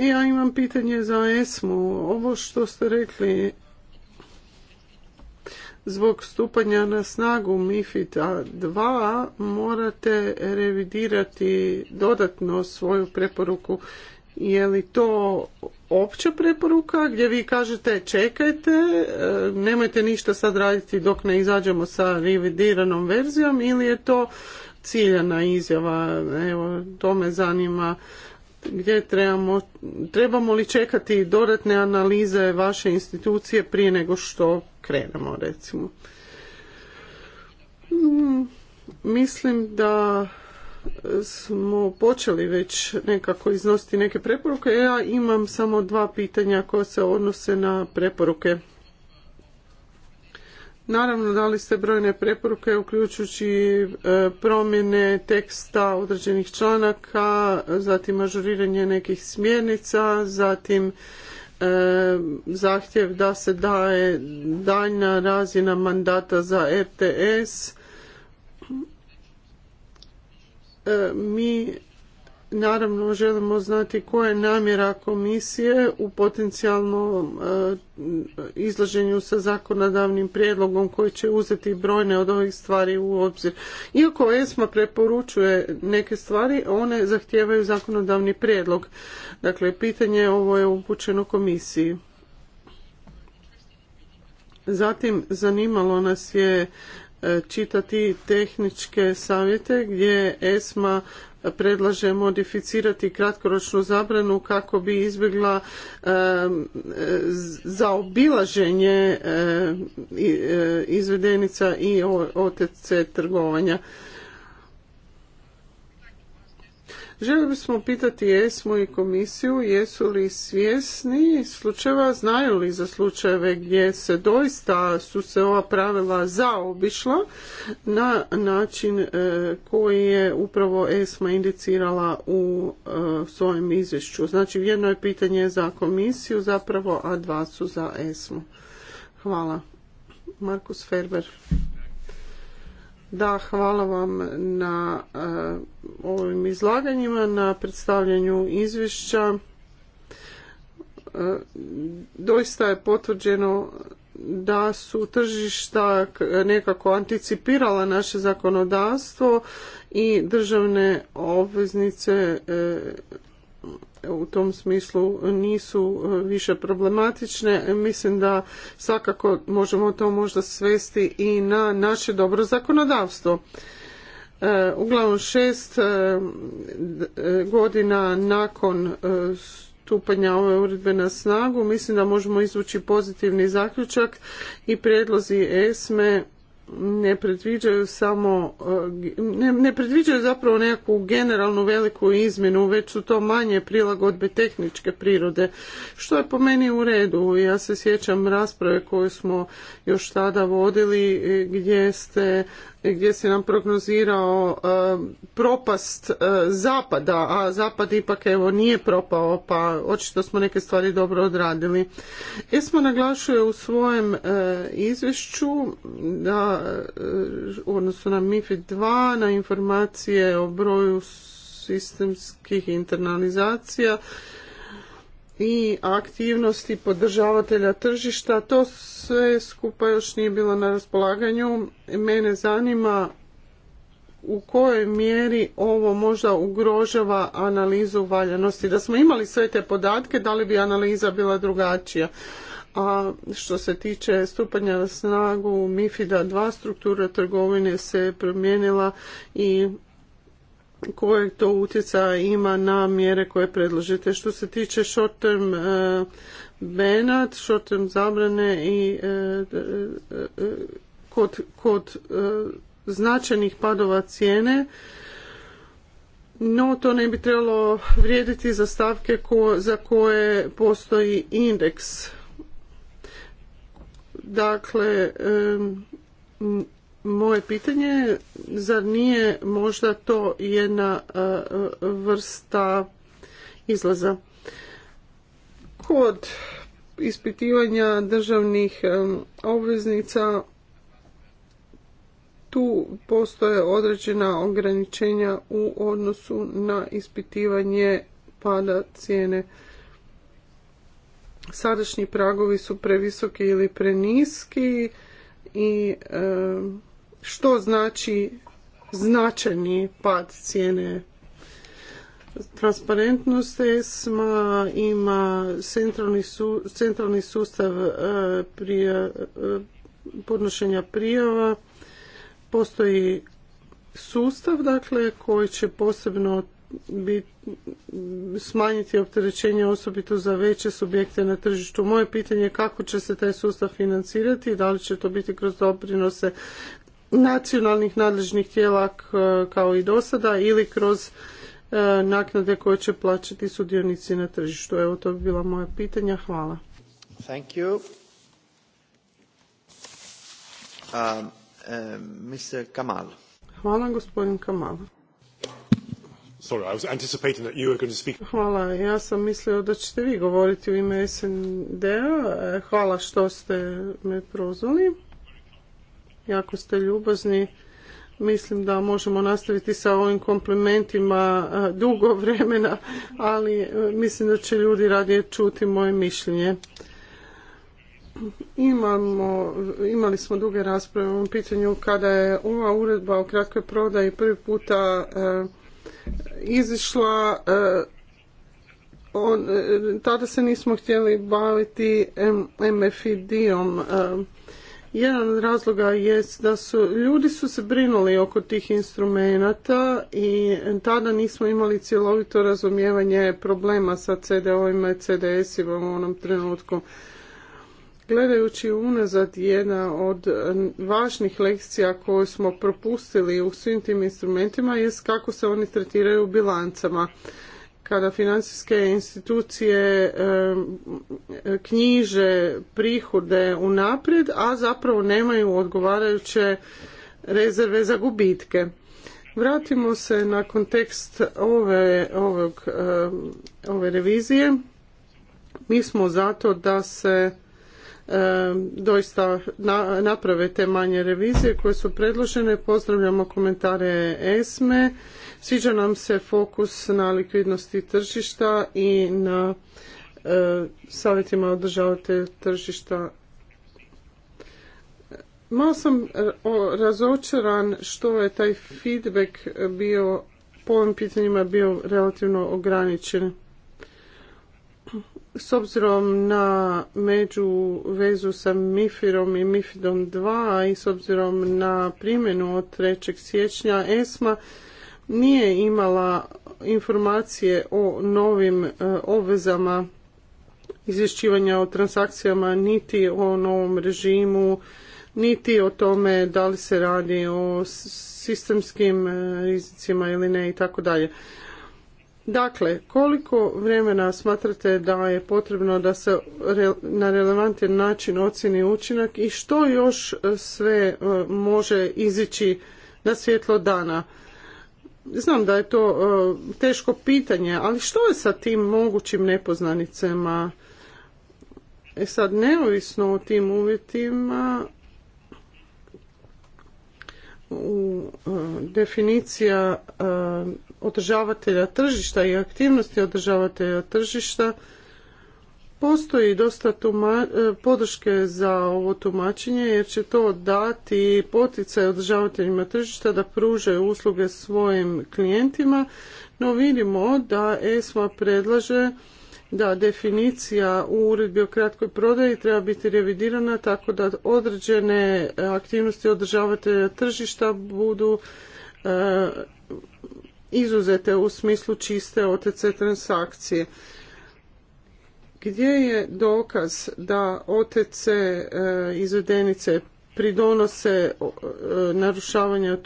Ja imam pitanje za ESMU. Ovo što ste rekli zbog stupanja na snagu MIFID-a 2 morate revidirati dodatno svoju preporuku je li to opća preporuka gdje vi kažete čekajte, e, nemojte ništa sad raditi dok ne izađemo sa revidiranom verzijom ili je to ciljana izjava, evo to me zanima gdje trebamo, trebamo li čekati dodatne analize vaše institucije prije nego što krenemo recimo. Mm, mislim da smo počeli već nekako iznositi neke preporuke. Ja imam samo dva pitanja koja se odnose na preporuke. Naravno, dali ste brojne preporuke, uključujući e, promjene teksta određenih članaka, zatim ažuriranje nekih smjernica, zatim e, zahtjev da se daje daljna razina mandata za RTS, E, mi naravno želimo znati koja je namjera komisije u potencijalnom e, izlaženju sa zakonodavnim prijedlogom koji će uzeti brojne od ovih stvari u obzir. Iako ESMA preporučuje neke stvari, one zahtijevaju zakonodavni prijedlog. Dakle, pitanje ovo je upućeno komisiji. Zatim zanimalo nas je E, čitati tehničke savjete gdje ESMA predlaže modificirati kratkoročnu zabranu kako bi izbjegla e, zaobilaženje e, izvedenica i OTC trgovanja. Želi bismo pitati jesmo i komisiju, jesu li svjesni slučajeva, znaju li za slučajeve gdje se doista su se ova pravila zaobišla na način e, koji je upravo ESMA indicirala u e, svojem izvješću. Znači jedno je pitanje za komisiju zapravo, a dva su za ESMU. Hvala. Markus Ferber. Da, hvala vam na e, ovim izlaganjima, na predstavljanju izvješća. E, doista je potvrđeno da su tržišta nekako anticipirala naše zakonodavstvo i državne obveznice e, u tom smislu nisu e, više problematične. Mislim da svakako možemo to možda svesti i na naše dobro zakonodavstvo. E, uglavnom šest e, godina nakon stupanja ove uredbe na snagu mislim da možemo izvući pozitivni zaključak i prijedlozi ESME ne predviđaju samo, e, ne, predviđaju zapravo nekakvu generalnu veliku izmjenu, već su to manje prilagodbe tehničke prirode, što je po meni u redu. Ja se sjećam rasprave koju smo još tada vodili e, gdje ste gdje se nam prognozirao e, propast e, zapada, a zapad ipak evo nije propao, pa očito smo neke stvari dobro odradili. Jesmo naglašuje u svojem e, izvješću da u odnosu na MIFID 2 na informacije o broju sistemskih internalizacija i aktivnosti podržavatelja tržišta. To sve skupa još nije bilo na raspolaganju. Mene zanima u kojoj mjeri ovo možda ugrožava analizu valjanosti. Da smo imali sve te podatke, da li bi analiza bila drugačija? A što se tiče stupanja na snagu MIFIDA dva struktura trgovine se promijenila i koje to utjecaja ima na mjere koje predložite. Što se tiče short term e, benat, short term zabrane i e, e, kod, značajnih padova cijene, no to ne bi trebalo vrijediti za stavke za koje postoji indeks. Dakle, moje pitanje zar nije možda to jedna e, vrsta izlaza kod ispitivanja državnih e, obveznica tu postoje određena ograničenja u odnosu na ispitivanje pada cijene sadašnji pragovi su previsoki ili preniski i e, što znači značajni pad cijene transparentnost ESMA ima centralni, sustav e, e, podnošenja prijava postoji sustav dakle koji će posebno biti smanjiti opterećenje osobito za veće subjekte na tržištu. Moje pitanje je kako će se taj sustav financirati i da li će to biti kroz doprinose nacionalnih nadležnih tijela kao i do sada ili kroz e, naknade koje će plaćati sudionici na tržištu. Evo to bi bila moja pitanja. Hvala. Thank you. Um, e, Mr. Kamal. Hvala gospodin Kamal. Sorry, I was anticipating that you were going to speak. Hvala, ja sam mislio da ćete vi govoriti u ime SND-a. E, hvala što ste me prozvali jako ste ljubazni. Mislim da možemo nastaviti sa ovim komplimentima dugo vremena, ali mislim da će ljudi radije čuti moje mišljenje. Imamo, imali smo duge rasprave o ovom pitanju kada je ova uredba o kratkoj prodaji prvi puta e, izišla on, tada se nismo htjeli baviti MFID-om jedan od razloga je da su ljudi su se brinuli oko tih instrumenata i tada nismo imali cjelovito razumijevanje problema sa CDO-ima i CDS-ima u onom trenutku. Gledajući unazad jedna od važnih lekcija koju smo propustili u svim tim instrumentima je kako se oni tretiraju u bilancama kada financijske institucije knjiže prihode unaprijed, a zapravo nemaju odgovarajuće rezerve za gubitke. Vratimo se na kontekst ove, ovog, ove revizije. Mi smo zato da se doista naprave te manje revizije koje su predložene. Pozdravljamo komentare ESME Sviđa nam se fokus na likvidnosti tržišta i na e, savjetima održavate tržišta. Malo sam razočaran što je taj feedback bio po ovim pitanjima bio relativno ograničen. S obzirom na među vezu sa MIFIRom i MIFIDom 2 i s obzirom na primjenu od 3. siječnja ESMA nije imala informacije o novim e, obvezama izvješćivanja o transakcijama, niti o novom režimu, niti o tome da li se radi o sistemskim e, rizicima ili ne i tako dalje. Dakle, koliko vremena smatrate da je potrebno da se na relevantan način ocjeni učinak i što još e, sve može izići na svjetlo dana? Znam da je to e, teško pitanje, ali što je sa tim mogućim nepoznanicama? E sad, neovisno o tim uvjetima, u e, definicija e, održavatelja tržišta i aktivnosti održavatelja tržišta Postoji dosta e, podrške za ovo tumačenje jer će to dati poticaj održavateljima tržišta da pruže usluge svojim klijentima, no vidimo da ESMA predlaže da definicija u uredbi o kratkoj prodaji treba biti revidirana tako da određene aktivnosti održavatelja tržišta budu e, izuzete u smislu čiste OTC transakcije. Gdje je dokaz da OTC e, izvedenice pridonose e, narušavanju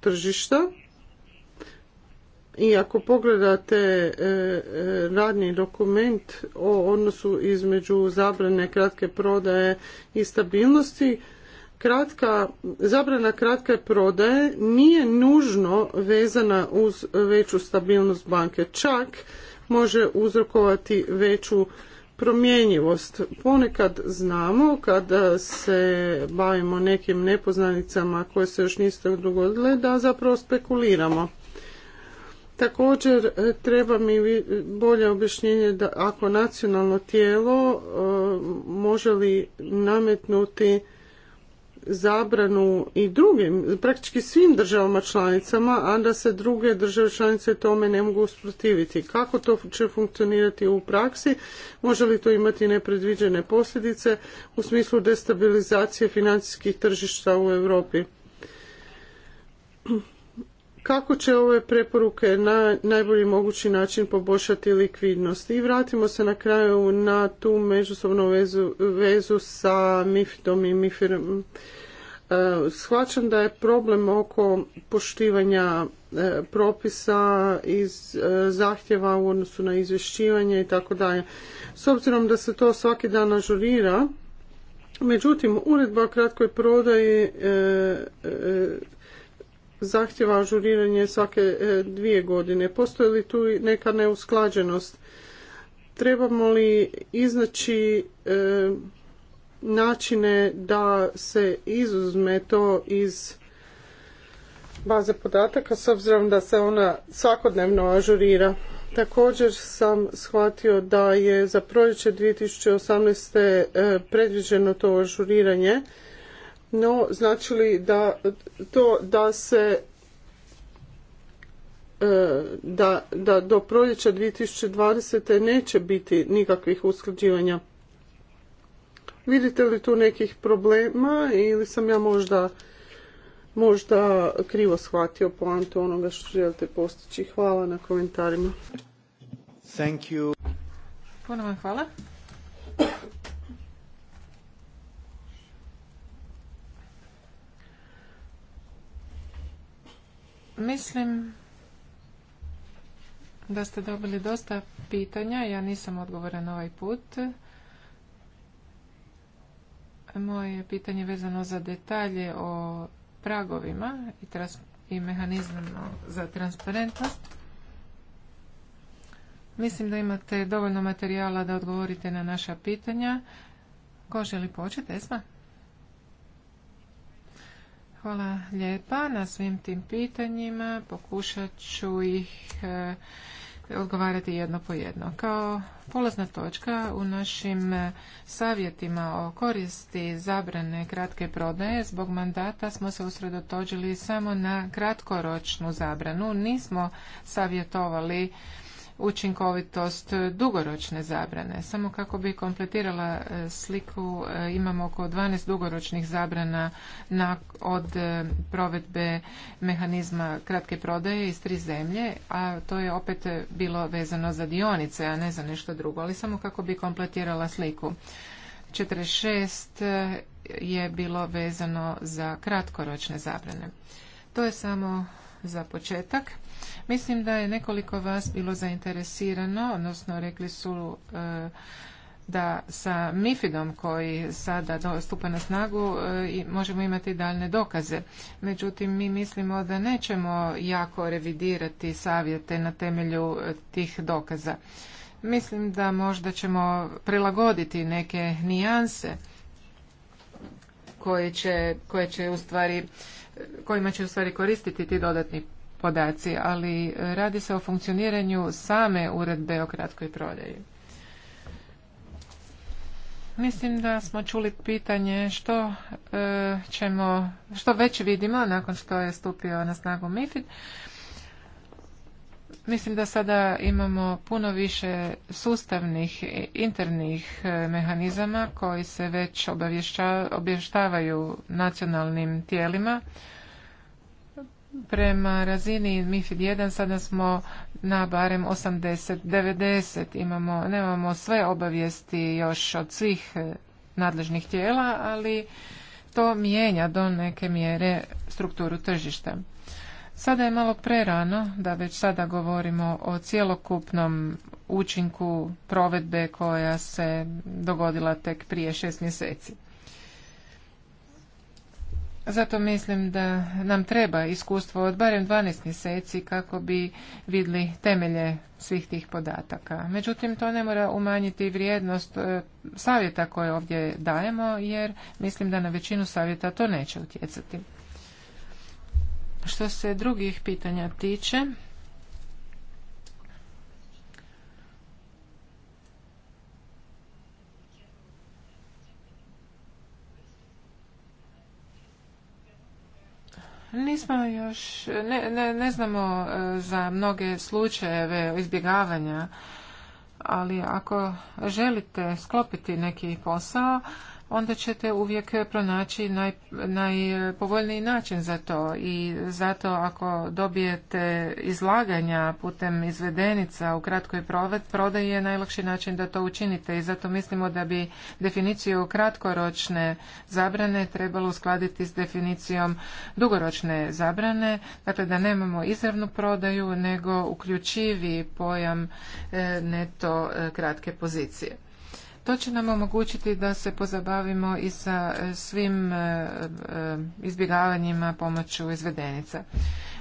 tržišta? I ako pogledate e, radni dokument o odnosu između zabrane kratke prodaje i stabilnosti, kratka, zabrana kratke prodaje nije nužno vezana uz veću stabilnost banke. Čak može uzrokovati veću promjenjivost. Ponekad znamo kada se bavimo nekim nepoznanicama koje se još niste dogodile da zapravo spekuliramo. Također e, treba mi bolje objašnjenje da ako nacionalno tijelo e, može li nametnuti zabranu i drugim, praktički svim državama članicama, a da se druge države članice tome ne mogu usprotiviti. Kako to će funkcionirati u praksi? Može li to imati nepredviđene posljedice u smislu destabilizacije financijskih tržišta u Europi? kako će ove preporuke na najbolji mogući način poboljšati likvidnost. I vratimo se na kraju na tu međusobnu vezu, vezu sa MIFIDom i MIFIRom. E, shvaćam da je problem oko poštivanja e, propisa iz e, zahtjeva u odnosu na izvješćivanje i tako dalje. S obzirom da se to svaki dan ažurira, međutim uredba o kratkoj prodaji zahtjeva ažuriranje svake e, dvije godine. Postoji li tu neka neusklađenost? Trebamo li iznaći e, načine da se izuzme to iz baze podataka s obzirom da se ona svakodnevno ažurira. Također sam shvatio da je za proljeće 2018. E, predviđeno to ažuriranje no, znači li da to da se e, da, da do proljeća 2020. neće biti nikakvih usklađivanja. Vidite li tu nekih problema ili sam ja možda možda krivo shvatio poantu onoga što želite postići. Hvala na komentarima. Thank you. hvala. Mislim da ste dobili dosta pitanja. Ja nisam odgovoren ovaj put. Moje pitanje vezano za detalje o pragovima i, i mehanizmima za transparentnost. Mislim da imate dovoljno materijala da odgovorite na naša pitanja. Ko želi početi, Esma? Hvala lijepa na svim tim pitanjima. Pokušat ću ih e, odgovarati jedno po jedno. Kao polazna točka u našim e, savjetima o koristi zabrane kratke prodaje zbog mandata smo se usredotočili samo na kratkoročnu zabranu. Nismo savjetovali učinkovitost dugoročne zabrane. Samo kako bi kompletirala e, sliku, e, imamo oko 12 dugoročnih zabrana od e, provedbe mehanizma kratke prodaje iz tri zemlje, a to je opet bilo vezano za dionice, a ne za nešto drugo, ali samo kako bi kompletirala sliku. 46 je bilo vezano za kratkoročne zabrane. To je samo za početak. Mislim da je nekoliko vas bilo zainteresirano, odnosno rekli su e, da sa MIFIDom koji sada stupa na snagu e, možemo imati daljne dokaze. Međutim, mi mislimo da nećemo jako revidirati savjete na temelju e, tih dokaza. Mislim da možda ćemo prilagoditi neke nijanse koje će, koje će u stvari kojima će u stvari koristiti ti dodatni podaci, ali e, radi se o funkcioniranju same uredbe o kratkoj prodaji. Mislim da smo čuli pitanje što e, ćemo, što već vidimo nakon što je stupio na snagu MIFID, Mislim da sada imamo puno više sustavnih internih e, mehanizama koji se već obještavaju nacionalnim tijelima. Prema razini MIFID 1 sada smo na barem 80-90. Imamo, nemamo sve obavijesti još od svih e, nadležnih tijela, ali to mijenja do neke mjere strukturu tržišta. Sada je malo prerano da već sada govorimo o cjelokupnom učinku provedbe koja se dogodila tek prije šest mjeseci. Zato mislim da nam treba iskustvo od barem 12 mjeseci kako bi vidli temelje svih tih podataka. Međutim, to ne mora umanjiti vrijednost e, savjeta koje ovdje dajemo, jer mislim da na većinu savjeta to neće utjecati. Što se drugih pitanja tiče, Nismo još, ne, ne, ne znamo e, za mnoge slučajeve izbjegavanja, ali ako želite sklopiti neki posao, onda ćete uvijek pronaći naj, najpovoljniji način za to i zato ako dobijete izlaganja putem izvedenica u kratkoj prodaji je najlakši način da to učinite i zato mislimo da bi definiciju kratkoročne zabrane trebalo uskladiti s definicijom dugoročne zabrane, dakle da nemamo izravnu prodaju nego uključivi pojam e, neto e, kratke pozicije. To će nam omogućiti da se pozabavimo i sa e, svim e, e, izbjegavanjima pomoću izvedenica.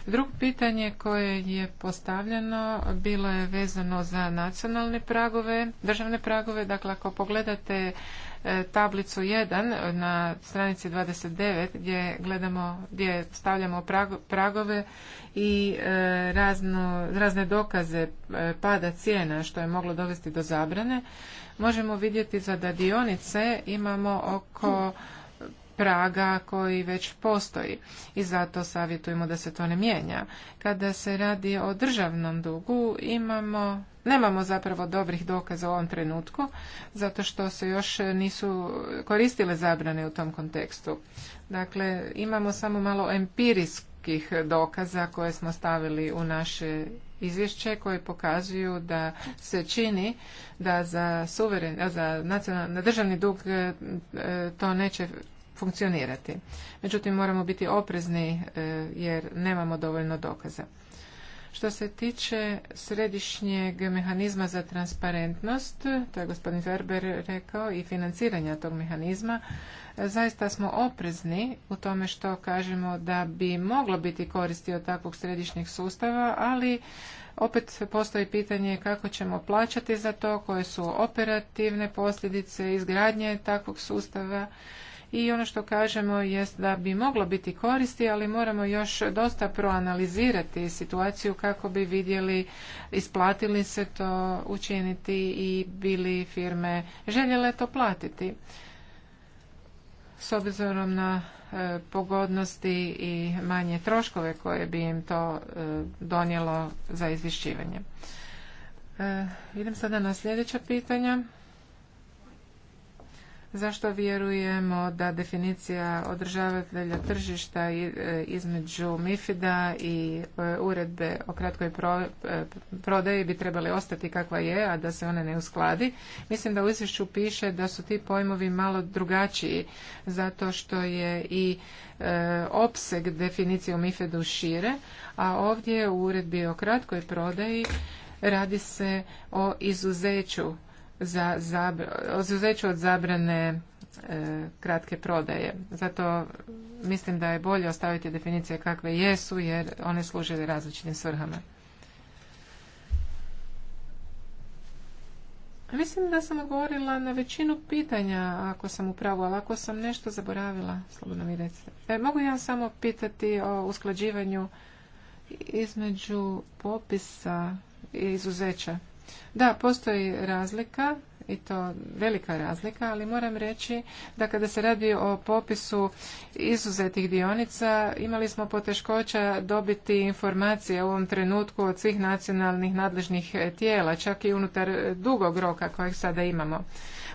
Drugo pitanje koje je postavljeno bilo je vezano za nacionalne pragove, državne pragove. Dakle, ako pogledate tablicu 1 na stranici 29 gdje gledamo, gdje stavljamo pragove i razno, razne dokaze pada cijena što je moglo dovesti do zabrane, možemo vidjeti za da dionice imamo oko praga koji već postoji i zato savjetujemo da se to ne mijenja. Kada se radi o državnom dugu imamo Nemamo zapravo dobrih dokaza u ovom trenutku, zato što se još nisu koristile zabrane u tom kontekstu. Dakle, imamo samo malo empirijskih dokaza koje smo stavili u naše izvješće koje pokazuju da se čini da za, suveren, za nacionalni, državni dug e, e, to neće funkcionirati. Međutim, moramo biti oprezni e, jer nemamo dovoljno dokaza. Što se tiče središnjeg mehanizma za transparentnost, to je gospodin Ferber rekao, i financiranja tog mehanizma, zaista smo oprezni u tome što kažemo da bi moglo biti koristi od takvog središnjeg sustava, ali opet postoji pitanje kako ćemo plaćati za to, koje su operativne posljedice izgradnje takvog sustava i ono što kažemo jest da bi moglo biti koristi, ali moramo još dosta proanalizirati situaciju kako bi vidjeli isplatili se to učiniti i bili firme željele to platiti. S obzirom na e, pogodnosti i manje troškove koje bi im to e, donijelo za izvješćivanje. E, idem sada na sljedeća pitanja zašto vjerujemo da definicija održavatelja tržišta e, između MIFID-a i e, uredbe o kratkoj e, prodaji bi trebali ostati kakva je, a da se one ne uskladi. Mislim da u izvješću piše da su ti pojmovi malo drugačiji, zato što je i opseg definicije u MIFID-u šire, a ovdje u uredbi o kratkoj prodaji radi se o izuzeću za izuzeću od zabrane e, kratke prodaje. Zato mislim da je bolje ostaviti definicije kakve jesu jer one služe različitim svrhama. Mislim da sam govorila na većinu pitanja ako sam u pravu, ali ako sam nešto zaboravila, slobodno mi recite. E, mogu ja samo pitati o usklađivanju između popisa i izuzeća. Da, postoji razlika i to velika razlika, ali moram reći da kada se radi o popisu izuzetih dionica, imali smo poteškoća dobiti informacije u ovom trenutku od svih nacionalnih nadležnih tijela, čak i unutar dugog roka kojeg sada imamo.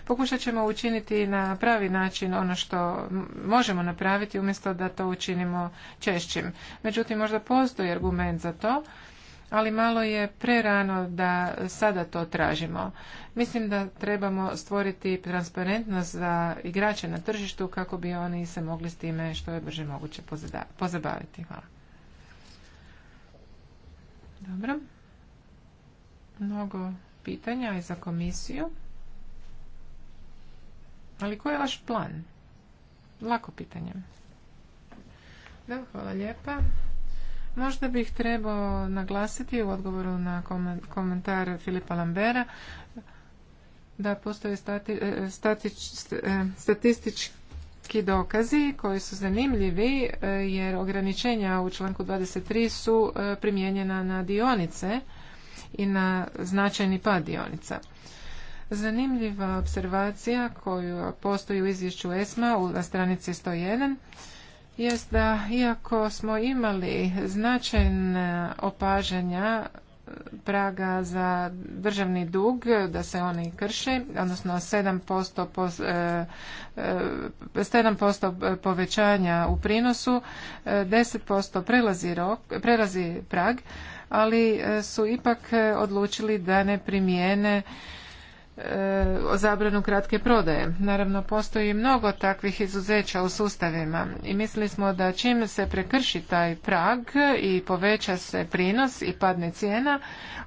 Pokušat ćemo učiniti na pravi način ono što možemo napraviti umjesto da to učinimo češćim. Međutim, možda postoji argument za to ali malo je prerano da sada to tražimo. Mislim da trebamo stvoriti transparentnost za igrače na tržištu kako bi oni se mogli s time što je brže moguće pozabaviti. Hvala. Dobro. Mnogo pitanja i za komisiju. Ali koji je vaš plan? Lako pitanje. Da, hvala lijepa. Možda bih trebao naglasiti u odgovoru na komentar Filipa Lambera da postoje stati, e, e, e, statistički dokazi koji su zanimljivi jer ograničenja u članku 23 su primijenjena na dionice i na značajni pad dionica. Zanimljiva observacija koju postoji u izvješću ESMA na stranici 101 jest da iako smo imali značajna opažanja praga za državni dug, da se oni krši, odnosno 7%, po, 7 povećanja u prinosu, 10% e, prelazi, rok, prelazi prag, ali e, su ipak odlučili da ne primijene E, o zabranu kratke prodaje. Naravno, postoji mnogo takvih izuzeća u sustavima i mislili smo da čim se prekrši taj prag i poveća se prinos i padne cijena,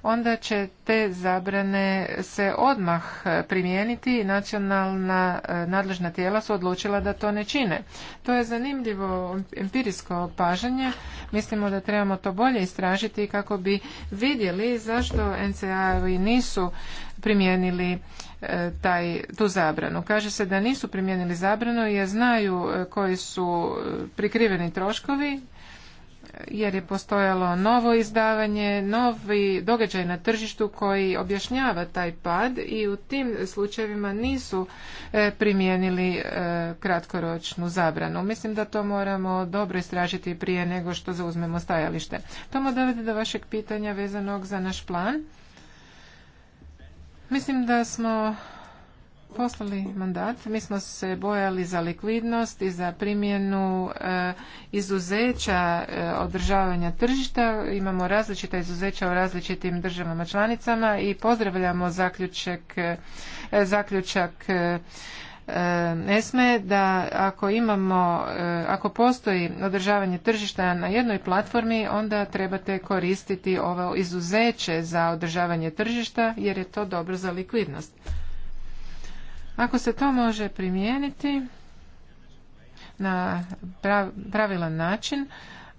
onda će te zabrane se odmah primijeniti i nacionalna e, nadležna tijela su odlučila da to ne čine. To je zanimljivo empirisko opažanje. Mislimo da trebamo to bolje istražiti kako bi vidjeli zašto NCA-ovi nisu primijenili e, taj, tu zabranu. Kaže se da nisu primijenili zabranu jer znaju e, koji su e, prikriveni troškovi jer je postojalo novo izdavanje, novi događaj na tržištu koji objašnjava taj pad i u tim slučajevima nisu primijenili kratkoročnu zabranu. Mislim da to moramo dobro istražiti prije nego što zauzmemo stajalište. To me dovede do vašeg pitanja vezanog za naš plan Mislim da smo poslali mandat. Mi smo se bojali za likvidnost i za primjenu e, izuzeća e, održavanja tržišta. Imamo različita izuzeća u različitim državama članicama i pozdravljamo e, zaključak, zaključak ne sme da ako imamo, e, ako postoji održavanje tržišta na jednoj platformi, onda trebate koristiti ovo izuzeće za održavanje tržišta jer je to dobro za likvidnost. Ako se to može primijeniti na pravilan način,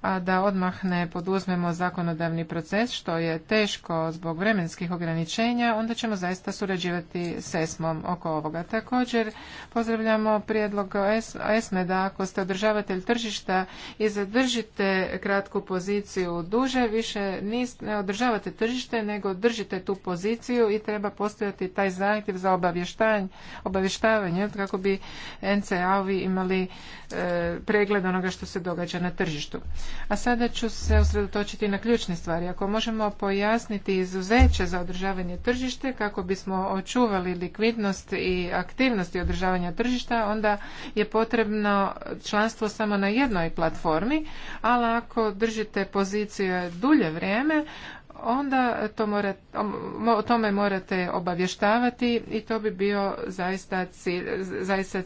a da odmah ne poduzmemo zakonodavni proces, što je teško zbog vremenskih ograničenja, onda ćemo zaista surađivati s ESMom oko ovoga. Također pozdravljamo prijedlog ESME da ako ste održavatelj tržišta i zadržite kratku poziciju duže, više ne održavate tržište, nego držite tu poziciju i treba postojati taj zahtjev za obavještavanje kako bi NCA-ovi imali e, pregled onoga što se događa na tržištu. A sada ću se usredotočiti na ključne stvari. Ako možemo pojasniti izuzeće za održavanje tržište kako bismo očuvali likvidnost i aktivnosti održavanja tržišta, onda je potrebno članstvo samo na jednoj platformi, ali ako držite pozicije dulje vrijeme, onda to morate, o tome morate obavještavati i to bi bio zaista, cilj, zaista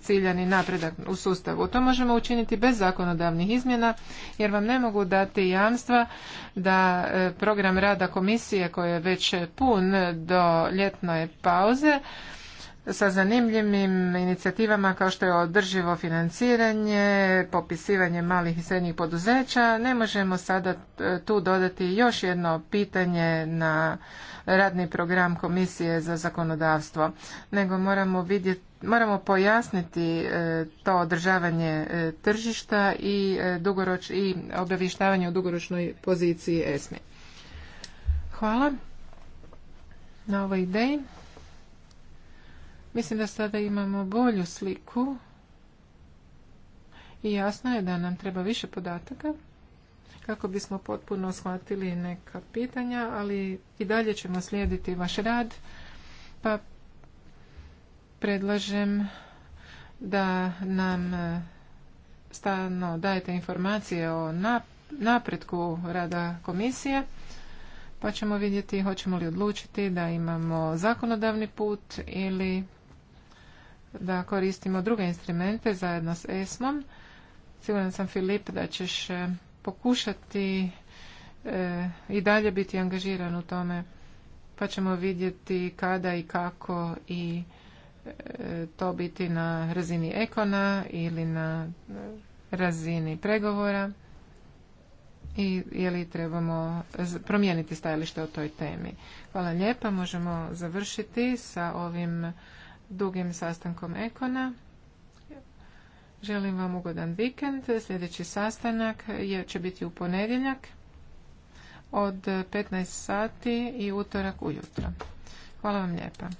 ciljani napredak u sustavu. To možemo učiniti bez zakonodavnih izmjena jer vam ne mogu dati jamstva da e, program rada komisije koji je već pun do ljetne pauze sa zanimljivim inicijativama kao što je održivo financiranje, popisivanje malih i srednjih poduzeća. Ne možemo sada e, tu dodati još jedno pitanje na radni program Komisije za zakonodavstvo, nego moramo vidjeti Moramo pojasniti e, to održavanje e, tržišta i, dugoroč, i obavještavanje o dugoročnoj poziciji ESMI. Hvala na ovoj ideji. Mislim da sada imamo bolju sliku i jasno je da nam treba više podataka kako bismo potpuno shvatili neka pitanja, ali i dalje ćemo slijediti vaš rad, pa predlažem da nam e, stalno dajete informacije o napretku rada komisije, pa ćemo vidjeti hoćemo li odlučiti da imamo zakonodavni put ili da koristimo druge instrumente zajedno s ESMO-om. Siguran sam, Filip, da ćeš e, pokušati e, i dalje biti angažiran u tome, pa ćemo vidjeti kada i kako i e, to biti na razini ekona ili na razini pregovora i je li trebamo promijeniti stajalište o toj temi. Hvala lijepa, možemo završiti sa ovim dugim sastankom Ekona. Želim vam ugodan vikend. Sljedeći sastanak je, će biti u ponedjeljak od 15 sati i utorak ujutro. Hvala vam lijepa.